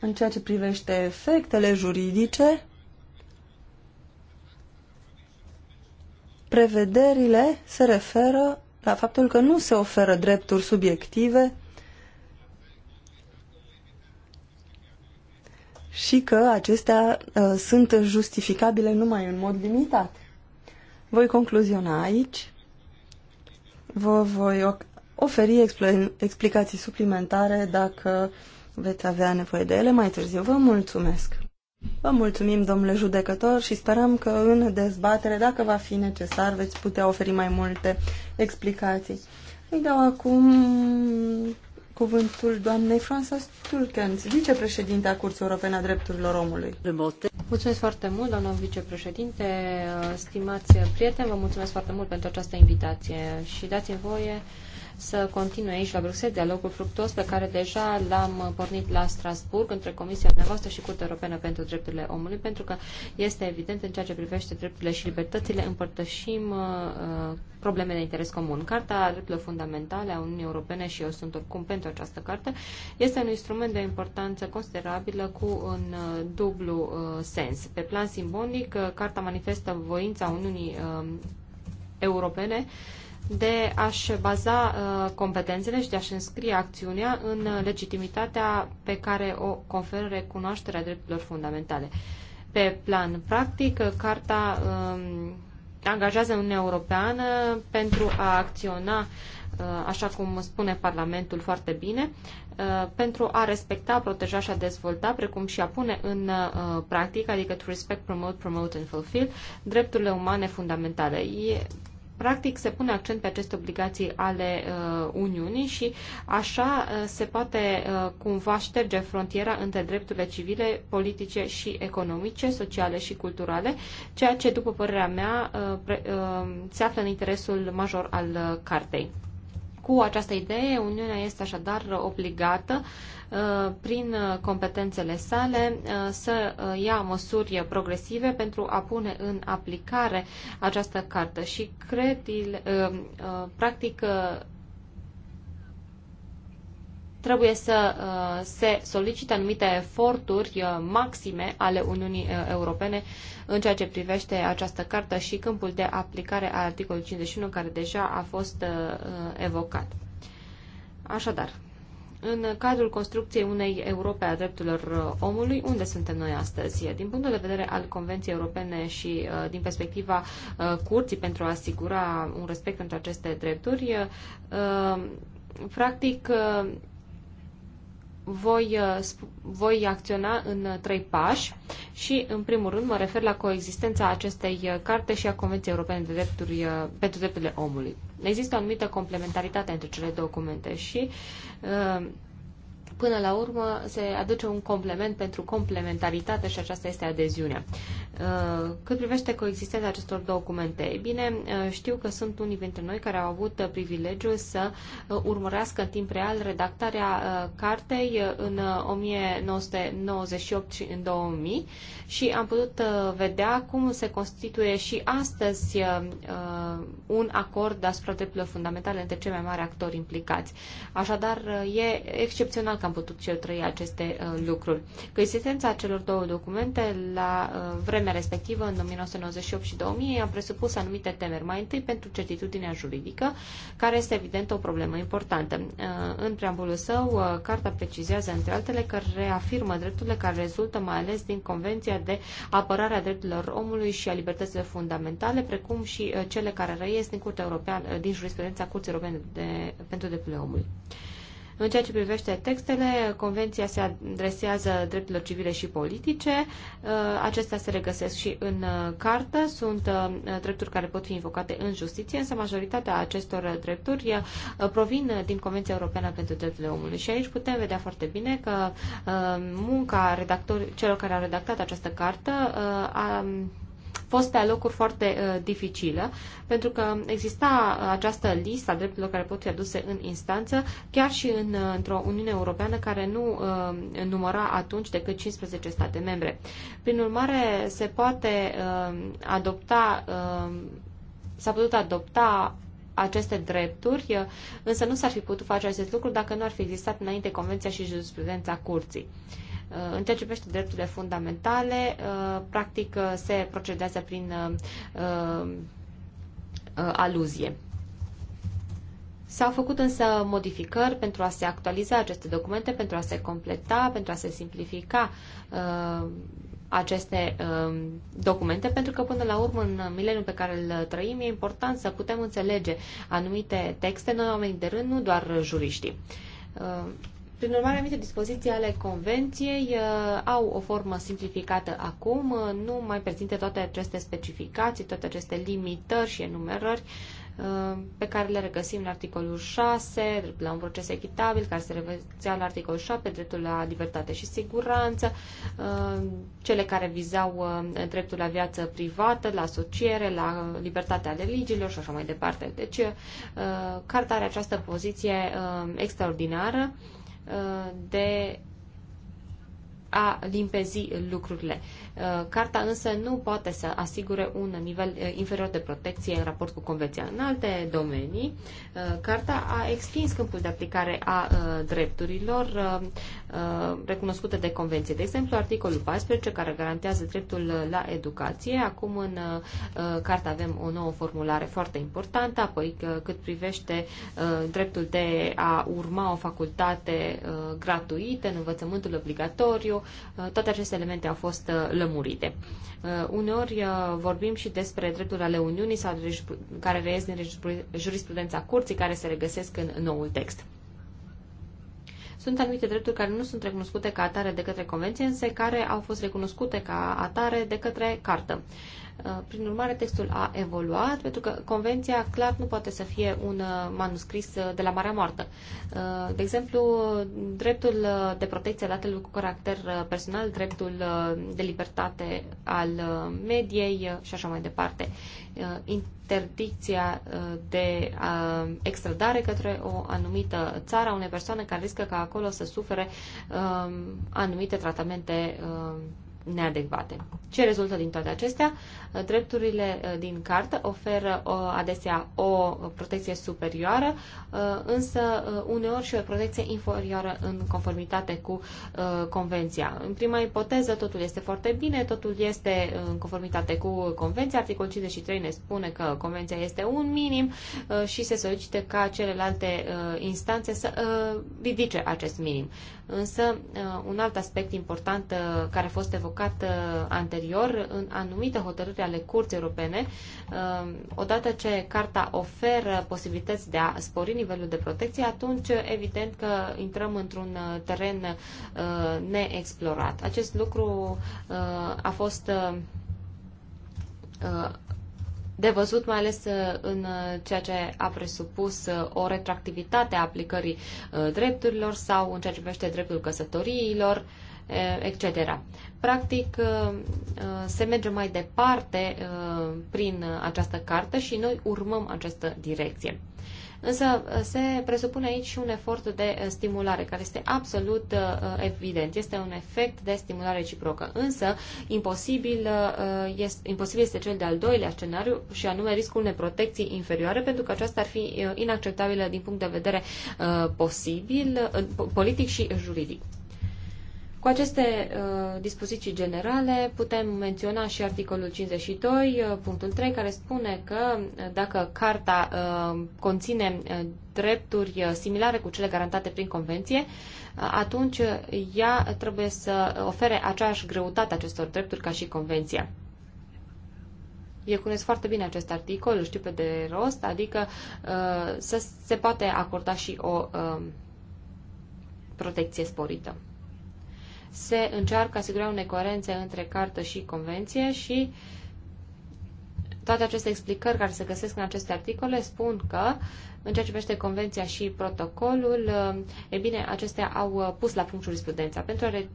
În ceea ce privește efectele juridice, prevederile se referă la faptul că nu se oferă drepturi subiective și că acestea uh, sunt justificabile numai în mod limitat. Voi concluziona aici. Vă voi oferi explicații suplimentare dacă uh, veți avea nevoie de ele mai târziu. Vă mulțumesc! Vă mulțumim, domnule judecător, și sperăm că în dezbatere, dacă va fi necesar, veți putea oferi mai multe explicații. Îi dau acum cuvântul doamnei Franța Tulkens, vicepreședinte a Curții Europene a Drepturilor Omului. Mulțumesc foarte mult, doamnă vicepreședinte, stimați prieteni, vă mulțumesc foarte mult pentru această invitație și dați-mi voie să continue aici la Bruxelles dialogul fructuos pe care deja l-am pornit la Strasburg între Comisia noastră și Curtea Europeană pentru Drepturile Omului, pentru că este evident în ceea ce privește drepturile și libertățile împărtășim uh, probleme de interes comun. Carta Drepturilor Fundamentale a Uniunii Europene și eu sunt oricum pentru această carte, este un instrument de importanță considerabilă cu un uh, dublu uh, sens. Pe plan simbolic, uh, carta manifestă voința Uniunii uh, Europene uh, de a-și baza uh, competențele și de a-și înscrie acțiunea în uh, legitimitatea pe care o conferă recunoașterea drepturilor fundamentale. Pe plan practic, uh, Carta um, angajează Uniunea Europeană pentru a acționa așa cum spune Parlamentul foarte bine, pentru a respecta, proteja și a dezvolta, precum și a pune în practică, adică to respect, promote, promote and fulfill, drepturile umane fundamentale. E Practic se pune accent pe aceste obligații ale uh, Uniunii și așa uh, se poate uh, cumva șterge frontiera între drepturile civile, politice și economice, sociale și culturale, ceea ce, după părerea mea, uh, pre, uh, se află în interesul major al uh, cartei. Cu această idee, Uniunea este așadar obligată uh, prin competențele sale uh, să uh, ia măsuri progresive pentru a pune în aplicare această cartă și cred practic trebuie să uh, se solicite anumite eforturi uh, maxime ale Uniunii uh, Europene în ceea ce privește această cartă și câmpul de aplicare a articolului 51 care deja a fost evocat. Așadar, în cadrul construcției unei Europe a drepturilor omului, unde suntem noi astăzi? Din punctul de vedere al Convenției Europene și din perspectiva curții pentru a asigura un respect pentru aceste drepturi, practic voi, uh, voi acționa în uh, trei pași și, în primul rând, mă refer la coexistența acestei uh, carte și a Convenției Europene de Drepturi pentru Drepturile Omului. Există o anumită complementaritate între cele două documente și uh, până la urmă se aduce un complement pentru complementaritate și aceasta este adeziunea. Uh, cât privește coexistența acestor documente, e bine, uh, știu că sunt unii dintre noi care au avut uh, privilegiul să urmărească în timp real redactarea cartei în 1998 și în 2000 și am putut vedea cum se constituie și astăzi un acord asupra drepturilor fundamentale între cei mai mari actori implicați. Așadar, e excepțional că am putut și eu trăi aceste uh, lucruri. Coexistența celor două documente la uh, vremea respectivă, în 1998 și 2000, am presupus anumite temeri. Mai întâi pentru certitudinea juridică, care este evident o problemă importantă. Uh, în preambulul său, uh, carta precizează, între altele, că reafirmă drepturile care rezultă mai ales din Convenția de apărare a drepturilor omului și a libertăților fundamentale, precum și uh, cele care răiesc din Curtea Europeană, din jurisprudența Curții Europene de, pentru drepturile omului. Uh, în ceea ce privește textele, convenția se adresează drepturilor civile și politice. Uh, acestea se regăsesc și în uh, cartă. Sunt uh, drepturi care pot fi invocate în justiție, însă majoritatea acestor drepturi provin din Convenția Europeană pentru Drepturile Omului. Și aici putem vedea foarte bine că munca redactor, celor care au redactat această cartă a fost pe locuri foarte uh, dificilă, pentru că exista uh, această listă a drepturilor care pot fi aduse în instanță, chiar și în, uh, într-o Uniune Europeană care nu uh, număra atunci decât 15 state membre. Prin urmare, se poate uh, adopta, uh, s-a putut adopta aceste drepturi, uh, însă nu s-ar fi putut face acest lucru dacă nu ar fi existat înainte Convenția și jurisprudența Curții. Uh, Uh, în ceea ce privește drepturile fundamentale, uh, practic uh, se procedează prin aluzie. S-au făcut însă modificări pentru a se actualiza aceste documente, pentru a se completa, pentru a se simplifica aceste uh, documente, pentru că până la urmă, în mileniul pe care îl trăim, e important să putem înțelege anumite texte, noi oamenii de rând, nu doar juriștii. Uh, prin urmare, anumite dispoziții ale Convenției uh, au o formă simplificată acum, uh, nu mai prezintă toate aceste specificații, toate aceste limitări și enumerări uh, pe care le regăsim în articolul 6, dreptul la un proces echitabil, care se revețea la articolul 7, dreptul la libertate și siguranță, cele care vizau dreptul la viață privată, la asociere, la libertatea religiilor și așa mai departe. Deci, carta are această poziție extraordinară de a limpezi lucrurile. Uh, Carta însă nu poate să asigure un nivel uh, inferior de protecție în raport cu Convenția. În alte domenii, uh, Carta a extins câmpul de aplicare a drepturilor recunoscute de Convenție. De exemplu, articolul 14, care garantează dreptul la educație. Acum în Carta avem o nouă formulare foarte importantă, apoi cât privește dreptul de a urma o facultate gratuită în învățământul obligatoriu, Uh, toate aceste elemente au fost uh, lămurite. Uh, uneori vorbim și despre drepturile ale Uniunii sau care reiesc din jurisprudența curții care se regăsesc în noul text. Sunt anumite drepturi care nu sunt recunoscute ca atare de către convenție, însă care au fost recunoscute ca atare de către cartă. Uh, prin urmare, textul a evoluat, pentru că convenția clar nu poate să fie un uh, manuscris uh, de la Marea Moartă. De exemplu, dreptul de protecție a datelor cu caracter personal, dreptul de libertate al mediei și așa mai departe, interdicția de extradare către o anumită țară a unei persoane care riscă ca acolo să sufere anumite tratamente neadecvate. Ce rezultă din toate acestea? Uh, drepturile uh, din cartă oferă adesea o protecție superioară, uh, însă uneori și o protecție inferioară în conformitate cu convenția. În prima ipoteză totul este foarte bine, totul este în conformitate cu convenția. Articolul 53 ne spune că convenția este un minim și se solicită ca celelalte instanțe să ridice acest minim. Însă, uh, un alt aspect important uh, care a fost evocat uh, anterior, în anumite hotărâri ale Curții Europene, odată ce Carta oferă posibilități de a spori nivelul de protecție, atunci evident că intrăm într-un teren neexplorat. Acest lucru a fost de văzut, mai ales uh, în uh, ceea ce a presupus uh, o retractivitate a aplicării drepturilor sau în ceea ce privește dreptul căsătoriilor, etc. Practic, se merge mai departe prin această carte și noi urmăm această direcție. Însă uh, se presupune aici și un efort de uh, stimulare, care este absolut uh, evident. Este un efect de stimulare reciprocă. Însă, imposibil este, imposibil este cel de-al doilea scenariu și anume riscul unei protecții inferioare, pentru că aceasta ar fi inacceptabilă din punct de vedere posibil, politic și juridic. Cu aceste uh, dispoziții generale putem menționa și articolul 52, uh, punctul 3, care spune că uh, dacă carta uh, conține uh, drepturi uh, similare cu cele garantate prin convenție, uh, atunci uh, ea trebuie să ofere aceeași greutate acestor drepturi ca și convenția. Eu cunosc foarte bine acest articol, îl știu pe de rost, adică uh, să se poate acorda și o uh, protecție sporită se încearcă asigura o necoerență între cartă și convenție și toate aceste explicări care se găsesc în aceste articole spun că în ceea ce privește convenția și protocolul, eh, e bine, acestea au eh, pus la punct jurisprudența. Pentru a eh,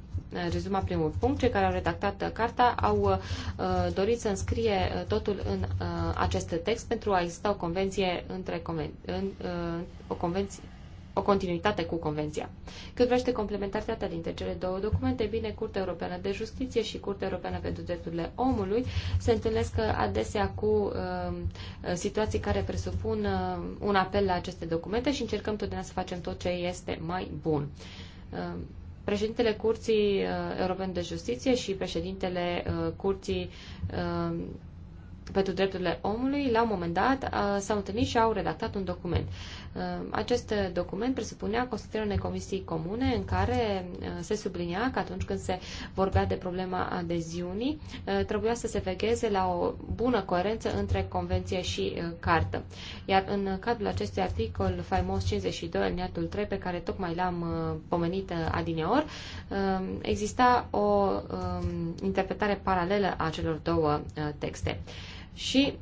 rezuma primul punct, cei care au redactat carta au dorit să înscrie totul în acest text pentru a exista o convenție între conven- în, o convenție o continuitate cu Convenția. Cât vrește complementaritatea dintre cele două documente, bine, Curtea Europeană de Justiție și Curtea Europeană pentru Drepturile Omului se întâlnesc uh, adesea cu uh, uh, situații care presupun uh, un apel la aceste documente și încercăm totdeauna să facem tot ce este mai bun. Uh, Președintele Curții uh, Europene de Justiție și președintele uh, Curții uh, pentru drepturile omului, la un moment dat uh, s-au întâlnit și au redactat un document. Ehm, acest document presupunea constituirea unei comisii comune în care eh, se sublinia că atunci când se vorbea de problema adeziunii, eh, trebuia să se vegheze la o bună coerență între convenție și eh, cartă. Iar în cadrul acestui articol faimos 52, aliniatul 3, pe care tocmai l-am pomenit adineor, ehm, exista o ehm, interpretare paralelă a celor două texte. Și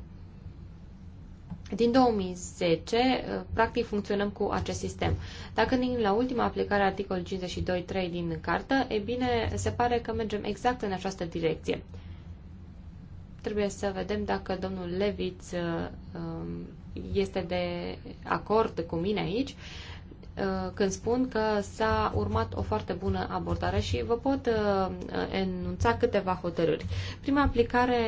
din 2010, uh, practic, funcționăm cu acest sistem. Dacă ne la ultima aplicare articolul 52.3 din cartă, e bine, se pare că mergem exact în această direcție. Trebuie să vedem dacă domnul Leviț uh, um, este de acord cu mine aici. Uh, când spun că s-a urmat o foarte bună abordare și vă pot uh, uh, enunța câteva hotărâri. Prima aplicare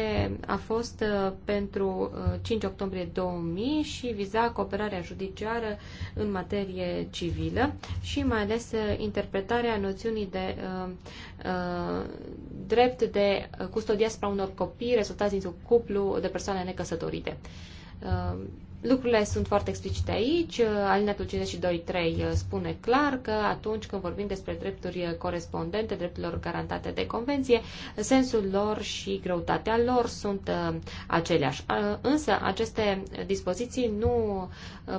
a fost pentru 5 octombrie 2000 și viza cooperarea judiciară în materie civilă și mai ales interpretarea noțiunii de drept de custodia spre unor copii rezultați dintr-un cuplu de persoane necăsătorite Lucrurile sunt foarte explicite aici. Alineatul 52.3 uh, spune clar că atunci când vorbim despre drepturi uh, corespondente, drepturilor garantate de convenție, sensul lor și greutatea lor sunt uh, aceleași. Însă aceste dispoziții nu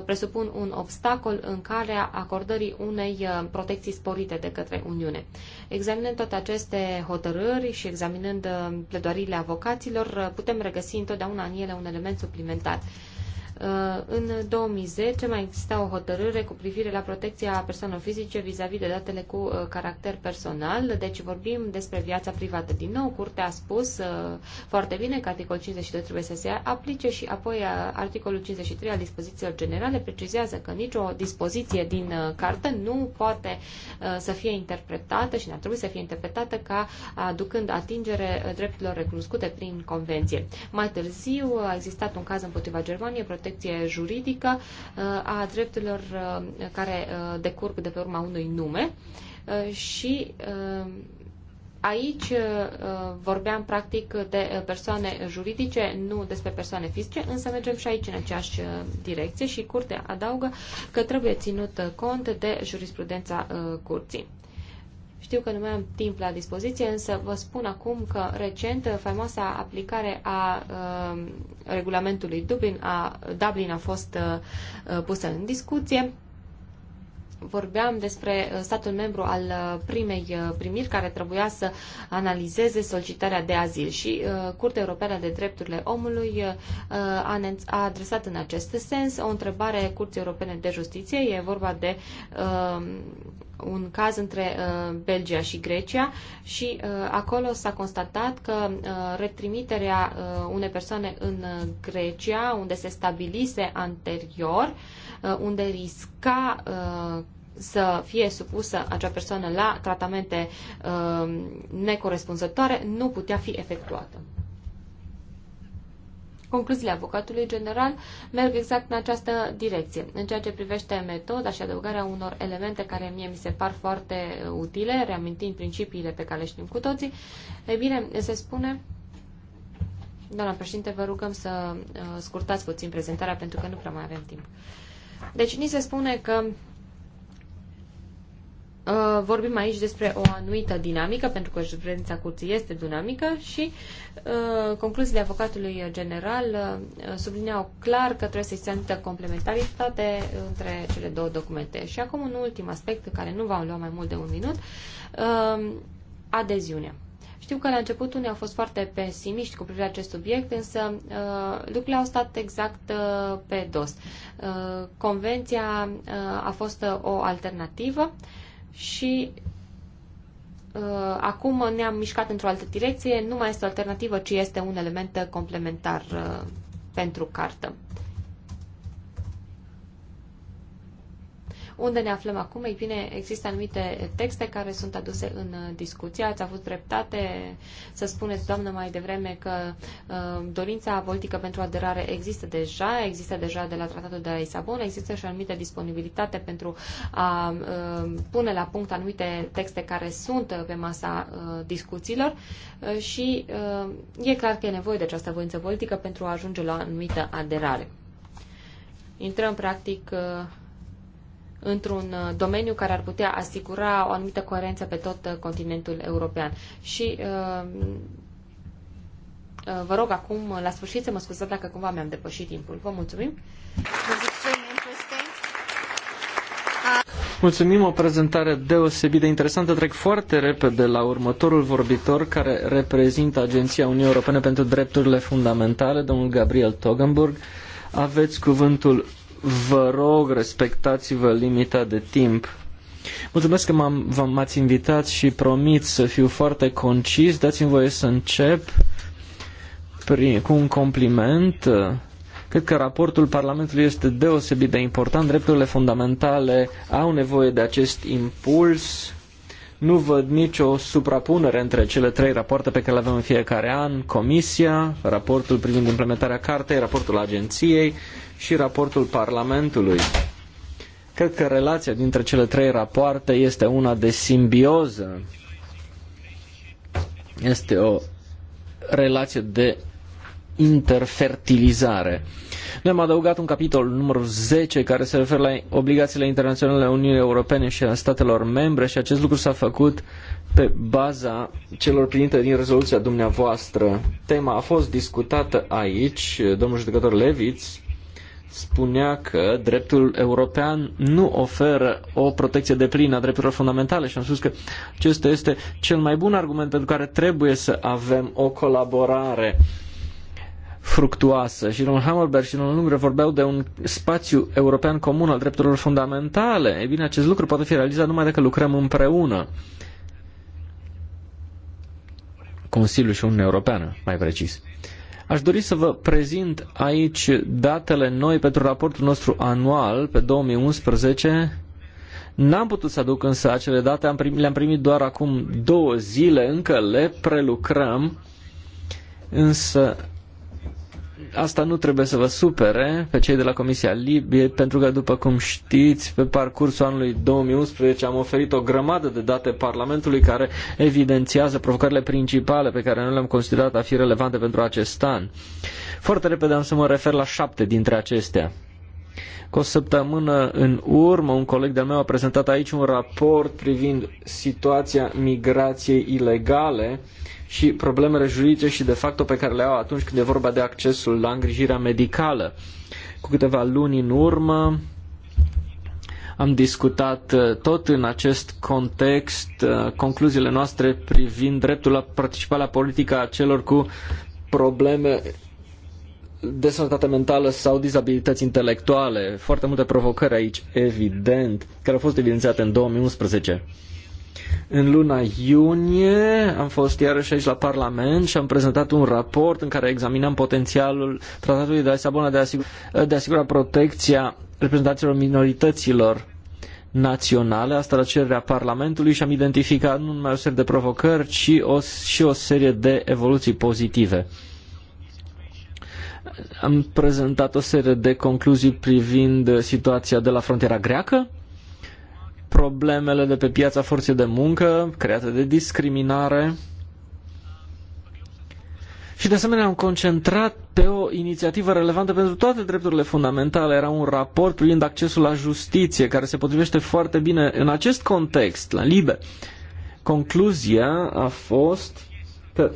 presupun un obstacol în calea acordării unei protecții sporite de către Uniune. Examinând toate aceste hotărâri și examinând pledoariile avocaților, putem regăsi întotdeauna în ele un element suplimentar. Uh, în 2010 mai exista o hotărâre cu privire la protecția persoanelor fizice vis-a-vis -vis de datele cu uh, caracter personal, deci vorbim despre viața privată. Din nou, Curtea a spus uh, foarte bine că articolul 52 trebuie să se aplice și apoi articolul 53 al dispozițiilor generale precizează că nicio dispoziție din carte nu poate să fie interpretată și nu ar trebui să fie interpretată ca aducând atingere drepturilor recunoscute prin convenție. Mai târziu a existat un caz împotriva Germaniei, protecție juridică uh, a drepturilor uh, care uh, decurg de pe urma unui nume și aici vorbeam practic de persoane juridice, nu despre persoane fizice, însă mergem și aici în aceeași direcție și curtea adaugă că trebuie ținut cont de jurisprudența curții. Știu că nu mai am timp la dispoziție, însă vă spun acum că recent uh, faimoasa aplicare a uh, regulamentului Dublin a, Dublin a fost uh, uh pusă în discuție vorbeam despre uh, statul membru al uh, primei uh, primiri care trebuia să analizeze solicitarea de azil și Curtea Europeană de Drepturile Omului a adresat în acest sens o întrebare Curții Europene de Justiție. E vorba de un caz între uh, Belgia și Grecia și uh, acolo s-a constatat că uh, retrimiterea uh, unei persoane în uh, Grecia, unde se stabilise anterior, uh, unde risca uh, să fie supusă acea persoană la tratamente uh, necorespunzătoare nu putea fi efectuată. Concluziile avocatului general merg exact în această direcție. În ceea ce privește metoda și adăugarea unor elemente care mie mi se par foarte utile, reamintind principiile pe care le știm cu toții, e bine, se spune Doamna președinte, vă rugăm să uh, scurtați puțin prezentarea pentru că nu prea mai avem timp. Deci ni se spune că Uh, vorbim aici despre o anuită dinamică, pentru că jurisprudența curții este dinamică și uh, concluziile avocatului general subliniau uh, sublineau clar că trebuie să existe anumită complementaritate între cele două documente. Și acum un ultim aspect care nu va lua mai mult de un minut, adeziunea. Știu că la început unii au fost foarte pesimiști cu privire la acest subiect, însă uh, lucrurile au stat exact uh, pe dos. Uh, convenția uh, a fost uh, o alternativă. Uh, și uh, acum ne-am mișcat într-o altă direcție, nu mai este o alternativă, ci este un element complementar uh, pentru cartă. Unde ne aflăm acum? Ei bine, există anumite texte care sunt aduse în uh, discuție. Ați avut dreptate să spuneți, doamnă, mai devreme că uh, dorința politică pentru aderare există deja, există deja de la Tratatul de la Lisabona, există și anumite disponibilitate pentru a uh, pune la punct anumite texte care sunt pe masa discuțiilor și e clar că e nevoie de această voință politică pentru a ajunge la o anumită aderare. Intrăm, practic, într-un uh, domeniu care ar putea asigura o anumită coerență pe tot uh, continentul european. Și uh, vă rog acum, la sfârșit, să mă scuzați dacă cumva mi-am depășit timpul. Vă mulțumim! Mulțumim, o prezentare deosebit de interesantă. Trec foarte repede la următorul vorbitor care reprezintă Agenția Uniunii Europene pentru Drepturile Fundamentale, domnul Gabriel Togenburg. Aveți cuvântul Vă rog, respectați-vă limita de timp. Mulțumesc că m-ați invitat și promit să fiu foarte concis. Dați-mi voie să încep prin, cu un compliment. Cred că raportul Parlamentului este deosebit de important. Drepturile fundamentale au nevoie de acest impuls nu văd nicio suprapunere între cele trei rapoarte pe care le avem în fiecare an, Comisia, raportul privind implementarea cartei, raportul agenției și raportul Parlamentului. Cred că relația dintre cele trei rapoarte este una de simbioză. Este o relație de interfertilizare. Noi am adăugat un capitol numărul 10 care se referă la obligațiile internaționale ale Uniunii Europene și a statelor membre și acest lucru s-a făcut pe baza celor primite din rezoluția dumneavoastră. Tema a fost discutată aici, domnul judecător Leviț spunea că dreptul european nu oferă o protecție de plină a drepturilor fundamentale și am spus că acesta este cel mai bun argument pentru care trebuie să avem o colaborare fructuoasă. Și domnul Hammerberg și domnul Lungre vorbeau de un spațiu european comun al drepturilor fundamentale. Ei bine, acest lucru poate fi realizat numai dacă lucrăm împreună. Consiliul și Uniunea Europeană, mai precis. Aș dori să vă prezint aici datele noi pentru raportul nostru anual pe 2011. N-am putut să aduc însă acele date, am primit, le-am primit doar acum două zile, încă le prelucrăm, însă asta nu trebuie să vă supere pe cei de la Comisia Libie, pentru că, după cum știți, pe parcursul anului 2011 am oferit o grămadă de date Parlamentului care evidențiază provocările principale pe care noi le-am considerat a fi relevante pentru acest an. Foarte repede am să mă refer la șapte dintre acestea. Cu o săptămână în urmă, un coleg de-al meu a prezentat aici un raport privind situația migrației ilegale, uh, și problemele juridice și de facto pe care le au atunci când e vorba de accesul la îngrijirea medicală. Cu câteva luni în urmă am discutat uh, tot în acest context uh, concluziile noastre privind dreptul la la politică a celor cu probleme de sănătate mentală sau dizabilități intelectuale. Foarte multe provocări aici, evident, care au fost evidențiate în 2011. În luna iunie am fost iarăși aici la Parlament și am prezentat un raport în care examinam potențialul tratatului de la Lisabona de a asigura, de asigura protecția reprezentanților minorităților naționale, asta la cererea Parlamentului și am identificat nu numai o serie de provocări, ci o, și o serie de evoluții pozitive. Am prezentat o serie de concluzii privind situația de la frontiera greacă, problemele de pe piața forței de muncă create de discriminare. Și de asemenea am concentrat pe o inițiativă relevantă pentru toate drepturile fundamentale. Era un raport privind accesul la justiție, care se potrivește foarte bine în acest context, la libe. Concluzia a fost că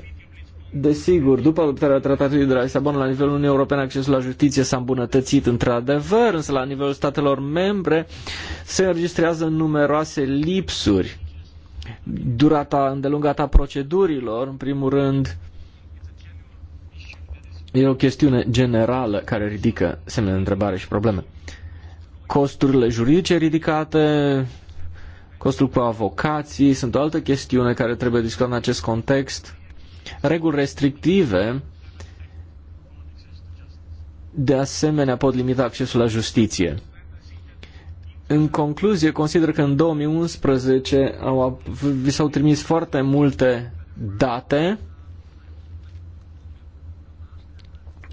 Desigur, după adoptarea tratatului de la Lisabona, la nivelul Uniunii Europene, accesul la justiție s-a îmbunătățit într-adevăr, însă la nivelul statelor membre se înregistrează numeroase lipsuri. Durata îndelungată a procedurilor, în primul rând, e o chestiune generală care ridică semne de întrebare și probleme. Costurile juridice ridicate, costul cu avocații, sunt o altă chestiune care trebuie discutată în acest context – Reguli restrictive de asemenea pot limita accesul la justiție. În concluzie, consider că în 2011 au, vi s-au trimis foarte multe date.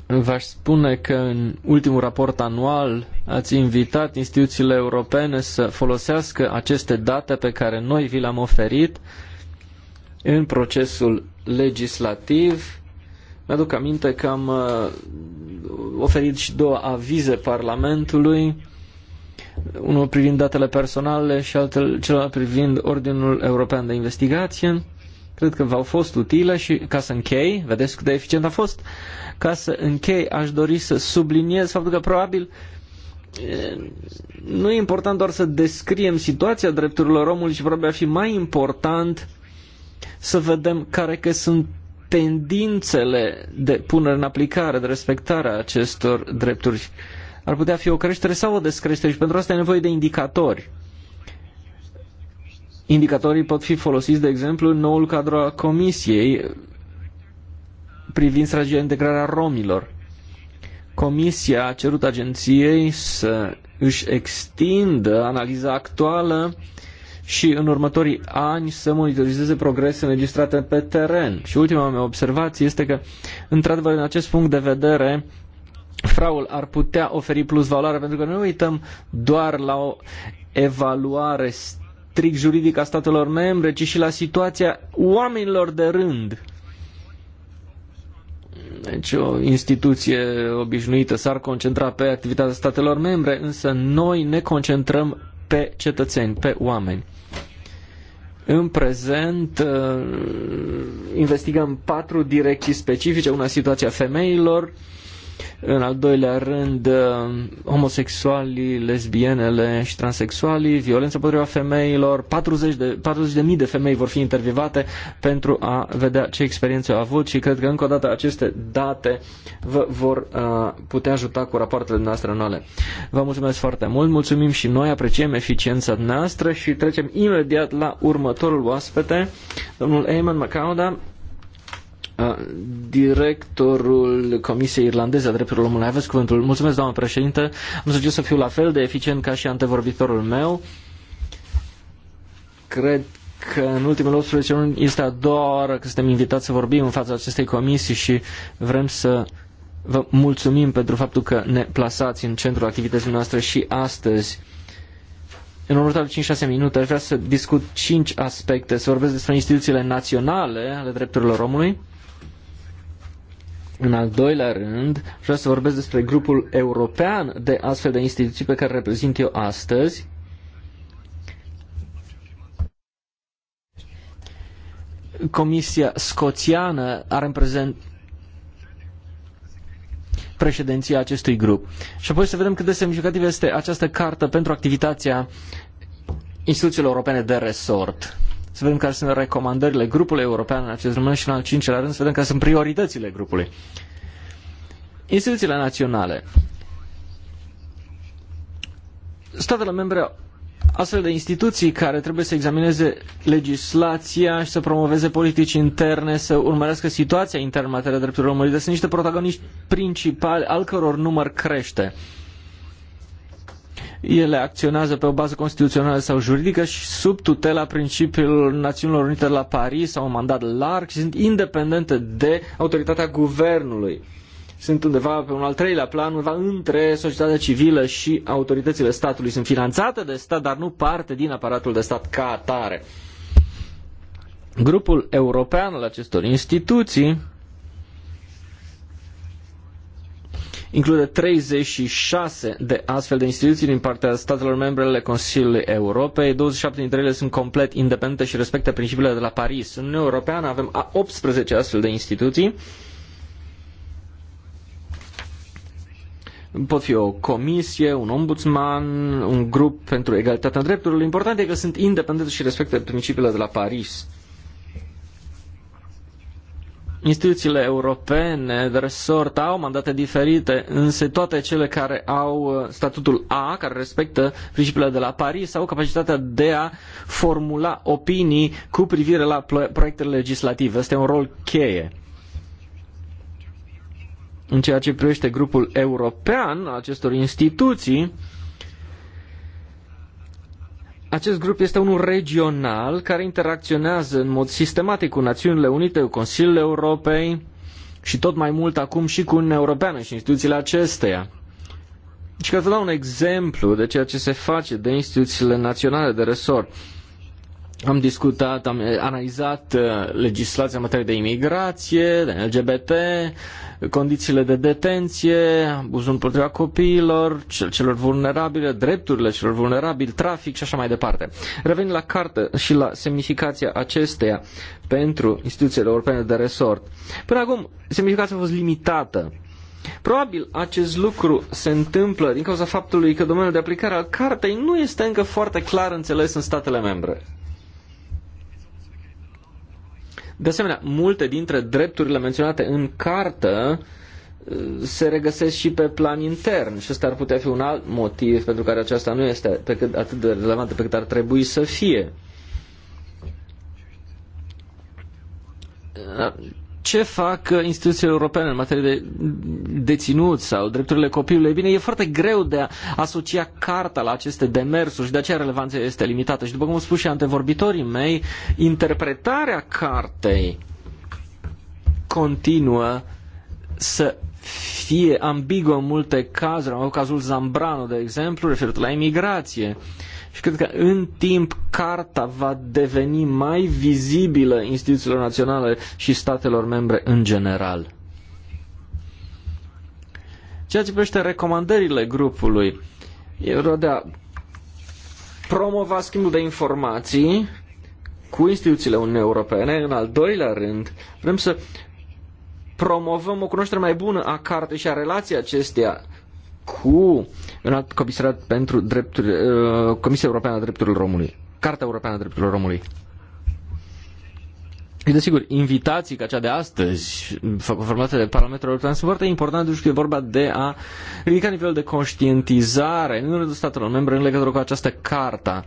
V-aș spune că în ultimul raport anual ați invitat instituțiile europene să folosească aceste date pe care noi vi le-am oferit în procesul legislativ. Mi-aduc aminte că am uh, oferit și două avize Parlamentului, unul privind datele personale și altul, celălalt privind Ordinul European de Investigație. Cred că v-au fost utile și ca să închei, vedeți cât de eficient a fost, ca să închei aș dori să subliniez faptul că probabil eh, nu e important doar să descriem situația drepturilor omului, ci probabil ar fi mai important să vedem care că sunt tendințele de punere în aplicare, de respectare a acestor drepturi. Ar putea fi o creștere sau o descreștere și pentru asta e nevoie de indicatori. Indicatorii pot fi folosiți, de exemplu, în noul cadru al Comisiei privind strategia integrarea romilor. Comisia a cerut agenției să își extindă analiza actuală și în următorii ani să monitorizeze progrese înregistrate pe teren. Și ultima mea observație este că, într-adevăr, în acest punct de vedere, fraul ar putea oferi plus valoare, pentru că nu uităm doar la o evaluare strict juridică a statelor membre, ci și la situația oamenilor de rând. Deci o instituție obișnuită s-ar concentra pe activitatea statelor membre, însă noi ne concentrăm pe cetățeni, pe oameni. În prezent uh, investigăm patru direcții specifice, una situația femeilor, în al doilea rând, uh, homosexualii, lesbienele și transexualii, violența împotriva femeilor, 40.000 de, 40 de de femei vor fi intervievate pentru a vedea ce experiențe au avut și cred că încă o dată aceste date vă vor uh, putea ajuta cu rapoartele noastre anuale. Vă mulțumesc foarte mult, mulțumim și noi, apreciem eficiența noastră și trecem imediat la următorul oaspete, domnul Eamon Macauda, directorul Comisiei Irlandeze a Drepturilor Omului. Aveți cuvântul. Mulțumesc, doamnă președinte. Am să să fiu la fel de eficient ca și antevorbitorul meu. Cred că în ultimele 18 luni este a doua oară că suntem invitați să vorbim în fața acestei comisii și vrem să vă mulțumim pentru faptul că ne plasați în centrul activității noastre și astăzi. În următoarele 5-6 minute aș vrea să discut 5 aspecte, să vorbesc despre instituțiile naționale ale drepturilor omului, în al doilea rând, vreau să vorbesc despre grupul european de astfel de instituții pe care reprezint eu astăzi. Comisia scoțiană are în prezent președinția acestui grup. Și apoi să vedem cât de semnificativ este această cartă pentru activitatea instituțiilor europene de resort să vedem care sunt recomandările grupului european în acest domeniu și în al cincilea rând să vedem care sunt prioritățile grupului. Instituțiile naționale. Statele membre astfel de instituții care trebuie să examineze legislația și să promoveze politici interne, să urmărească situația internă în materie de drepturilor omului, sunt niște protagoniști principali al căror număr crește. Uh, ele acționează pe o bază constituțională sau juridică și sub tutela principiilor Națiunilor Unite la Paris au un mandat larg și sunt independente de autoritatea guvernului. Sunt undeva pe un al treilea plan, undeva între societatea civilă și autoritățile statului. Sunt finanțate de stat, dar nu parte din aparatul de stat ca atare. Grupul european al acestor instituții include 36 de astfel de instituții din partea statelor membre ale Consiliului Europei. 27 dintre ele sunt complet independente și respectă principiile de la Paris. În Uniunea Europeană avem 18 astfel de instituții. pot fi o comisie, un ombudsman, un grup pentru egalitatea drepturilor. Important e că sunt independente și respectă principiile de la Paris. Instituțiile europene de resort au mandate diferite, însă toate cele care au uh, statutul A, care respectă principiile de la Paris, au capacitatea de a formula opinii cu privire la proiectele legislative. Este un rol cheie. În ceea ce privește grupul european acestor instituții, acest grup este unul regional care interacționează în mod sistematic cu Națiunile Unite, cu Consiliul Europei și tot mai mult acum și cu Uniunea Europeană și instituțiile acesteia. Și deci ca să dau un exemplu de ceea ce se face de instituțiile naționale de resort, am discutat, am analizat uh, legislația în materie de imigrație, de LGBT, condițiile de detenție, abuzul împotriva copiilor, celor vulnerabile, drepturile celor vulnerabili, trafic și așa mai departe. Revenind la carte și la semnificația acesteia pentru instituțiile europene de resort. Până acum, semnificația a fost limitată. Probabil acest lucru se întâmplă din cauza faptului că domeniul de aplicare al cartei nu este încă foarte clar înțeles în statele membre. De asemenea, multe dintre drepturile menționate în cartă uh, se regăsesc și pe plan intern și ăsta ar putea fi un alt motiv pentru care aceasta nu este pe cât, atât de relevantă pe cât ar trebui să fie. Uh, ce fac uh, instituțiile europene în materie de deținuți sau drepturile copilului? E bine, e foarte greu de a asocia carta la aceste demersuri și de aceea relevanța este limitată. Și după cum au spus și antevorbitorii mei, interpretarea cartei continuă să fie ambiguă în multe cazuri. Am avut cazul Zambrano, de exemplu, referitor la imigrație. Uh, și cred că în timp carta va deveni mai vizibilă instituțiilor naționale și statelor membre în general. Ceea ce privește recomandările grupului, Rodea promova schimbul de informații cu instituțiile Uniunii Europene. În al doilea rând, vrem să promovăm o cunoaștere mai bună a cartei și a relației acesteia cu un alt pentru drepturi, uh, Comisia Europeană a Drepturilor Omului, Cartea Europeană a Drepturilor Omului. Și desigur, invitații ca cea de astăzi, formate de Parlamentul European, sunt foarte importante pentru că e vorba de a ridica nivelul de conștientizare în rândul statelor membre în legătură cu această carta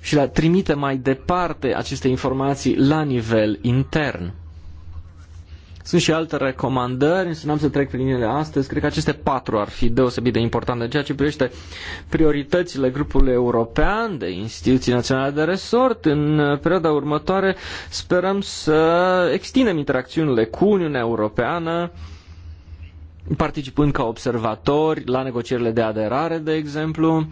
și la trimite mai departe aceste informații la nivel intern. Sunt și alte recomandări, însă n-am să trec prin ele astăzi. Cred că aceste patru ar fi deosebit de importante în ceea ce privește prioritățile grupului european de instituții naționale de resort. În uh, perioada următoare sperăm să extindem interacțiunile cu Uniunea Europeană, participând ca observatori la negocierile de aderare, de exemplu.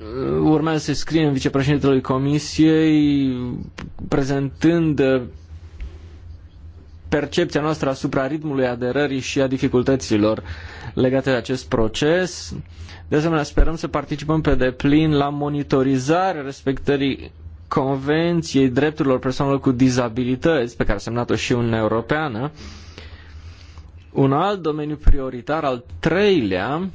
Uh, urmează să scrie în vicepreședintelui Comisiei prezentând uh, percepția noastră asupra ritmului aderării și a dificultăților legate de acest proces. De asemenea, sperăm să participăm pe deplin la monitorizarea respectării Convenției Drepturilor Persoanelor cu Dizabilități, pe care a semnat-o și Uniunea Europeană. Un alt domeniu prioritar, al treilea,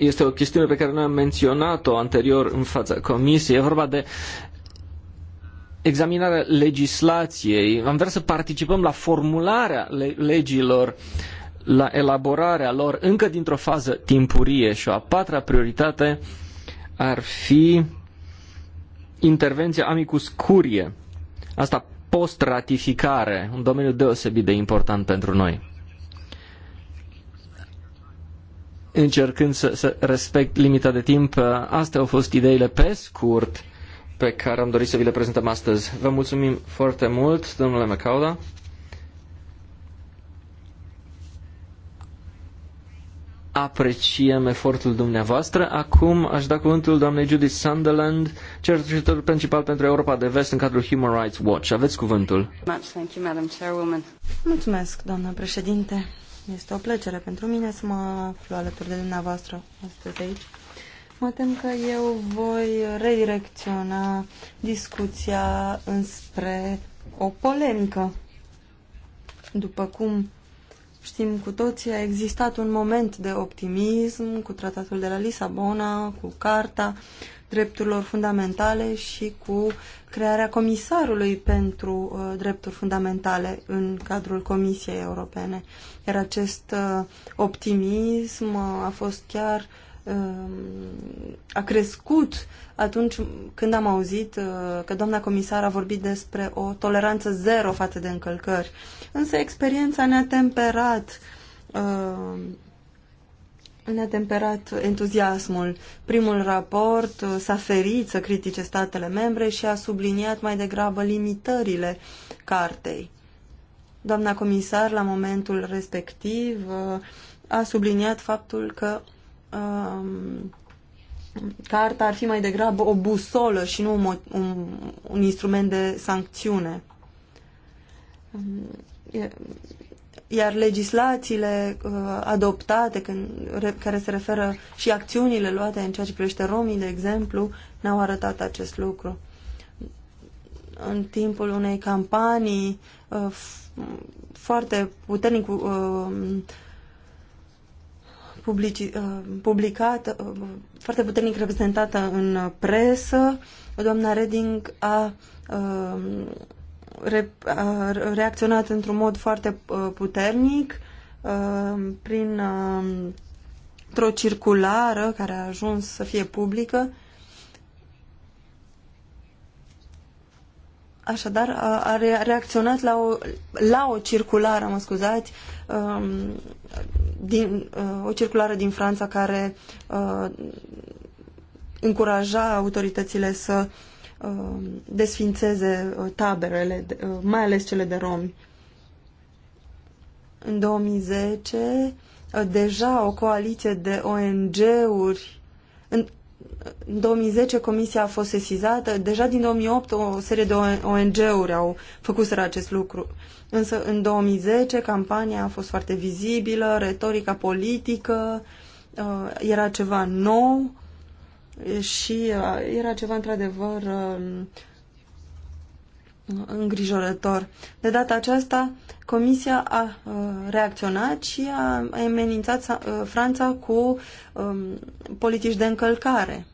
este o chestiune pe care noi am menționat-o anterior în fața comisiei. E vorba de examinarea legislației. Am vrea să participăm la formularea legilor, la elaborarea lor încă dintr-o fază timpurie și o a patra prioritate ar fi intervenția amicus curie. Asta post-ratificare, un domeniu deosebit de important pentru noi. încercând să, să respect limita de timp. Astea au fost ideile pe scurt pe care am dorit să vi le prezentăm astăzi. Vă mulțumim foarte mult, domnule Mecauda. Apreciem efortul dumneavoastră. Acum aș da cuvântul doamnei Judith Sunderland, cercetător principal pentru Europa de Vest în cadrul Human Rights Watch. Aveți cuvântul. Mulțumesc, doamnă președinte. Este o plăcere pentru mine să mă aflu alături de dumneavoastră astăzi aici. Mă tem că eu voi redirecționa discuția înspre o polemică. După cum știm cu toții, a existat un moment de optimism cu tratatul de la Lisabona, cu Carta drepturilor fundamentale și cu crearea comisarului pentru uh, drepturi fundamentale în cadrul Comisiei Europene. Iar acest uh, optimism uh, a fost chiar uh, a crescut atunci când am auzit uh, că doamna comisar a vorbit despre o toleranță zero față de încălcări. Însă experiența ne-a temperat uh, ne-a temperat entuziasmul. Primul raport s-a ferit să critique statele membre și a subliniat mai degrabă limitările cartei. Doamna comisar, la momentul respectiv, a subliniat faptul că um, carta ar fi mai degrabă o busolă și nu un, un, un instrument de sancțiune. Um, e, iar legislațiile uh, adoptate când, re, care se referă și acțiunile luate în ceea ce privește romii, de exemplu, ne-au arătat acest lucru. În timpul unei campanii uh, foarte puternic uh, publici, uh, publicată, uh, foarte puternic reprezentată în presă, doamna Reding a uh, re, a reacționat într-un mod foarte uh, puternic uh, prin uh, o circulară care a ajuns să fie publică. Așadar, a reacționat la o, la o circulară, mă scuzați, um, din, o circulară din Franța care încuraja autoritățile să uh, Um, desfințeze uh, taberele, uh, mai ales cele de romi. În 2010, uh, deja o coaliție de ONG-uri în, 2010 comisia a fost sesizată, deja din 2008 o serie de ONG-uri au făcut acest lucru. Însă în 2010 campania a fost foarte vizibilă, retorica politică era ceva nou și uh, era ceva într-adevăr um, îngrijorător. De data aceasta, Comisia a uh, reacționat și a amenințat uh, Franța cu um, politici de încălcare.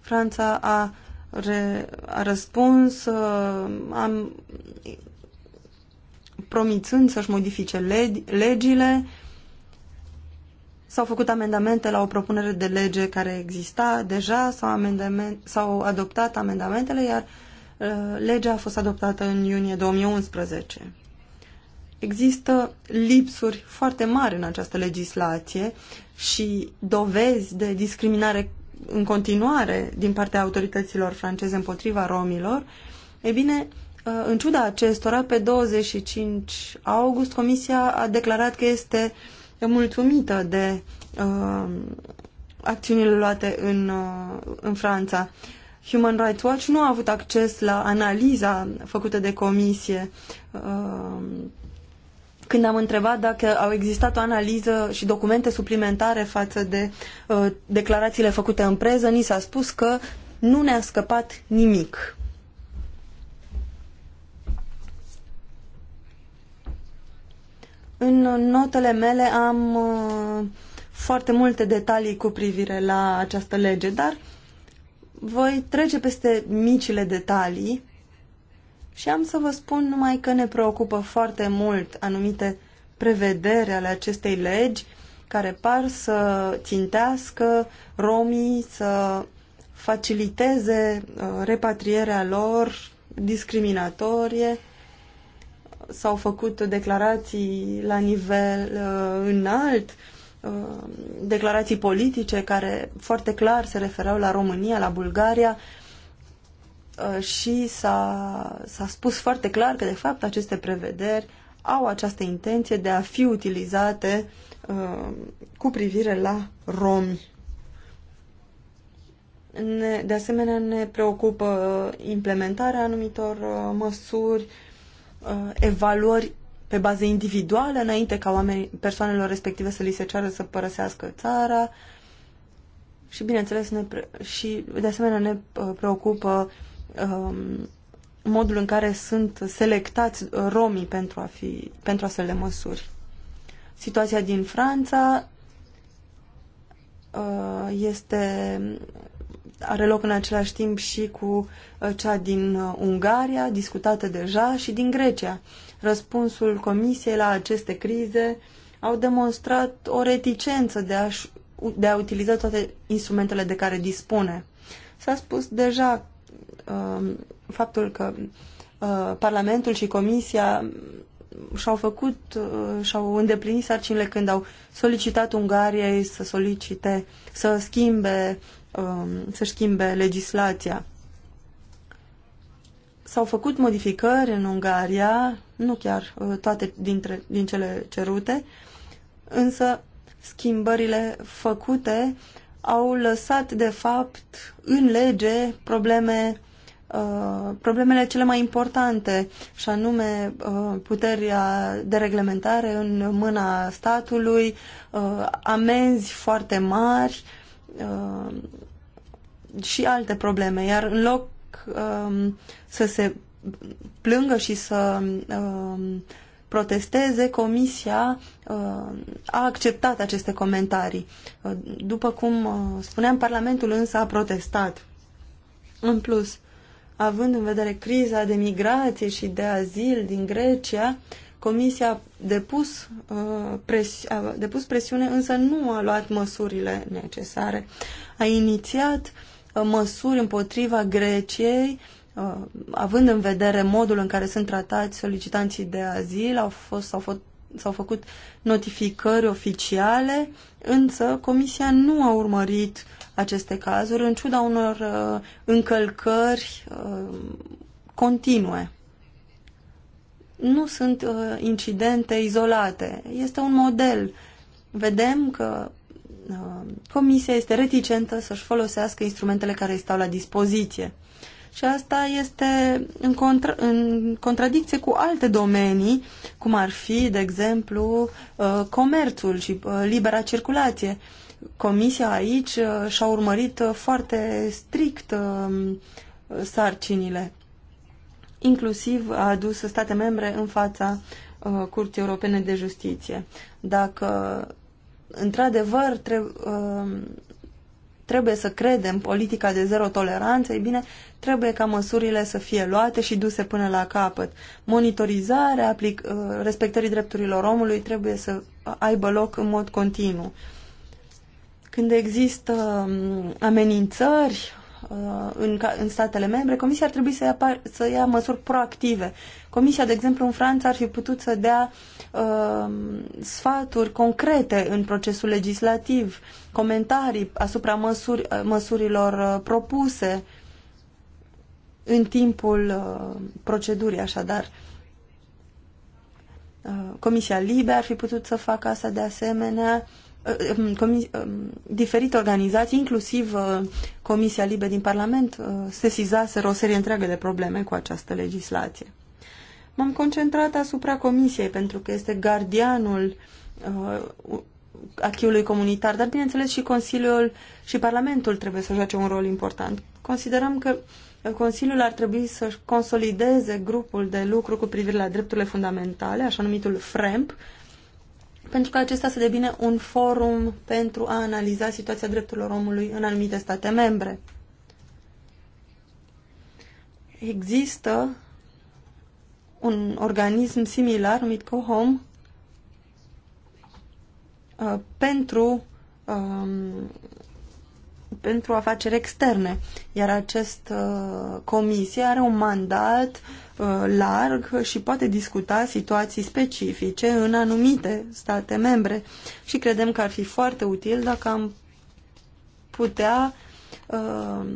Franța a, re, a răspuns am, promițând să-și modifice legile S-au făcut amendamente la o propunere de lege care exista deja, s-au adoptat amendamentele, iar uh, legea a fost adoptată în iunie 2011. Există lipsuri foarte mari în această legislație și dovezi de discriminare în continuare din partea autorităților franceze împotriva romilor. E bine, uh, în ciuda acestora, pe 25 august, Comisia a declarat că este uh, E mulțumită de uh, acțiunile luate în, uh, în Franța. Human Rights Watch nu a avut acces la analiza făcută de comisie. Uh, când am întrebat dacă au existat o analiză și documente suplimentare față de uh, declarațiile făcute în preză, ni s-a spus că nu ne-a scăpat nimic. În notele mele am uh, foarte multe detalii cu privire la această lege, dar voi trece peste micile detalii și am să vă spun numai că ne preocupă foarte mult anumite prevederi ale acestei legi care par să țintească romii să faciliteze uh, repatrierea lor discriminatorie s-au făcut declarații la nivel uh, înalt, uh, declarații politice care foarte clar se referau la România, la Bulgaria uh, și s-a, s-a spus foarte clar că, de fapt, aceste prevederi au această intenție de a fi utilizate uh, cu privire la romi. Ne, de asemenea, ne preocupă uh, implementarea anumitor uh, măsuri uh, Uh, evaluări pe bază individuală înainte ca oamenii, persoanelor respective să li se ceară să părăsească țara și bineînțeles ne pre- și de asemenea ne uh, preocupă um, modul în care sunt selectați romii pentru, a fi, pentru astfel de măsuri. Situația din Franța uh, este are loc în același timp și cu uh, cea din uh, Ungaria, discutată deja, și din Grecia. Răspunsul Comisiei la aceste crize au demonstrat o reticență de a, de a utiliza toate instrumentele de care dispune. S-a spus deja uh, faptul că uh, Parlamentul și Comisia și-au făcut, uh, și-au îndeplinit sarcinile când au solicitat Ungariei să solicite, să schimbe Um, să schimbe legislația. S-au făcut modificări în Ungaria, nu chiar uh, toate dintre, din cele cerute, însă schimbările făcute au lăsat, de fapt, în lege probleme, uh, problemele cele mai importante, și anume uh, puterea de reglementare în mâna statului, uh, amenzi foarte mari, uh, și alte probleme, iar în loc um, să se plângă și să um, protesteze, Comisia uh, a acceptat aceste comentarii. Uh, după cum uh, spuneam, Parlamentul însă a protestat. În plus, având în vedere criza de migrație și de azil din Grecia, Comisia a depus, uh, presi a depus presiune, însă nu a luat măsurile necesare. A inițiat uh, Uh, măsuri împotriva Greciei, uh, având în vedere modul în care sunt tratați solicitanții de azil, au fost, au fost s-au făcut notificări oficiale, însă Comisia nu a urmărit aceste cazuri, în ciuda unor uh, încălcări uh, continue. Nu sunt uh, incidente izolate, este un model. Vedem că Uh, comisia este reticentă să-și folosească instrumentele care îi stau la dispoziție. Și asta este în, contra, în contradicție cu alte domenii, cum ar fi, de exemplu, uh, comerțul și uh, libera circulație. Comisia aici și-a urmărit foarte strict sarcinile. Inclusiv a adus state membre în fața Curții Europene de Justiție. Dacă într-adevăr uh, trebuie să credem politica de zero toleranță, e bine, trebuie ca măsurile să fie luate și duse până la capăt. Monitorizarea aplic, uh, respectării drepturilor omului trebuie să aibă loc în mod continuu. Când există um, amenințări uh, în, în statele membre, Comisia ar trebui să ia, să ia măsuri proactive. Comisia, de exemplu, în Franța ar fi putut să dea uh, Um, sfaturi concrete în procesul legislativ, comentarii asupra măsuri, uh, măsurilor uh, propuse în timpul uh, procedurii, așadar. Comisia Libe ar fi putut să facă asta de asemenea, um, um, diferite organizații, inclusiv Comisia Libe din Parlament, sesizaseră o serie întreagă de probleme cu această legislație. M-am concentrat asupra Comisiei, pentru că este gardianul uh, achiului comunitar, dar bineînțeles și Consiliul și Parlamentul trebuie să joace un rol important. Considerăm că uh, Consiliul ar trebui să consolideze grupul de lucru cu privire la drepturile fundamentale, așa numitul FREMP, pentru că acesta să devină un forum pentru a analiza situația drepturilor omului în anumite state membre. Există un organism similar numit COHOM uh, pentru, um, pentru afaceri externe. Iar acest uh, comisie are un mandat uh, larg și poate discuta situații specifice în anumite state membre. Și credem că ar fi foarte util dacă am putea Uh,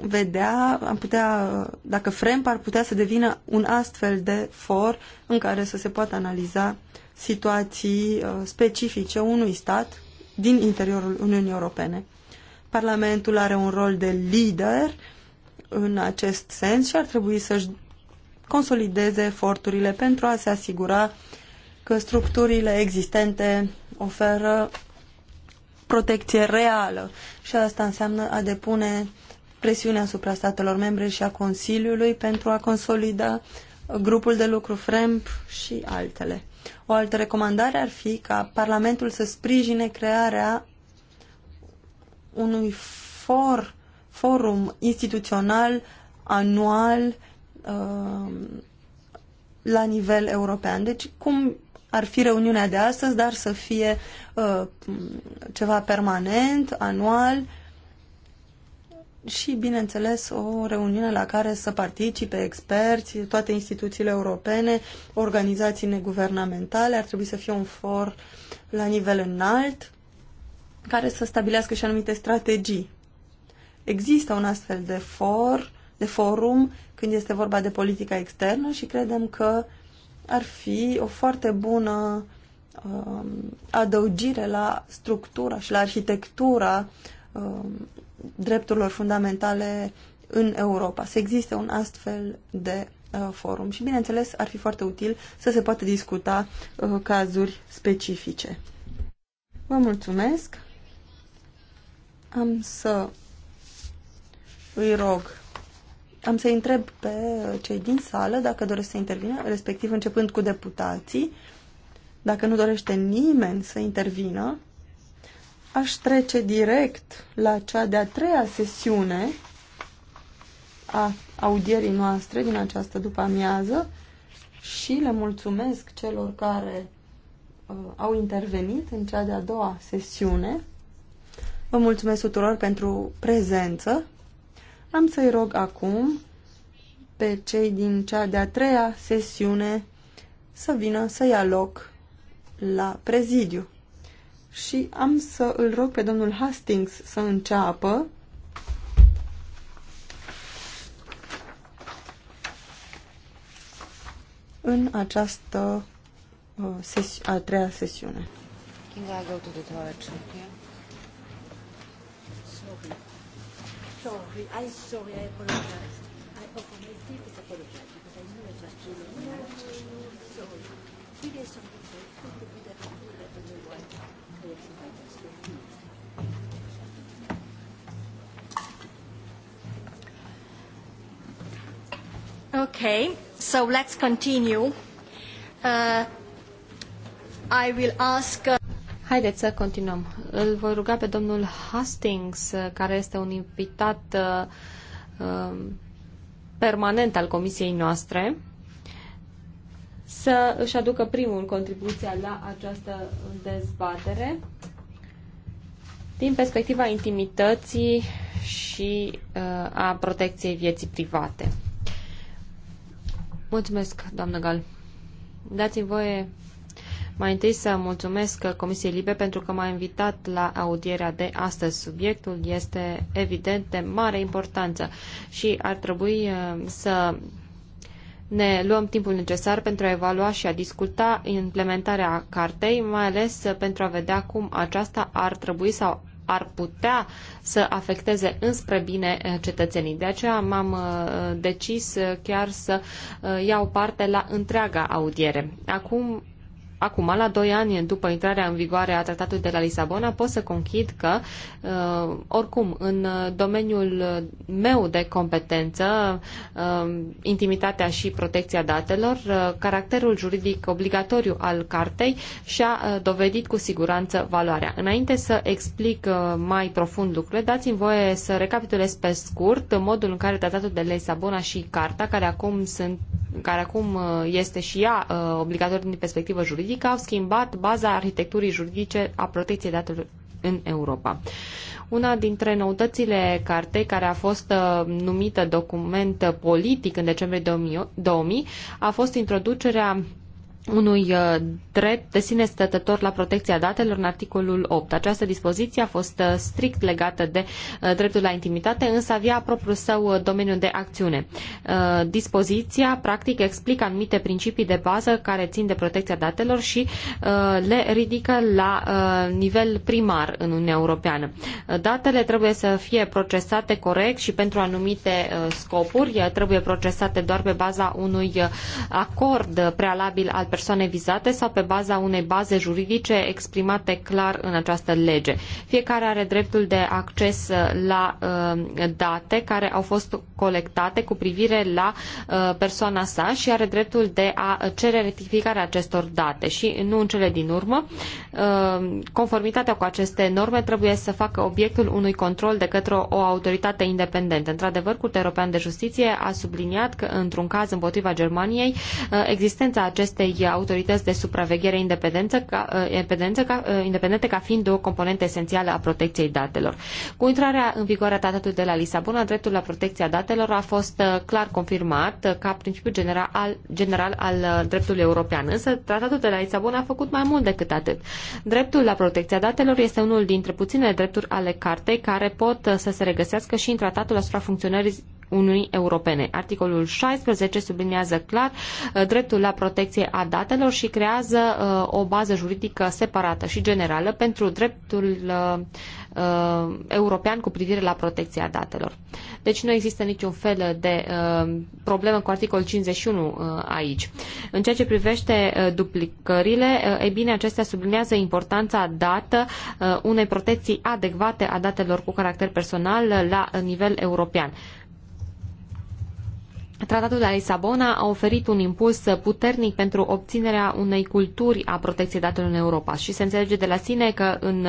vedea, am putea, dacă FREMP ar putea să devină un astfel de for în care să se poată analiza situații uh, specifice unui stat din interiorul Uniunii Europene. Parlamentul are un rol de lider în acest sens și ar trebui să-și consolideze eforturile pentru a se asigura că structurile existente oferă protecție reală și asta înseamnă a depune presiune asupra statelor membre și a Consiliului pentru a consolida grupul de lucru FREMP și altele. O altă recomandare ar fi ca Parlamentul să sprijine crearea unui for, forum instituțional anual uh, la nivel european. Deci, cum ar fi reuniunea de astăzi, dar să fie uh, ceva permanent, anual și, bineînțeles, o reuniune la care să participe experți, toate instituțiile europene, organizații neguvernamentale. Ar trebui să fie un for la nivel înalt care să stabilească și anumite strategii. Există un astfel de for, de forum, când este vorba de politica externă și credem că uh, ar fi o foarte bună uh, adăugire la structura și la arhitectura uh, drepturilor fundamentale în Europa. Să existe un astfel de uh, forum și, bineînțeles, ar fi foarte util să se poată discuta uh, cazuri specifice. Vă mulțumesc! Am să îi rog am să întreb pe cei din sală dacă doresc să intervină, respectiv începând cu deputații. Dacă nu dorește nimeni să intervină, aș trece direct la cea de-a treia sesiune a audierii noastre din această după-amiază și le mulțumesc celor care uh, au intervenit în cea de-a doua sesiune. Vă mulțumesc tuturor pentru prezență. Am să-i rog acum pe cei din cea de-a treia sesiune să vină să ia loc la prezidiu. Și am să îl rog pe domnul Hastings să înceapă în această uh, a treia sesiune. Can I go to the toilet? sorry. I'm sorry. I apologize. I offer my deepest apologize because I knew it was too long. No, sorry. Okay, so let's continue. Uh, I will ask. Uh... Haideți să continuăm. Îl voi ruga pe domnul Hastings, uh, care este un invitat uh, uh, permanent al comisiei noastre, să își aducă primul contribuția la această dezbatere din perspectiva intimității și uh, a protecției vieții private. Mulțumesc, doamnă Gal. Dați-mi voie mai întâi să mulțumesc Comisiei Libe pentru că m-a invitat la audierea de astăzi. Subiectul este evident de mare importanță și ar trebui uh, să ne luăm timpul necesar pentru a evalua și a discuta implementarea cartei, mai ales pentru a vedea cum aceasta ar trebui sau ar putea să afecteze înspre bine uh, cetățenii. De aceea m-am uh, decis chiar să iau parte la întreaga audiere. Acum acum, la doi ani după intrarea în vigoare a tratatului de la Lisabona, pot să conchid că, uh, oricum, în domeniul meu de competență, uh, intimitatea și protecția datelor, uh, caracterul juridic obligatoriu al cartei și-a dovedit cu siguranță valoarea. Înainte să explic mai profund lucrurile, dați-mi voie să recapitulez pe scurt modul în care tratatul de Lisabona și carta, care acum sunt care acum uh, este și ea uh, obligatorie din perspectivă juridică, au schimbat baza arhitecturii juridice a protecției datelor în Europa. Una dintre noutățile cartei care a fost uh, numită document politic în decembrie 2000 a fost introducerea unui uh, drept de sine stătător la protecția datelor în articolul 8. Această dispoziție a fost uh, strict legată de uh, dreptul la intimitate, însă avea propriul său domeniu de acțiune. Dispoziția, practic, explică anumite principii de bază care țin de protecția datelor și le ridică la nivel primar în Uniunea Europeană. Datele trebuie să fie procesate corect și pentru anumite scopuri trebuie procesate doar pe baza unui acord prealabil al persoane vizate sau pe baza unei baze juridice exprimate clar în această lege. Fiecare are dreptul de acces la uh, date care au fost colectate cu privire la uh, persoana sa și are dreptul de a cere rectificarea acestor date și nu în cele din urmă. Uh, conformitatea cu aceste norme trebuie să facă obiectul unui control de către o autoritate independentă. Într-adevăr, Curtea Europeană de Justiție a subliniat că într-un caz împotriva Germaniei existența acestei autorități de supraveghere independență ca, eh, ca, eh, independente ca fiind o componentă esențială a protecției datelor. Cu intrarea în vigoare a tratatului de la Lisabona, dreptul la protecția datelor a fost eh, clar confirmat ca principiu general al, general al dreptului european. Însă, tratatul de la Lisabona a făcut mai mult decât atât. Dreptul la protecția datelor este unul dintre puținele drepturi ale cartei care pot să se regăsească și în tratatul asupra funcționării Uniunii Europene. Articolul 16 subliniază clar uh, dreptul la protecție a datelor și creează uh, o bază juridică separată și generală pentru dreptul uh, european cu privire la protecția datelor. Deci nu există niciun fel de problemă cu articolul 51 aici. În ceea ce privește duplicările, e bine, acestea sublinează importanța dată unei protecții adecvate a datelor cu caracter personal la nivel european. Tratatul de la Lisabona a oferit un impuls puternic pentru obținerea unei culturi a protecției datelor în Europa și se înțelege de la sine că în,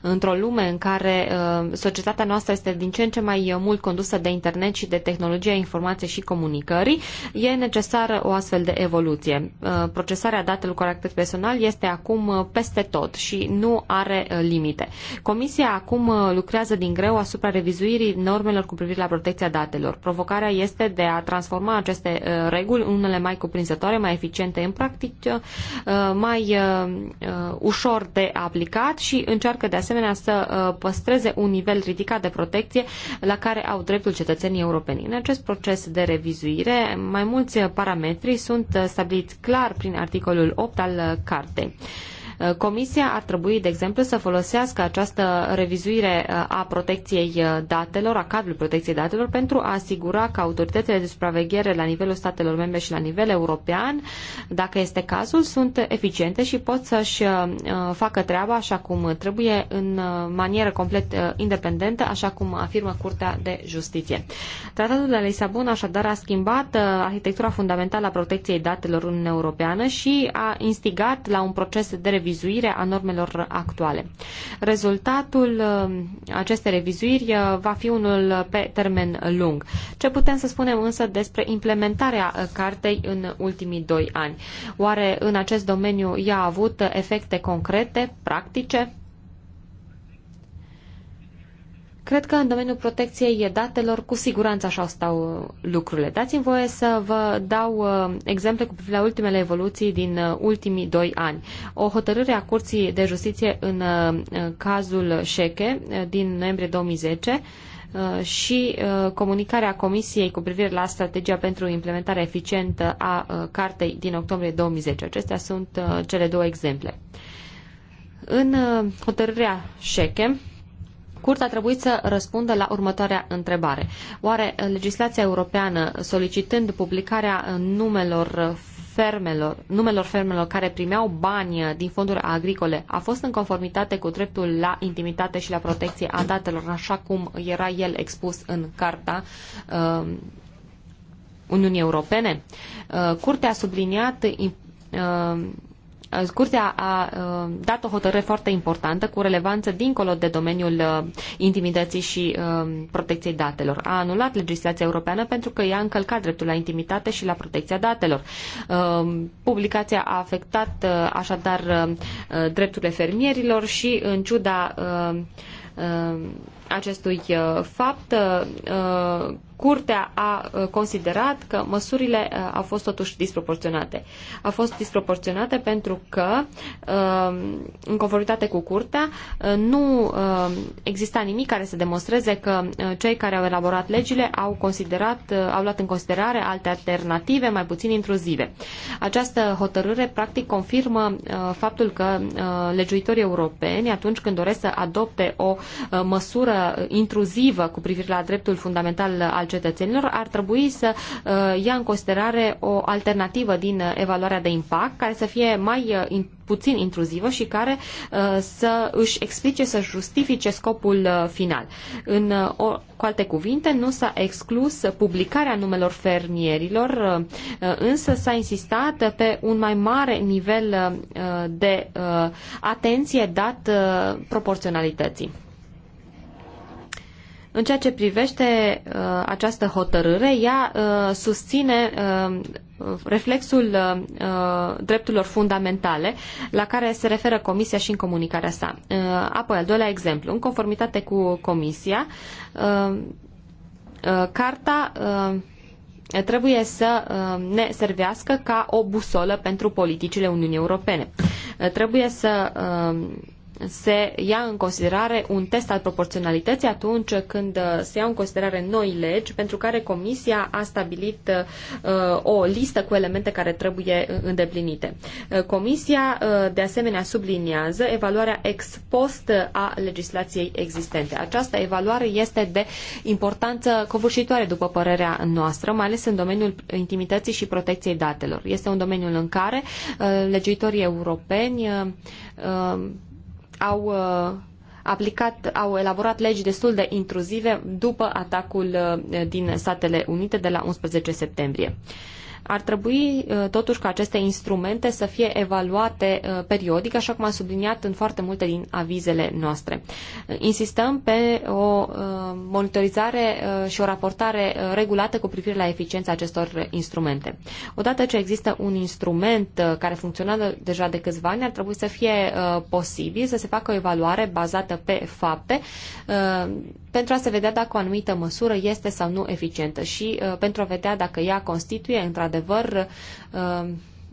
într-o lume în care uh, societatea noastră este din ce în ce mai mult condusă de internet și de tehnologia informației și comunicării, e necesară o astfel de evoluție. Uh, procesarea datelor cu caracter personal este acum uh, peste tot și nu are limite. Comisia acum lucrează din greu asupra revizuirii normelor cu privire la protecția datelor. Provocarea este de a transforma transforma aceste uh, reguli, unele mai cuprinzătoare, mai eficiente în practică, uh, mai uh, ușor de aplicat și încearcă de asemenea să păstreze un nivel ridicat de protecție la care au dreptul cetățenii europeni. În acest proces de revizuire, mai mulți parametri sunt stabiliți clar prin articolul 8 al cartei. Uh, comisia ar trebui, de exemplu, să folosească această revizuire uh, a protecției uh, datelor, a cadrului protecției datelor, pentru a asigura că autoritățile de supraveghere la nivelul statelor membre și la nivel european, dacă este cazul, sunt eficiente și pot să-și facă treaba așa cum trebuie, în manieră complet independentă, așa cum afirmă Curtea de Justiție. Tratatul de la Lisabona așadar a schimbat arhitectura fundamentală a protecției datelor în Uniunea Europeană și a instigat la un proces de revizuire revizuire a normelor actuale. Rezultatul uh, acestei revizuiri uh, va fi unul pe termen lung. Ce putem să spunem însă despre implementarea uh, cartei în ultimii doi ani? Oare în acest domeniu ea a avut efecte concrete, practice? Cred că în domeniul protecției datelor, cu siguranță așa stau uh, lucrurile. Dați-mi voie să vă dau uh, exemple cu privire la ultimele evoluții din uh, ultimii doi ani. O hotărâre a Curții de Justiție în cazul Șeche din noiembrie 2010 și comunicarea Comisiei cu privire la strategia pentru implementarea eficientă a cartei din octombrie 2010. Acestea sunt cele două exemple. În hotărârea Șechem, Curtea a trebuit să răspundă la următoarea întrebare. Oare legislația europeană solicitând publicarea numelor fermelor, numelor fermelor care primeau bani din fonduri agricole a fost în conformitate cu dreptul la intimitate și la protecție a datelor, așa cum era el expus în Carta uh, Uniunii Europene? Uh, curtea a subliniat uh, Uh, Curtea a uh, dat o hotărâre foarte importantă cu relevanță dincolo de domeniul uh, intimității și protecției datelor. A anulat legislația europeană pentru că ea a încălcat dreptul la intimitate și la protecția datelor. Publicația a afectat așadar drepturile fermierilor și în ciuda acestui uh, fapt, uh, curtea a uh, considerat că măsurile au fost totuși disproporționate. Au fost disproporționate pentru că, în conformitate cu curtea, nu exista nimic care să demonstreze că cei care au elaborat legile au, considerat, au luat în considerare alte alternative mai puțin intruzive. Această hotărâre, practic, confirmă faptul că legiuitorii europeni, atunci când doresc să adopte o măsură intruzivă cu privire la dreptul fundamental al cetățenilor ar trebui să uh, ia în considerare o alternativă din evaluarea de impact care să fie mai uh, puțin intruzivă și care uh, să își explice, să justifice scopul final. În, cu alte cuvinte, nu s-a exclus publicarea numelor fermierilor, însă s-a insistat pe un mai mare nivel de atenție dat proporționalității. În ceea ce privește uh, această hotărâre, ea uh, susține uh, reflexul uh, drepturilor fundamentale la care se referă Comisia și în comunicarea sa. Uh, apoi, al doilea exemplu, în conformitate cu Comisia, uh, uh, Carta uh, trebuie să uh, ne servească ca o busolă pentru politicile Uniunii Europene. Uh, trebuie să uh, se ia în considerare un test al proporționalității atunci când uh, se iau în considerare noi legi pentru care Comisia a stabilit uh, o listă cu elemente care trebuie uh, îndeplinite. Comisia de asemenea subliniază evaluarea ex post a legislației existente. Această evaluare este de importanță covârșitoare după părerea noastră, mai ales în domeniul intimității și protecției datelor. Este un domeniu în care legiuitorii europeni au uh, aplicat, au elaborat legi destul de intruzive după atacul uh, din Statele Unite de la 11 septembrie. Ar trebui uh, totuși ca aceste instrumente să fie evaluate uh, periodic, așa cum am subliniat în foarte multe din avizele noastre. Insistăm pe o uh, monitorizare și o raportare regulată cu privire la eficiența acestor instrumente. Odată ce există un instrument care funcționează deja de câțiva ani, ar trebui să fie posibil să se facă o evaluare bazată pe fapte pentru a se vedea dacă o anumită măsură este sau nu eficientă și pentru a vedea dacă ea constituie într-adevăr într-adevăr, uh,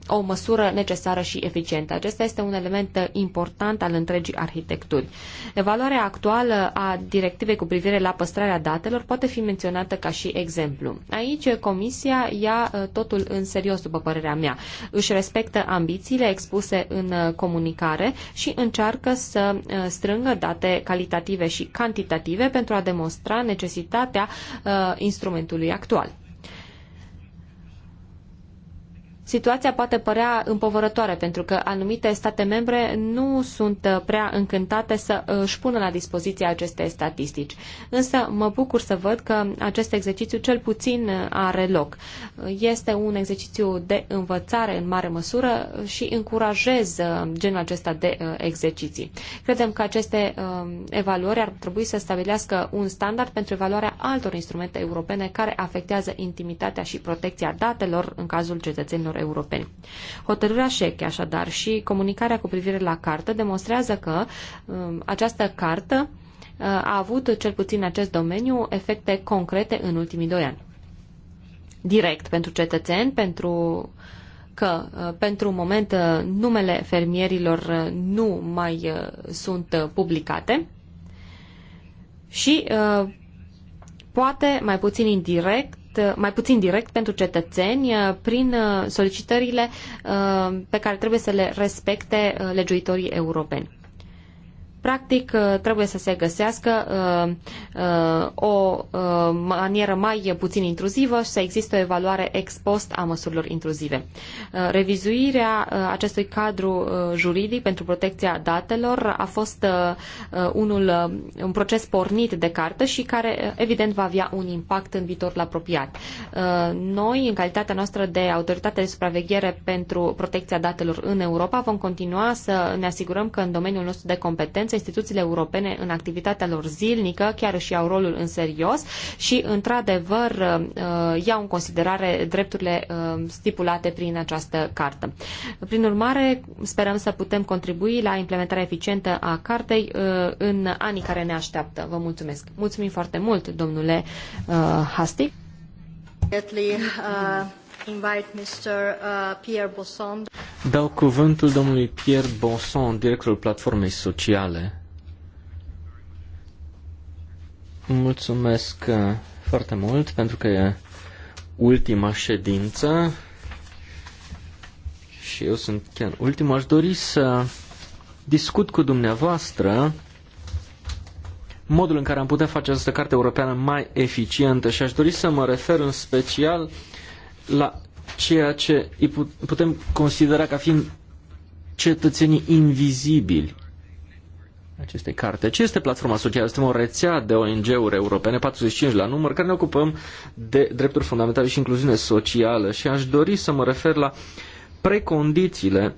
o măsură necesară și eficientă. Acesta este un element important al întregii arhitecturi. Evaluarea actuală a directivei cu privire la păstrarea datelor poate fi menționată ca și exemplu. Aici Comisia ia uh, totul în serios, după părerea mea. Își respectă ambițiile expuse în uh, comunicare și încearcă să strângă date calitative și cantitative pentru a demonstra necesitatea instrumentului actual. Situația poate părea împovărătoare pentru că anumite state membre nu sunt uh, prea încântate să uh, își pună la dispoziție aceste statistici. Însă mă bucur să văd că acest exercițiu cel puțin uh, are loc. Este un exercițiu de învățare în mare măsură și încurajez genul acesta de exerciții. Credem că aceste evaluări ar trebui să stabilească un standard pentru evaluarea altor instrumente europene care afectează intimitatea și protecția datelor în cazul cetățenilor europeni. Hotărârea șeche, așadar, și comunicarea cu privire la cartă demonstrează că um, această cartă uh, a avut, cel puțin în acest domeniu, efecte concrete în ultimii doi ani. Direct pentru cetățeni, pentru că uh, pentru un moment uh, numele fermierilor nu mai sunt publicate și poate mai puțin indirect Uh, mai puțin direct pentru cetățeni uh, prin uh, solicitările pe care trebuie să le respecte legiuitorii europeni. Practic, uh, trebuie să se găsească uh, uh, o manieră mai puțin intruzivă și să existe o evaluare ex post a măsurilor intruzive. Revizuirea acestui cadru juridic pentru protecția datelor a fost unul, un proces pornit de carte și care, evident, va avea un impact în viitorul apropiat. Noi, în calitatea noastră de autoritate de supraveghere pentru protecția datelor în Europa, vom continua să ne asigurăm că în domeniul nostru de competențe instituțiile europene în activitatea lor zilnică chiar și iau rolul în serios și, într-adevăr, uh, iau în considerare drepturile uh, stipulate prin această cartă. Prin urmare, sperăm să putem contribui la implementarea eficientă a cartei uh, în anii care ne așteaptă. Vă mulțumesc! Mulțumim foarte mult, domnule Hasti! invite Mr. Uh, Pierre Bosson. Dau cuvântul domnului Pierre Bosson, directorul platformei sociale. Mulțumesc uh, foarte mult pentru că e ultima ședință și eu sunt chiar ultimul. Aș dori să discut cu dumneavoastră modul în care am putea face această carte europeană mai eficientă și aș dori să mă refer în special la ceea ce îi putem considera ca fiind cetățenii invizibili acestei carte. Ce este platforma socială? Suntem o rețea de ONG-uri europene, 45 la număr, care ne ocupăm de drepturi fundamentale și incluziune socială și aș dori să mă refer la precondițiile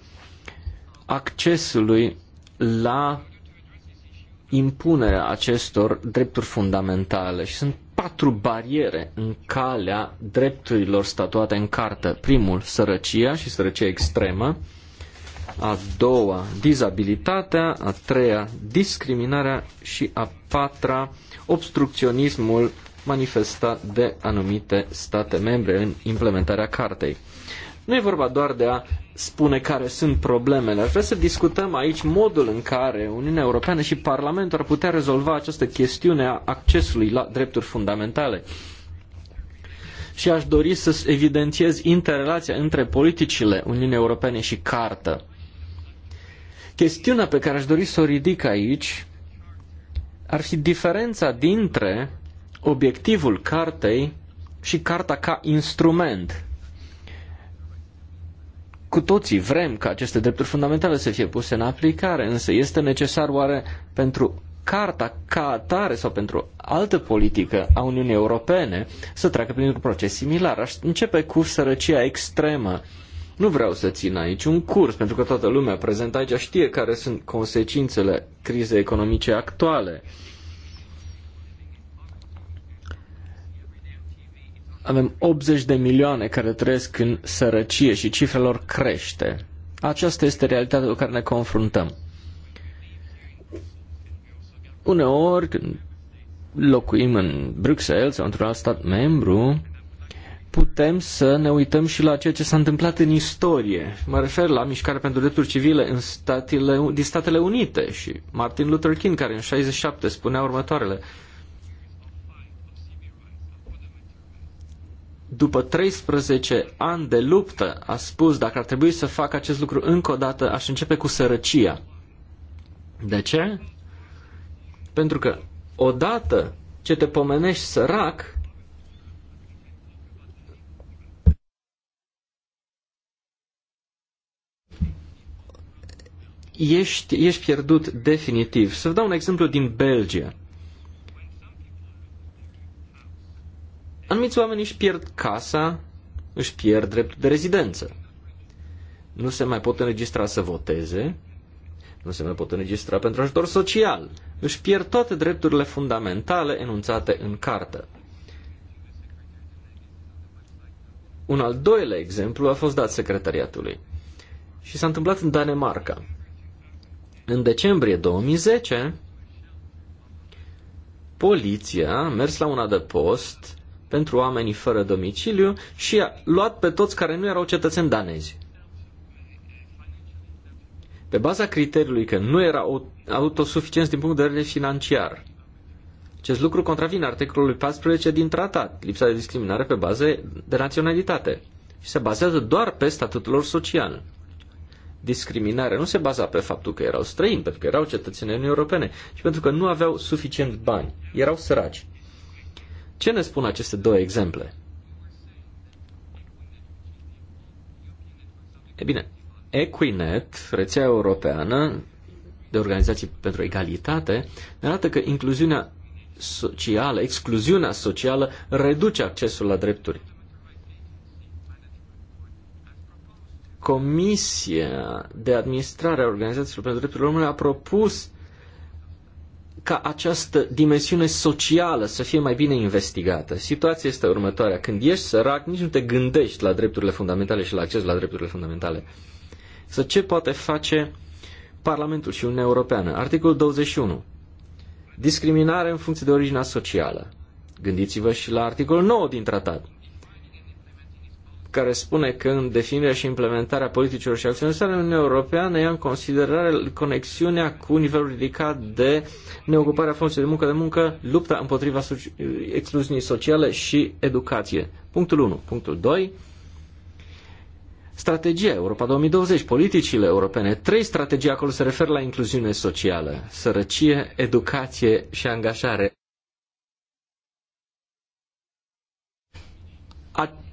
accesului la impunerea acestor drepturi fundamentale și sunt patru bariere în calea drepturilor statuate în cartă. Primul, sărăcia și sărăcia extremă. A doua, dizabilitatea. A treia, discriminarea. Și a patra, obstrucționismul manifestat de anumite state membre în implementarea cartei. Nu e vorba doar de a spune care sunt problemele. Aș vrea să discutăm aici modul în care Uniunea Europeană și Parlamentul ar putea rezolva această chestiune a accesului la drepturi fundamentale. Și aș dori să evidențiez interrelația între politicile Uniunii Europene și cartă. Chestiunea pe care aș dori să o ridic aici ar fi diferența dintre obiectivul cartei și carta ca instrument cu toții vrem ca aceste drepturi fundamentale să fie puse în aplicare, însă este necesar oare pentru carta ca atare sau pentru altă politică a Uniunii Europene să treacă prin un proces similar. Aș începe cu sărăcia extremă. Nu vreau să țin aici un curs, pentru că toată lumea prezentă aici știe care sunt consecințele crizei economice actuale. Uh, Avem 80 de milioane care trăiesc în sărăcie și cifra lor crește. Aceasta este realitatea cu care ne confruntăm. Uneori, când locuim în Bruxelles sau într-un alt stat membru, putem să ne uităm și la ceea ce s-a întâmplat în istorie. Mă refer la mișcarea pentru drepturi civile în statele, din Statele Unite și Martin Luther King, care în 67 spunea următoarele. după 13 ani de luptă, a spus, dacă ar trebui să fac acest lucru încă o dată, aș începe cu sărăcia. De ce? Pentru că odată ce te pomenești sărac, ești, ești pierdut definitiv. Să vă dau un exemplu din Belgia. anumiți oameni își pierd casa, își pierd dreptul de rezidență. Nu se mai pot înregistra să voteze, nu se mai pot înregistra pentru ajutor social. Își pierd toate drepturile fundamentale enunțate în cartă. Un al doilea exemplu a fost dat secretariatului și s-a întâmplat în Danemarca. În decembrie 2010, poliția a mers la un adăpost pentru oamenii fără domiciliu și a luat pe toți care nu erau cetățeni danezi. Pe baza criteriului că nu era autosuficient din punct de vedere financiar. Acest lucru contravine articolului 14 din tratat, lipsa de discriminare pe baze de naționalitate, și se bazează doar pe statutul lor social. Discriminarea nu se baza pe faptul că erau străini, pentru că erau cetățeni Europene, ci pentru că nu aveau suficient bani, erau săraci. Ce ne spun aceste două exemple? E bine, Equinet, rețea europeană de organizații pentru egalitate, ne arată că incluziunea socială, excluziunea socială reduce accesul la drepturi. Comisia de Administrare a Organizațiilor pentru Drepturile Omului a propus ca această dimensiune socială să fie mai bine investigată. Situația este următoarea. Când ești sărac, nici nu te gândești la drepturile fundamentale și la acces la drepturile fundamentale. Să ce poate face Parlamentul și Uniunea Europeană? Articolul 21. Discriminare în funcție de originea socială. Gândiți-vă și la articolul 9 din tratat care spune că în definirea și implementarea politicilor și acțiunilor sale, Uniunea Europeană ia în considerare conexiunea cu nivelul ridicat de neocuparea forței de muncă de muncă, lupta împotriva excluziunii sociale și educație. Punctul 1. Punctul 2. Strategia Europa 2020, politicile europene, trei strategii acolo se referă la incluziune socială, sărăcie, educație și angajare.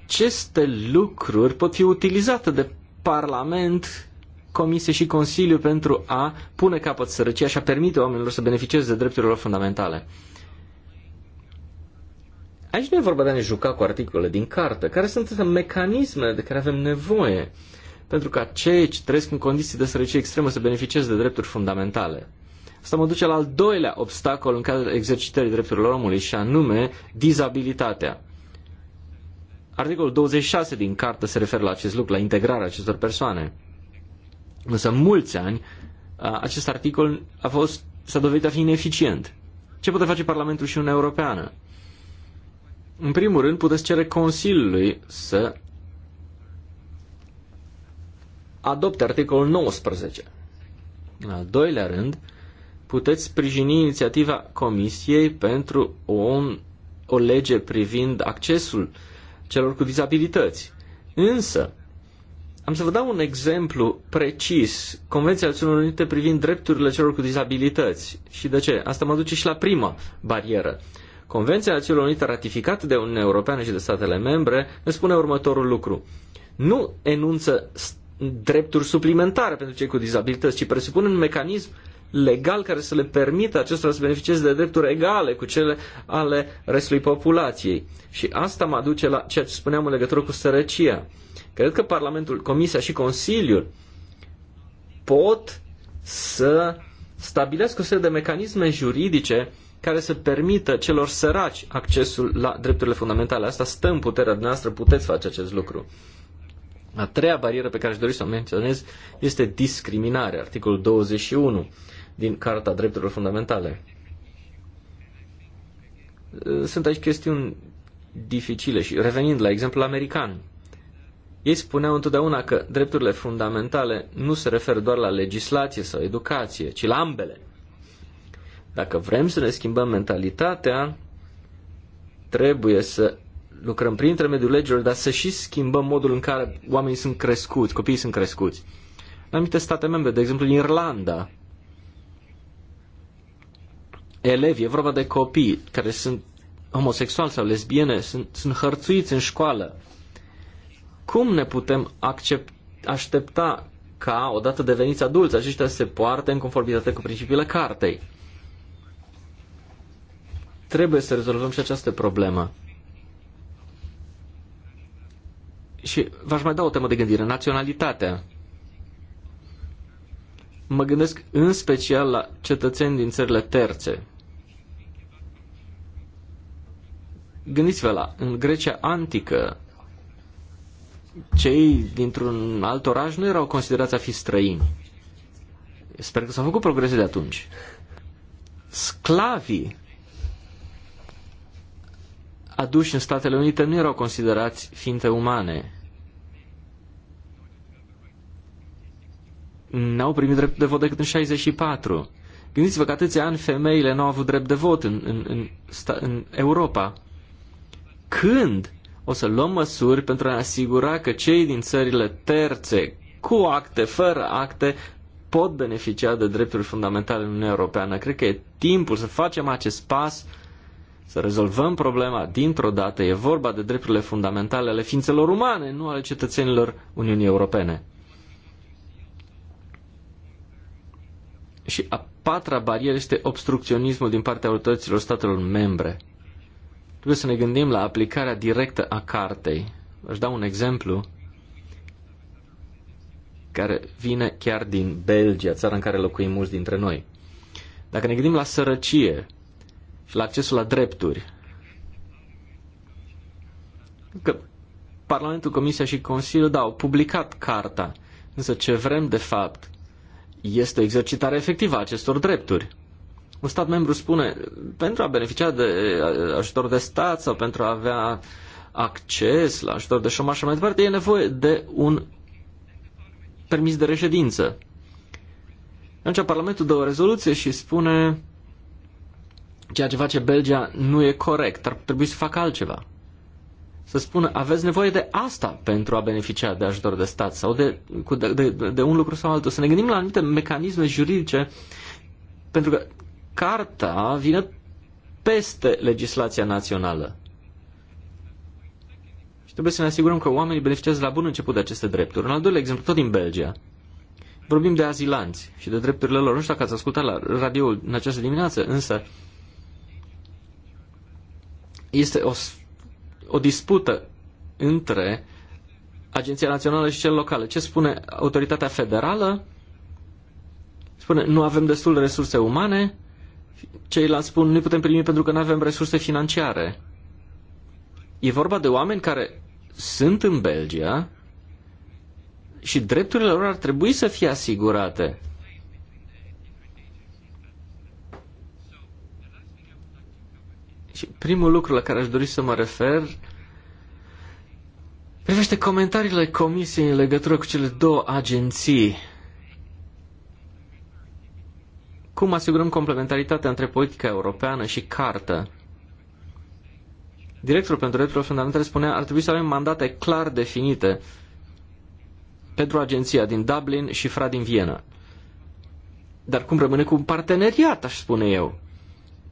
aceste lucruri pot fi utilizate de Parlament, Comisie și Consiliu pentru a pune capăt sărăcia și a permite oamenilor să beneficieze de drepturile lor fundamentale. Aici nu e vorba de a ne juca cu articole din carte. Care sunt mecanismele de care avem nevoie pentru ca cei ce trăiesc în condiții de sărăcie extremă să beneficieze de drepturi fundamentale? Asta mă duce la al doilea obstacol în cadrul exercitării drepturilor omului și anume dizabilitatea. Articolul 26 din carte se referă la acest lucru, la integrarea acestor persoane. Însă, mulți ani, acest articol a fost, s-a dovedit a fi ineficient. Ce poate face Parlamentul și Uniunea Europeană? În primul rând, puteți cere Consiliului să adopte articolul 19. În al doilea rând, puteți sprijini inițiativa Comisiei pentru o, o lege privind accesul uh, celor cu dizabilități. Însă, am să vă dau un exemplu precis. Convenția Națiunilor Unite privind drepturile celor cu dizabilități. Și de ce? Asta mă duce și la prima barieră. Convenția Națiunilor Unite ratificată de Uniunea Europeană și de statele membre ne spune următorul lucru. Nu enunță drepturi suplimentare pentru cei cu dizabilități, ci presupune un mecanism legal care să le permită acestora să beneficieze de drepturi egale cu cele ale restului populației. Și asta mă duce la ceea ce spuneam în legătură cu sărăcia. Cred că Parlamentul, Comisia și Consiliul pot să stabilească o serie de mecanisme juridice care să permită celor săraci accesul la drepturile fundamentale. Asta stă în puterea noastră, puteți face acest lucru. A treia barieră pe care aș dori să o menționez este discriminarea, articolul 21 din Carta Drepturilor Fundamentale. Sunt aici chestiuni dificile și revenind la exemplul american, ei spuneau întotdeauna că drepturile fundamentale nu se referă doar la legislație sau educație, ci la ambele. Dacă vrem să ne schimbăm mentalitatea, trebuie să lucrăm prin intermediul legilor, dar să și schimbăm modul în care oamenii sunt crescuți, copiii sunt crescuți. În anumite state membre, de exemplu în Irlanda, elevi, e vorba de copii care sunt homosexuali sau lesbiene, sunt, sunt hărțuiți în școală. Cum ne putem accept, aștepta ca, odată deveniți adulți, aceștia se poartă în conformitate cu principiile cartei? Trebuie să rezolvăm și această problemă. Și v-aș mai da o temă de gândire, naționalitatea. Mă gândesc în special la cetățeni din țările terțe, Gândiți-vă la, în Grecia antică, cei dintr-un alt oraș nu erau considerați a fi străini. Sper că s-au făcut progrese de atunci. Sclavii aduși în Statele Unite nu erau considerați ființe umane. N-au primit drept de vot decât în 64. Gândiți-vă că atâția ani femeile nu au avut drept de vot în, în, în, în Europa când o să luăm măsuri pentru a asigura că cei din țările terțe, cu acte, fără acte, pot beneficia de drepturi fundamentale în Uniunea Europeană. Cred că e timpul să facem acest pas, să rezolvăm problema dintr-o dată. E vorba de drepturile fundamentale ale ființelor umane, nu ale cetățenilor Uniunii Europene. Și a patra barieră este obstrucționismul din partea autorităților statelor membre. Trebuie să ne gândim la aplicarea directă a cartei. Aș da un exemplu care vine chiar din Belgia, țara în care locuim mulți dintre noi. Dacă ne gândim la sărăcie și la accesul la drepturi, că Parlamentul, Comisia și Consiliul, da, au publicat carta, însă ce vrem de fapt este o exercitare efectivă a acestor drepturi un stat membru spune, pentru a beneficia de eh, ajutor de stat sau pentru a avea acces la ajutor de șomaș și mai departe, e nevoie de un permis de reședință. Atunci Parlamentul dă o rezoluție și spune ceea ce face Belgia nu e corect, ar trebui să facă altceva. Să spună, aveți nevoie de asta pentru a beneficia de ajutor de stat sau de, de, de, de un lucru sau altul. Să ne gândim la anumite mecanisme juridice pentru că carta vine peste legislația națională. Și trebuie să ne asigurăm că oamenii beneficiază la bun început de aceste drepturi. Un al doilea exemplu, tot din Belgia. Vorbim de azilanți și de drepturile lor. Nu știu dacă ați ascultat la radio în această dimineață, însă este o, o dispută între Agenția Națională și cel locală. Ce spune autoritatea federală? Spune, nu avem destul de resurse umane, Ceilalți spun, nu putem primi pentru că nu avem resurse financiare. E vorba de oameni care sunt în Belgia și drepturile lor ar trebui să fie asigurate. Și primul lucru la care aș dori să mă refer privește comentariile Comisiei în legătură cu cele două agenții cum asigurăm complementaritatea între politica europeană și cartă? Directorul pentru drepturile fundamentale spunea ar trebui să avem mandate clar definite pentru agenția din Dublin și FRA din Viena. Dar cum rămâne cu un parteneriat, aș spune eu?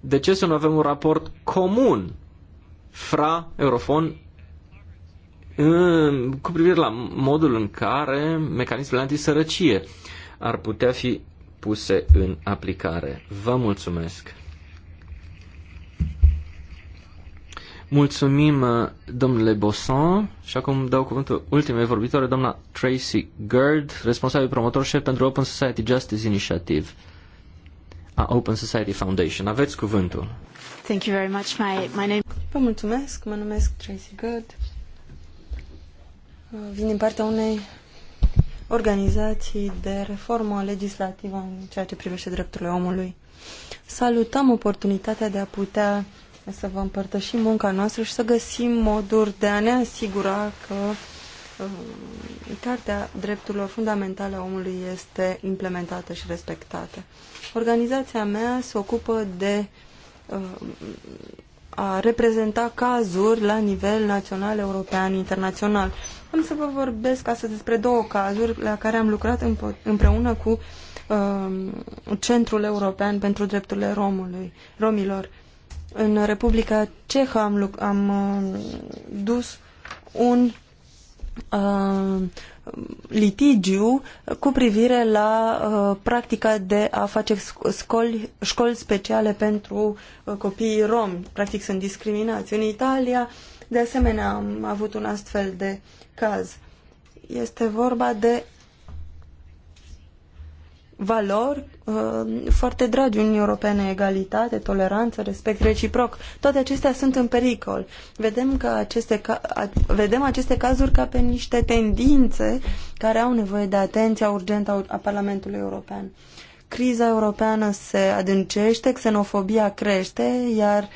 De ce să nu avem un raport comun FRA, Eurofon, cu privire la modul în care mecanismele antisărăcie ar putea fi puse în aplicare. Vă mulțumesc! Mulțumim, uh, domnule Bosson, și acum dau cuvântul ultimei vorbitoare, doamna Tracy Gerd, responsabil promotor șef pentru Open Society Justice Initiative a Open Society Foundation. Aveți cuvântul. Thank you very much. My, my name... Vă mulțumesc, mă numesc Tracy Gerd. Vin din partea unei organizații de reformă legislativă în ceea ce privește drepturile omului. Salutăm oportunitatea de a putea să vă împărtășim munca noastră și să găsim moduri de a ne asigura că um, Cartea Drepturilor Fundamentale a Omului este implementată și respectată. Organizația mea se ocupă de uh, a reprezenta cazuri la nivel național, european, internațional. Am să vă vorbesc astăzi despre două cazuri la care am lucrat împreună cu uh, Centrul European pentru Drepturile Romului, Romilor. În Republica Cehă am, am uh, dus un uh, litigiu cu privire la uh, practica de a face școli, școli speciale pentru uh, copiii romi. Practic sunt discriminați. În Italia, de asemenea, am avut un astfel de caz. Este vorba de valori uh, foarte dragi Uniunii Europene, egalitate, toleranță, respect reciproc. Toate acestea sunt în pericol. Vedem, că aceste, ca, a, vedem aceste cazuri ca pe niște tendințe care au nevoie de atenția urgentă a, Parlamentului European. Criza europeană se adâncește, xenofobia crește, iar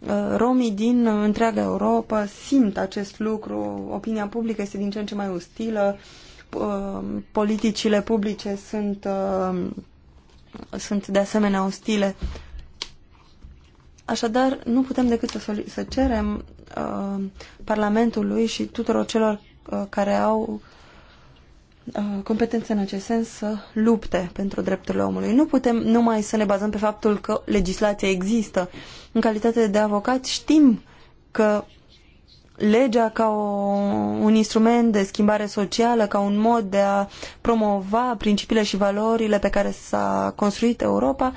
uh, romii din întreaga Europa simt acest lucru, opinia publică este din ce în ce mai ostilă, uh, Um, politicile publice sunt, um, sunt de asemenea ostile. Așadar, nu putem decât să, să cerem uh, Parlamentului și tuturor celor uh, care au uh, competențe în acest sens să lupte pentru drepturile omului. Nu putem numai să ne bazăm pe faptul că legislația există. În calitate de avocat știm că legea ca o, un instrument de schimbare socială, ca un mod de a promova principiile și valorile pe care s-a construit Europa,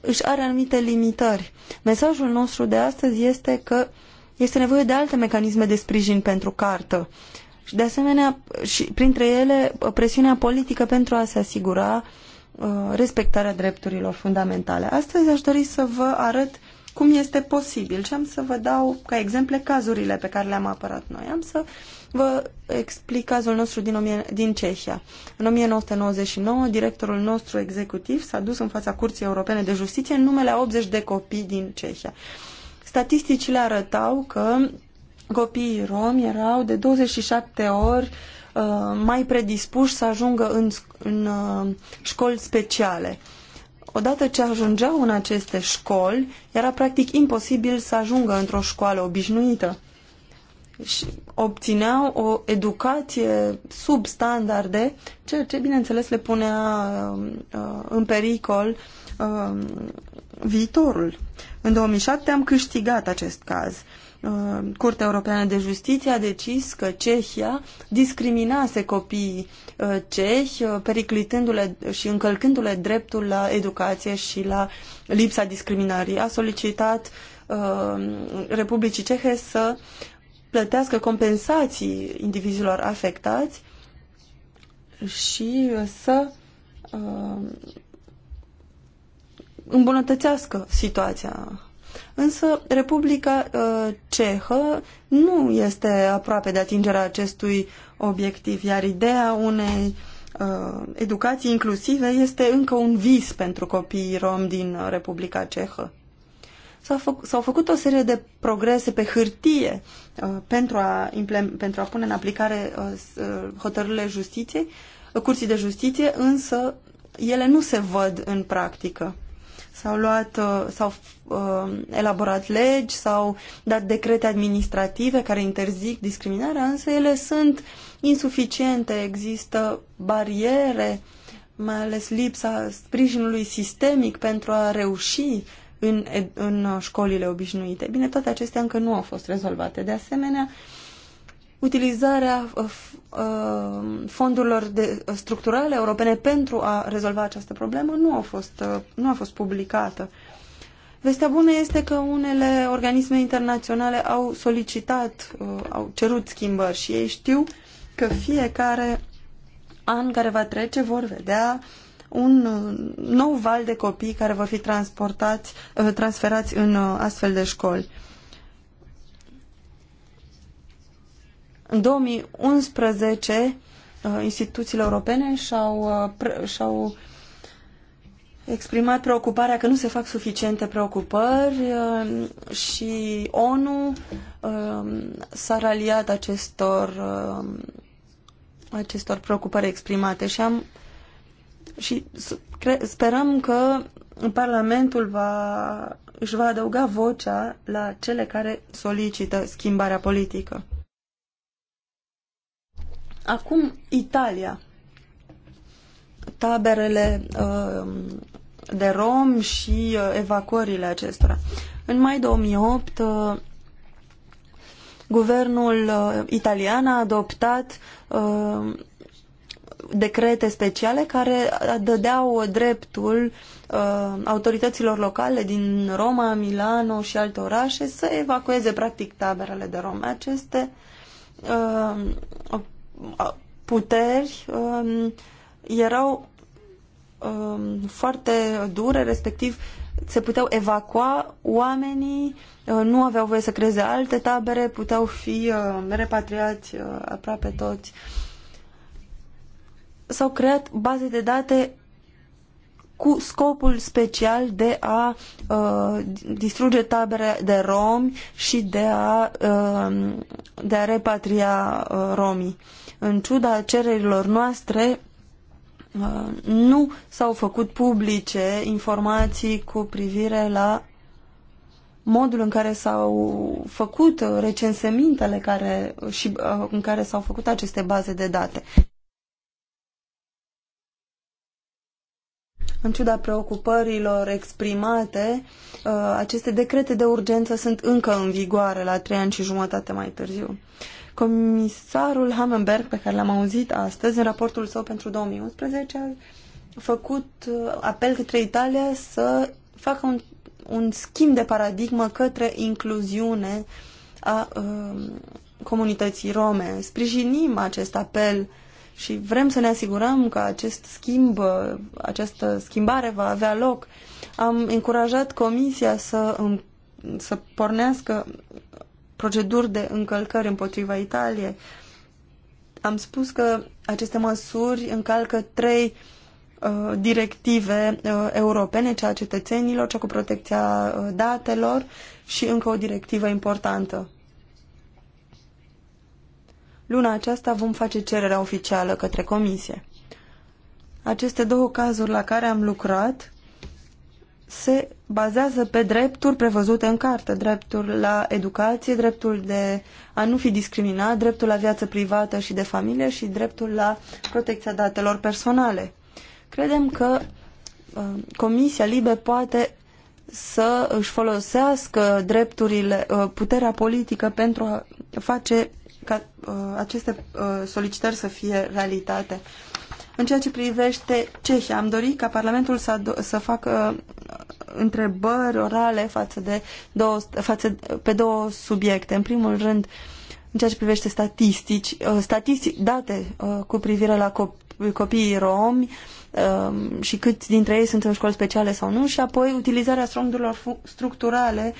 își are anumite limitări. Mesajul nostru de astăzi este că este nevoie de alte mecanisme de sprijin pentru cartă. Și de asemenea, și printre ele, presiunea politică pentru a se asigura uh, respectarea drepturilor fundamentale. Astăzi aș dori să vă arăt uh, cum este posibil și am să vă dau ca exemple cazurile pe care le-am apărat noi. Am să vă explic cazul nostru din, din Cehia. În 1999, directorul nostru executiv s-a dus în fața Curții Europene de Justiție în numele a 80 de copii din Cehia. Statisticile arătau că copiii romi erau de 27 ori uh, mai predispuși să ajungă în, în uh, școli speciale. Uh, Odată ce ajungeau în aceste școli, era practic imposibil să ajungă într-o școală obișnuită. Și obțineau o educație sub standarde, ceea ce, bineînțeles, le punea uh, uh, în pericol uh, viitorul. În 2007 am câștigat acest caz. Curtea Europeană de Justiție a decis că Cehia discriminase copiii Uh, cehi, uh, periclitându-le și încălcându-le dreptul la educație și la lipsa discriminării. A solicitat uh, Republicii Cehe să plătească compensații indivizilor afectați și să îmbunătățească situația Însă Republica uh, Cehă nu este aproape de atingerea acestui obiectiv, iar ideea unei uh, educații inclusive este încă un vis pentru copiii rom din Republica Cehă. S-au, fă- făcut o serie de progrese pe hârtie uh, pentru, a pentru a pune în aplicare uh, uh hotărârile justiției, uh, curții de justiție, însă ele nu se văd în practică. S-au luat, uh, s-au uh, elaborat legi, s-au dat decrete administrative care interzic discriminarea, însă ele sunt insuficiente, există bariere, mai ales lipsa sprijinului sistemic pentru a reuși în, în școlile obișnuite. Bine, toate acestea încă nu au fost rezolvate. De asemenea, uh, utilizarea uh, uh, fondurilor de, uh, structurale europene pentru a rezolva această problemă nu a fost, nu a fost publicată. Vestea bună este că unele organisme internaționale au solicitat, au cerut schimbări și ei știu că fiecare an care va trece vor vedea un nou val de copii care vor fi transportați, transferați în astfel de școli. În 2011, uh, instituțiile europene și-au, uh, și-au exprimat preocuparea că nu se fac suficiente preocupări uh, și ONU s-a raliat acestor, acestor preocupări exprimate și am și sperăm că Parlamentul va, își va adăuga vocea la cele care solicită schimbarea politică. Acum, Italia. Taberele uh, de rom și uh, evacuările acestora. În mai 2008, uh, guvernul uh, italian a adoptat uh, decrete speciale care dădeau dreptul uh, autorităților locale din Roma, Milano și alte orașe să evacueze practic taberele de rom. Aceste uh, puteri um, erau um, foarte dure, respectiv se puteau evacua oamenii, uh, nu aveau voie să creeze alte tabere, puteau fi uh, repatriați uh, aproape toți. S-au creat baze de date cu scopul special de a uh, distruge tabere de romi și de a, uh, de a repatria uh, romii. În ciuda cererilor noastre, uh, nu s-au făcut publice informații cu privire la modul în care s-au făcut recensămintele care, și, uh, în care s-au făcut aceste baze de date. În ciuda preocupărilor exprimate, uh, aceste decrete de urgență sunt încă în vigoare la trei ani și jumătate mai târziu. Comisarul Hammenberg, pe care l-am auzit astăzi, în raportul său pentru 2011, a făcut uh, apel către Italia să facă un, un schimb de paradigmă către incluziune a uh, comunității rome. Sprijinim acest apel uh, și vrem să ne asigurăm că acest schimb, uh, această schimbare va avea loc. Am încurajat Comisia să, să pornească proceduri de încălcări împotriva Italiei. Am spus că aceste măsuri încalcă trei uh, directive uh, europene, cea a cetățenilor, cea cu protecția datelor și încă o directivă importantă. Luna aceasta vom face cererea oficială către comisie. Aceste două cazuri la care am lucrat se bazează pe drepturi prevăzute în carte, dreptul la educație, dreptul de a nu fi discriminat, dreptul la viață privată și de familie și dreptul la protecția datelor personale. Credem că uh, Comisia Libe poate să își folosească drepturile, uh, puterea politică pentru a face ca uh, aceste uh, solicitări să fie realitate. În ceea ce privește Cehia, am dorit ca Parlamentul să, să facă uh, întrebări orale față de două, față, pe două subiecte. În primul rând, în ceea ce privește statistici, uh, statistici date uh, cu privire la copii, copiii romi um, și câți dintre ei sunt în școli speciale sau nu și apoi utilizarea strongurilor structurale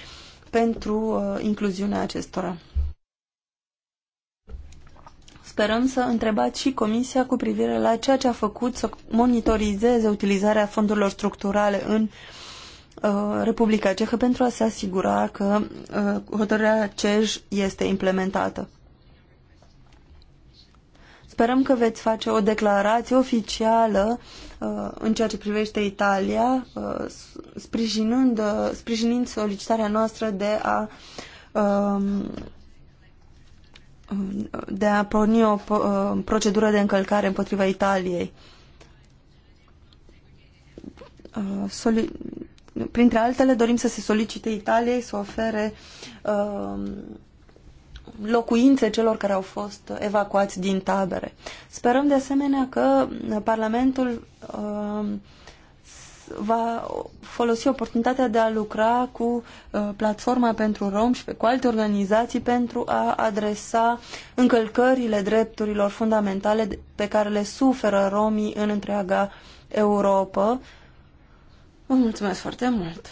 pentru incluziunea acestora. Sperăm să întrebați și Comisia cu privire la ceea ce a făcut să monitorizeze utilizarea fondurilor structurale în uh, Republica Cehă pentru a se asigura că uh, hotărârea CEJ este implementată. Sperăm că veți face o declarație oficială uh, în ceea ce privește Italia, sprijinând, sprijinind solicitarea noastră de a um, de a porni o procedură de încălcare împotriva Italiei. Uh, soli... Printre altele, dorim să se solicite Italiei să ofere uh, locuințe celor care au fost evacuați din tabere. Sperăm de asemenea că Parlamentul uh, va folosi oportunitatea de a lucra cu uh, platforma pentru rom și cu alte organizații pentru a adresa încălcările drepturilor fundamentale pe care le suferă romii în întreaga Europa. Vă mulțumesc foarte mult!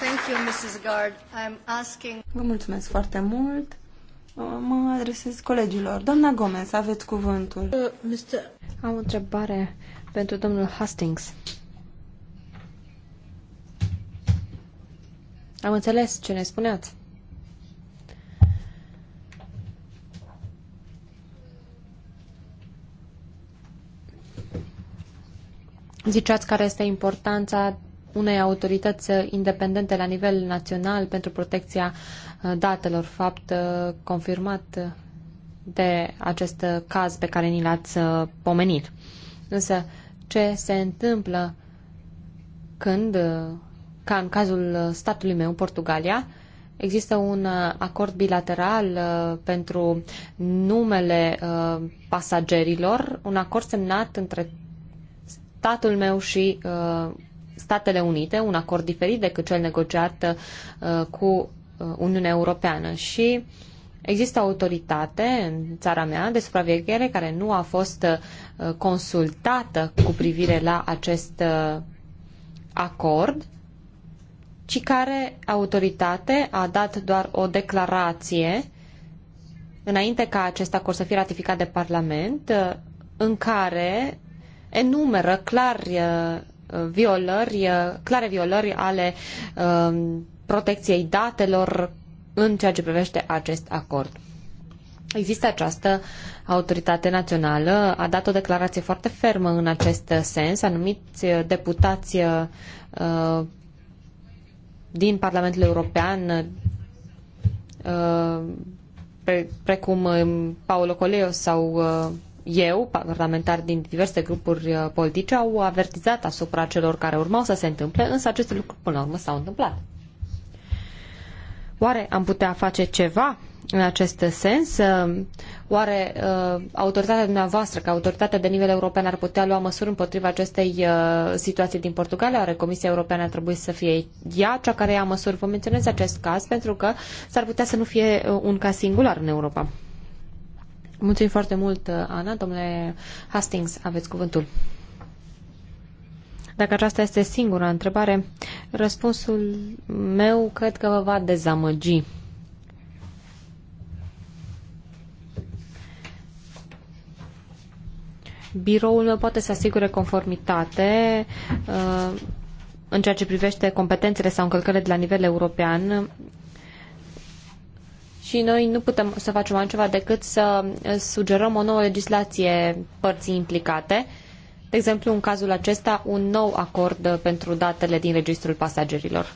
Thank you, Mrs. Gard. I'm asking... Vă mulțumesc foarte mult! Mă adresez colegilor. Doamna Gomez, aveți cuvântul. Uh, Am o întrebare pentru domnul Hastings. Am înțeles ce ne spuneați. Ziceați care este importanța unei autorități independente la nivel național pentru protecția uh, Uh, datelor, fapt uh, confirmat uh, de acest caz pe care ni l-ați pomenit. Însă, ce se întâmplă când, ca în cazul statului meu, Portugalia, Există un acord bilateral pentru numele pasagerilor, un acord semnat între statul meu și Statele Unite, un acord diferit decât cel negociat cu Uh, Uniunea Europeană și există o autoritate în țara mea de supraveghere care nu a fost uh, consultată cu privire la acest uh, acord, ci care autoritate a dat doar o declarație înainte ca acest acord să fie ratificat de Parlament, în care enumeră clar violări, clare violări ale um, protecției datelor în ceea ce privește acest acord. Există această autoritate națională, a dat o declarație foarte fermă în acest sens, anumiți deputați uh, din Parlamentul European, uh, precum uh, Paolo Coleo sau eu, parlamentari din diverse grupuri politice, au avertizat asupra celor care urmau să se întâmple, însă aceste lucruri până la urmă s-au întâmplat. Oare am putea face ceva în acest sens? Ehm, oare ehm, autoritatea dumneavoastră, ca autoritatea de nivel european, ar putea lua măsuri împotriva acestei ehm, situații din Portugalia? Oare Comisia Europeană ar trebui să fie ea cea care ia măsuri? Vă menționez acest caz pentru că s-ar putea să nu fie un caz singular în Europa. Mulțumim foarte mult, Ana. Domnule Hastings, aveți cuvântul. Dacă aceasta este singura întrebare, răspunsul meu cred că vă va dezamăgi. Biroul meu poate să asigure conformitate uh, în ceea ce privește competențele sau încălcările de la nivel european și noi nu putem să facem altceva decât să sugerăm o nouă legislație părții implicate uh, de exemplu, în cazul acesta, un nou acord uh, pentru datele din registrul pasagerilor.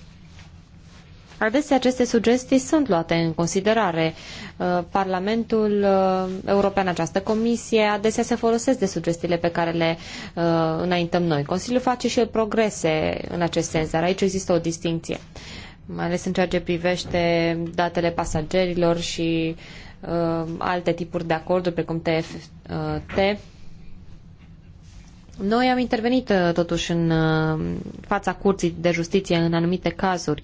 Adesea aceste sugestii sunt luate în considerare. Uh, Parlamentul uh, European, această comisie, adesea se folosesc de sugestiile pe care le înaintăm noi. Consiliul face și progrese în acest sens, dar aici există o distinție, mai ales în ceea ce privește datele pasagerilor și alte tipuri de acorduri, precum TFT noi am intervenit uh, totuși în uh, fața curții de justiție în anumite cazuri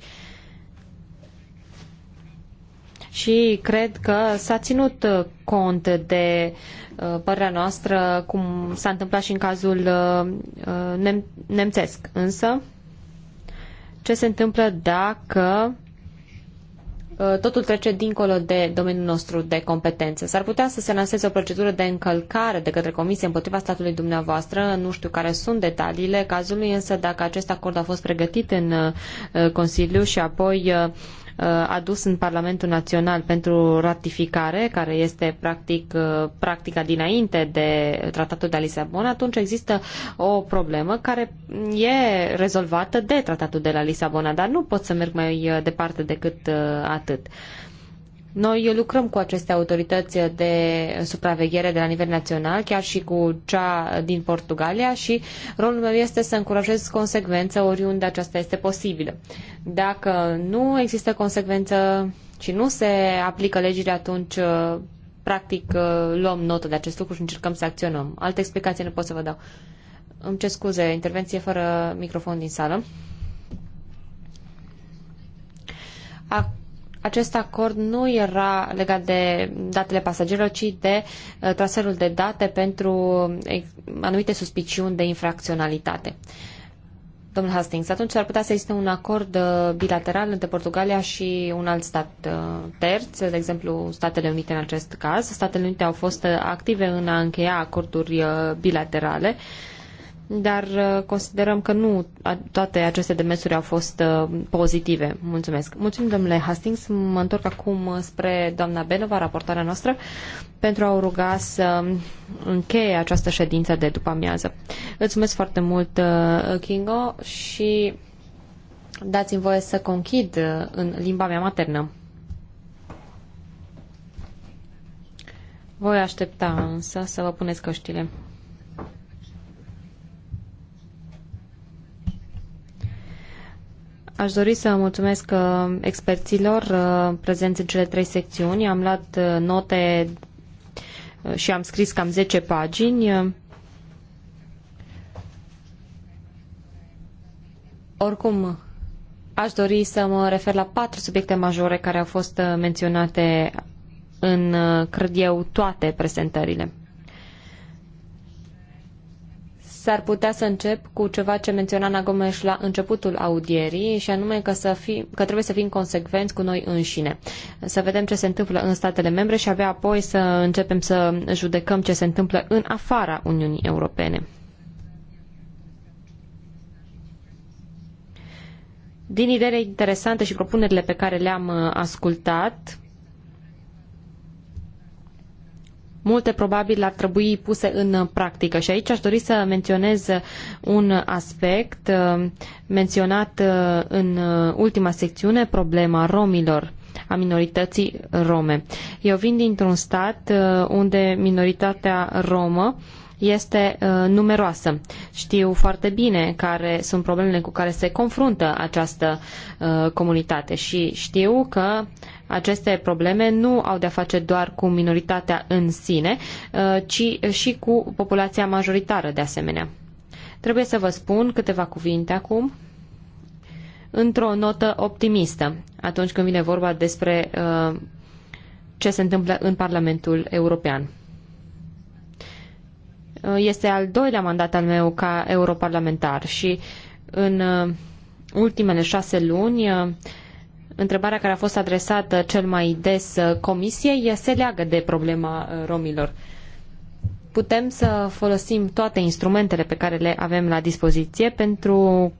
și cred că s-a ținut uh, cont de părerea noastră, cum s-a întâmplat și în cazul nemțesc. Însă, ce se întâmplă dacă Uh, totul trece dincolo de domeniul nostru de competență. S-ar putea să se lanseze o procedură de încălcare de către Comisie împotriva statului dumneavoastră, nu știu care sunt detaliile cazului, însă dacă acest acord a fost pregătit în uh, Consiliu și apoi uh, Uh, adus în Parlamentul Național pentru ratificare, care este practic uh, practica dinainte de Tratatul de la Lisabona, atunci există o problemă care e rezolvată de Tratatul de la Lisabona, dar nu pot să merg mai uh, departe decât atât. Noi lucrăm cu aceste autorități de supraveghere de la nivel național, chiar și cu cea din Portugalia și rolul meu este să încurajez consecvență oriunde aceasta este posibilă. Dacă nu există consecvență și nu se aplică legile, atunci uh, practic uh, luăm notă de acest lucru și încercăm să acționăm. Alte explicații nu pot să vă dau. Îmi cer scuze, intervenție fără microfon din sală. Acum acest acord nu era legat de datele pasagerilor, ci de uh, traseul de date pentru uh, anumite suspiciuni de infracționalitate. Domnul Hastings, atunci ar putea să existe un acord uh, bilateral între Portugalia și un alt stat terț, de exemplu Statele Unite în acest caz. Statele Unite au fost active în a încheia acorduri bilaterale uh, dar uh, considerăm că nu toate aceste demersuri au fost uh, pozitive. Mulțumesc. Mulțumim, domnule Hastings. Mă întorc acum uh, spre doamna Benova, raportarea noastră, pentru a o ruga să um, încheie această ședință de după amiază. Mulțumesc foarte mult, Kingo, și dați-mi voie să conchid în limba mea maternă. Voi aștepta însă să vă puneți căștile. Aș dori să mulțumesc uh, experților uh, prezenți în cele trei secțiuni. Am luat uh, note și am scris cam zece pagini. Oricum, aș dori să mă refer la patru subiecte majore care au fost menționate în, cred eu, toate prezentările s-ar putea să încep cu ceva ce menționa Ana Gomes la începutul audierii, și anume că, să fi, că trebuie să fim consecvenți cu noi înșine. Să vedem ce se întâmplă în statele membre și abia apoi să începem să judecăm ce se întâmplă în afara Uniunii Europene. Din ideile interesante și propunerile pe care le-am uh, ascultat, multe probabil ar trebui puse în practică. Și aici aș dori să menționez un aspect uh, menționat uh, în uh, ultima secțiune, problema romilor a minorității rome. Eu vin dintr-un stat unde minoritatea romă este numeroasă. Știu foarte bine care sunt problemele cu care se confruntă această comunitate și știu că uh, aceste probleme nu au de-a face doar cu minoritatea în sine, uh, ci și cu populația majoritară de asemenea. Trebuie să vă spun câteva cuvinte acum într-o notă optimistă atunci când vine vorba despre uh, ce se întâmplă în Parlamentul European. Uh, este al doilea mandat al meu ca europarlamentar și în ultimele șase luni întrebarea care a fost adresată cel mai des uh, comisiei se leagă de problema uh, romilor. Putem să folosim toate instrumentele pe care le avem la dispoziție pentru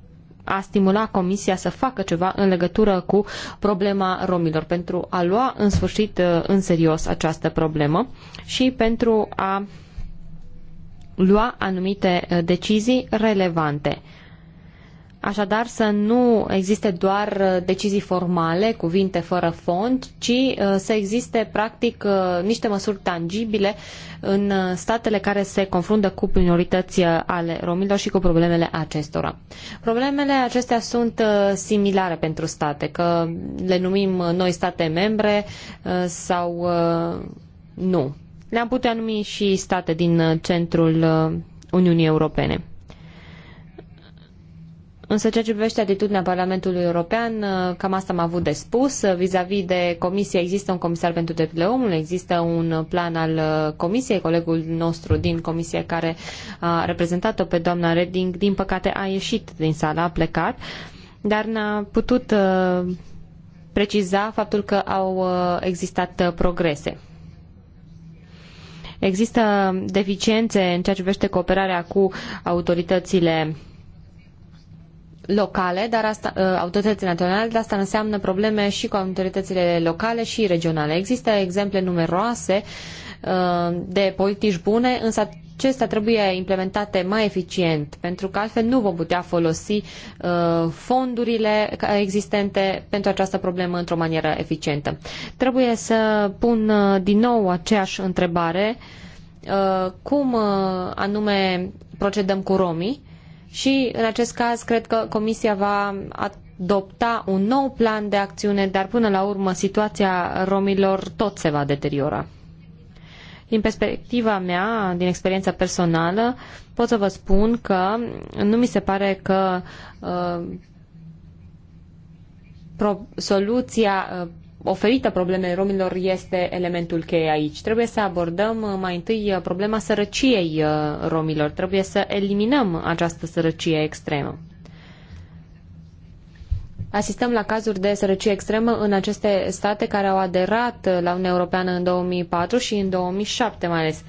a stimula Comisia să facă ceva în legătură cu problema romilor, pentru a lua în sfârșit uh, în serios această problemă și pentru a lua anumite decizii relevante. Așadar să nu existe doar uh, decizii formale, cuvinte fără fond, ci uh, să existe practic uh, niște măsuri tangibile în statele care se confruntă cu minorități ale romilor și cu problemele acestora. Problemele acestea sunt similare pentru state, că le numim noi state membre sau nu. Le-am putea numi și state din centrul Uniunii Europene. Însă ceea ce privește atitudinea Parlamentului European, uh, cam asta am avut de spus. Uh, vis-a-vis de comisie există un comisar pentru drepturile omului, există un plan al uh, comisiei, colegul nostru din comisie care a reprezentat-o pe doamna Reding, din păcate a ieșit din sală, a plecat, dar n-a putut preciza faptul că au existat progrese. Există deficiențe în ceea ce privește cooperarea cu autoritățile locale, dar asta, uh, autoritățile naționale, dar asta înseamnă probleme și cu autoritățile locale și regionale. Există exemple numeroase uh, de politici bune, însă acestea trebuie implementate mai eficient, pentru că altfel nu vom putea folosi uh, fondurile existente pentru această problemă într-o manieră eficientă. Trebuie să pun din nou aceeași întrebare, cum anume procedăm cu romii, și în acest caz cred că Comisia va adopta un nou plan de acțiune, dar până la urmă situația romilor tot se va deteriora. Din perspectiva mea, din experiența personală, pot să vă spun că nu mi se pare că uh, soluția uh, oferită problemei romilor este elementul cheie aici. Trebuie să abordăm uh, mai întâi uh, problema sărăciei uh, romilor. Trebuie să eliminăm această sărăcie extremă. Asistăm la cazuri de sărăcie extremă în aceste state care au aderat la Uniunea Europeană în 2004 și în 2007 mai ales.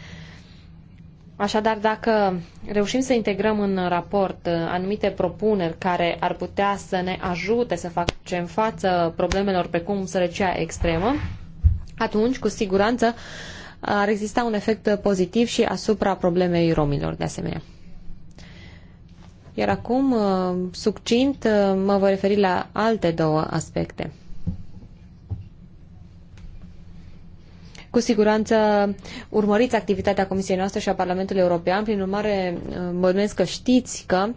Așadar, dacă reușim să integrăm în raport uh, anumite propuneri care ar putea să ne ajute să facem față problemelor precum sărăcia extremă, atunci, cu siguranță, ar exista un efect pozitiv și asupra problemei romilor, de asemenea. Iar acum, uh, succint, uh, mă voi referi la alte două aspecte. Cu siguranță urmăriți activitatea Comisiei noastre și a Parlamentului European, prin urmare bănuiesc că știți că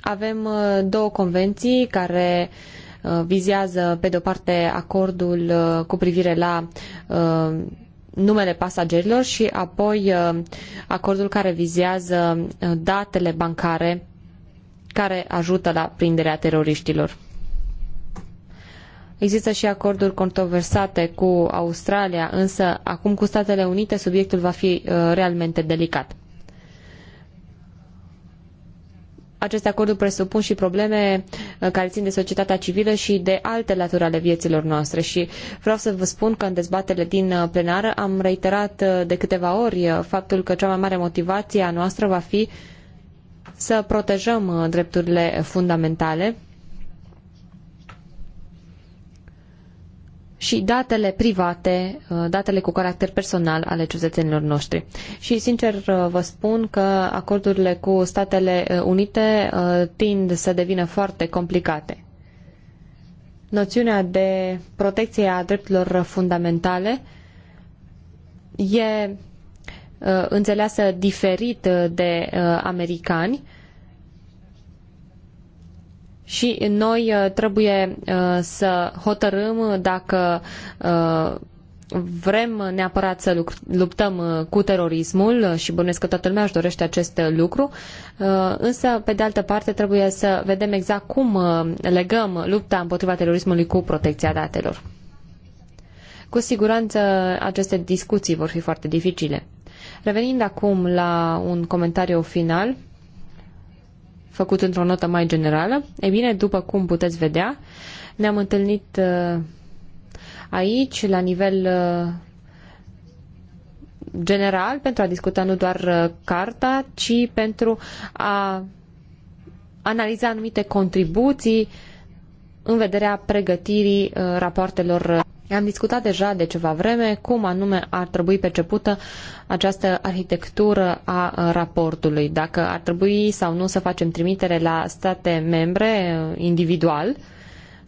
avem uh, două convenții care uh, vizează, pe de-o parte, acordul uh, cu privire la numele pasagerilor și apoi acordul care vizează datele bancare care ajută la prinderea teroriștilor. Există și acorduri controversate cu Australia, însă acum cu Statele Unite subiectul va fi uh, realmente delicat. Aceste acorduri presupun și probleme uh, care țin de societatea civilă și de alte laturi ale vieților noastre și vreau să vă spun că în dezbaterile din uh, plenară am reiterat de câteva ori faptul că cea mai mare motivație a noastră va fi să protejăm drepturile fundamentale și datele private, uh, datele cu caracter personal ale cetățenilor noștri. Și, sincer, uh, vă spun că acordurile cu Statele Unite uh, tind să devină foarte complicate. Noțiunea de protecție a drepturilor fundamentale e înțeleasă diferit de americani, și noi uh, trebuie uh, să hotărâm dacă uh, vrem neapărat să luptăm cu terorismul și bănuiesc că toată lumea își dorește acest lucru, însă, pe de altă parte, trebuie să vedem exact cum legăm lupta împotriva terorismului cu protecția datelor. Cu siguranță, aceste discuții vor fi foarte dificile. Revenind acum la un comentariu final, făcut într-o notă mai generală. E bine, după cum puteți vedea, ne-am întâlnit uh, aici, la nivel uh, general, pentru a discuta nu doar uh, carta, ci pentru a analiza anumite contribuții în vederea pregătirii rapoartelor am discutat deja de ceva vreme cum anume ar trebui percepută această arhitectură a raportului, dacă ar trebui sau nu să facem trimitere la state membre individual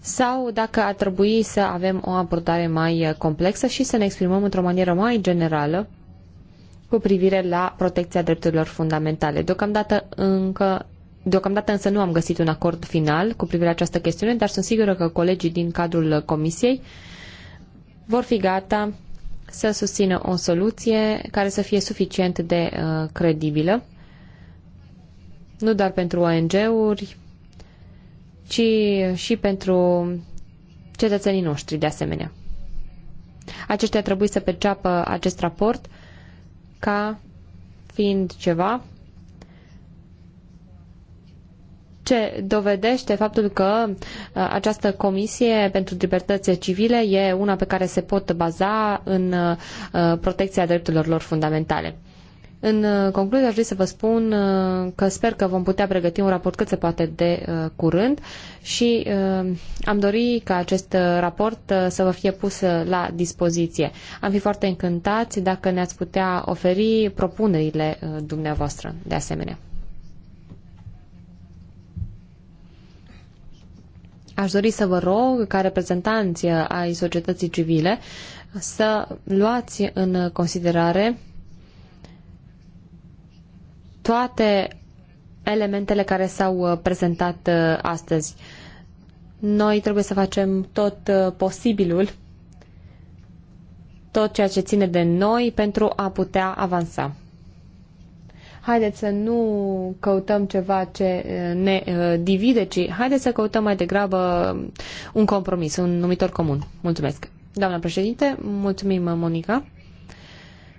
sau dacă ar trebui să avem o abordare mai complexă și să ne exprimăm într-o manieră mai generală cu privire la protecția drepturilor fundamentale. Deocamdată încă Deocamdată însă nu am găsit un acord final cu privire la această chestiune, dar sunt sigură că colegii din cadrul comisiei uh, vor fi gata să susțină o soluție care să fie suficient de uh, credibilă, nu doar pentru ONG-uri, ci și pentru cetățenii noștri de asemenea. Aceștia trebuie să perceapă acest raport ca fiind ceva ce dovedește faptul că uh, această comisie pentru libertăți civile e una pe care se pot baza în uh, protecția drepturilor lor fundamentale. În uh, concluzie, aș vrea să vă spun că sper că vom putea pregăti un raport cât se poate de curând și am dori ca acest raport să vă fie pus la dispoziție. Am fi foarte încântați dacă ne-ați putea oferi propunerile dumneavoastră de asemenea. Aș dori să vă rog, ca reprezentanți ai societății civile, să luați în considerare toate elementele care s-au uh, prezentat uh, astăzi. Noi trebuie să facem tot uh, posibilul, tot ceea ce ține de noi pentru a putea avansa. Haideți să nu căutăm ceva ce eh, ne eh, divide, ci haideți să căutăm mai degrabă un compromis, un numitor comun. Mulțumesc. Doamna președinte, mulțumim, Monica.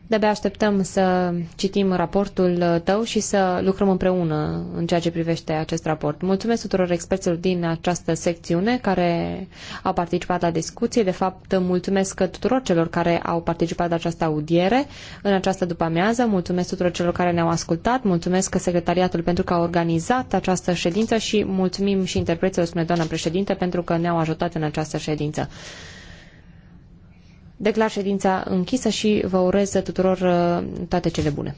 De-abia așteptăm să citim raportul uh, tău și să lucrăm împreună în ceea ce privește acest raport. Mulțumesc tuturor experților din această secțiune care au participat la discuție. De fapt, mulțumesc tuturor celor care au participat la această audiere în această după-amiază. Mulțumesc tuturor celor care ne-au ascultat. Mulțumesc secretariatul pentru că a organizat această ședință și mulțumim și interpreților, spune doamna președinte, pentru că ne-au ajutat în această ședință. Declar ședința închisă și vă urez tuturor uh, toate cele bune.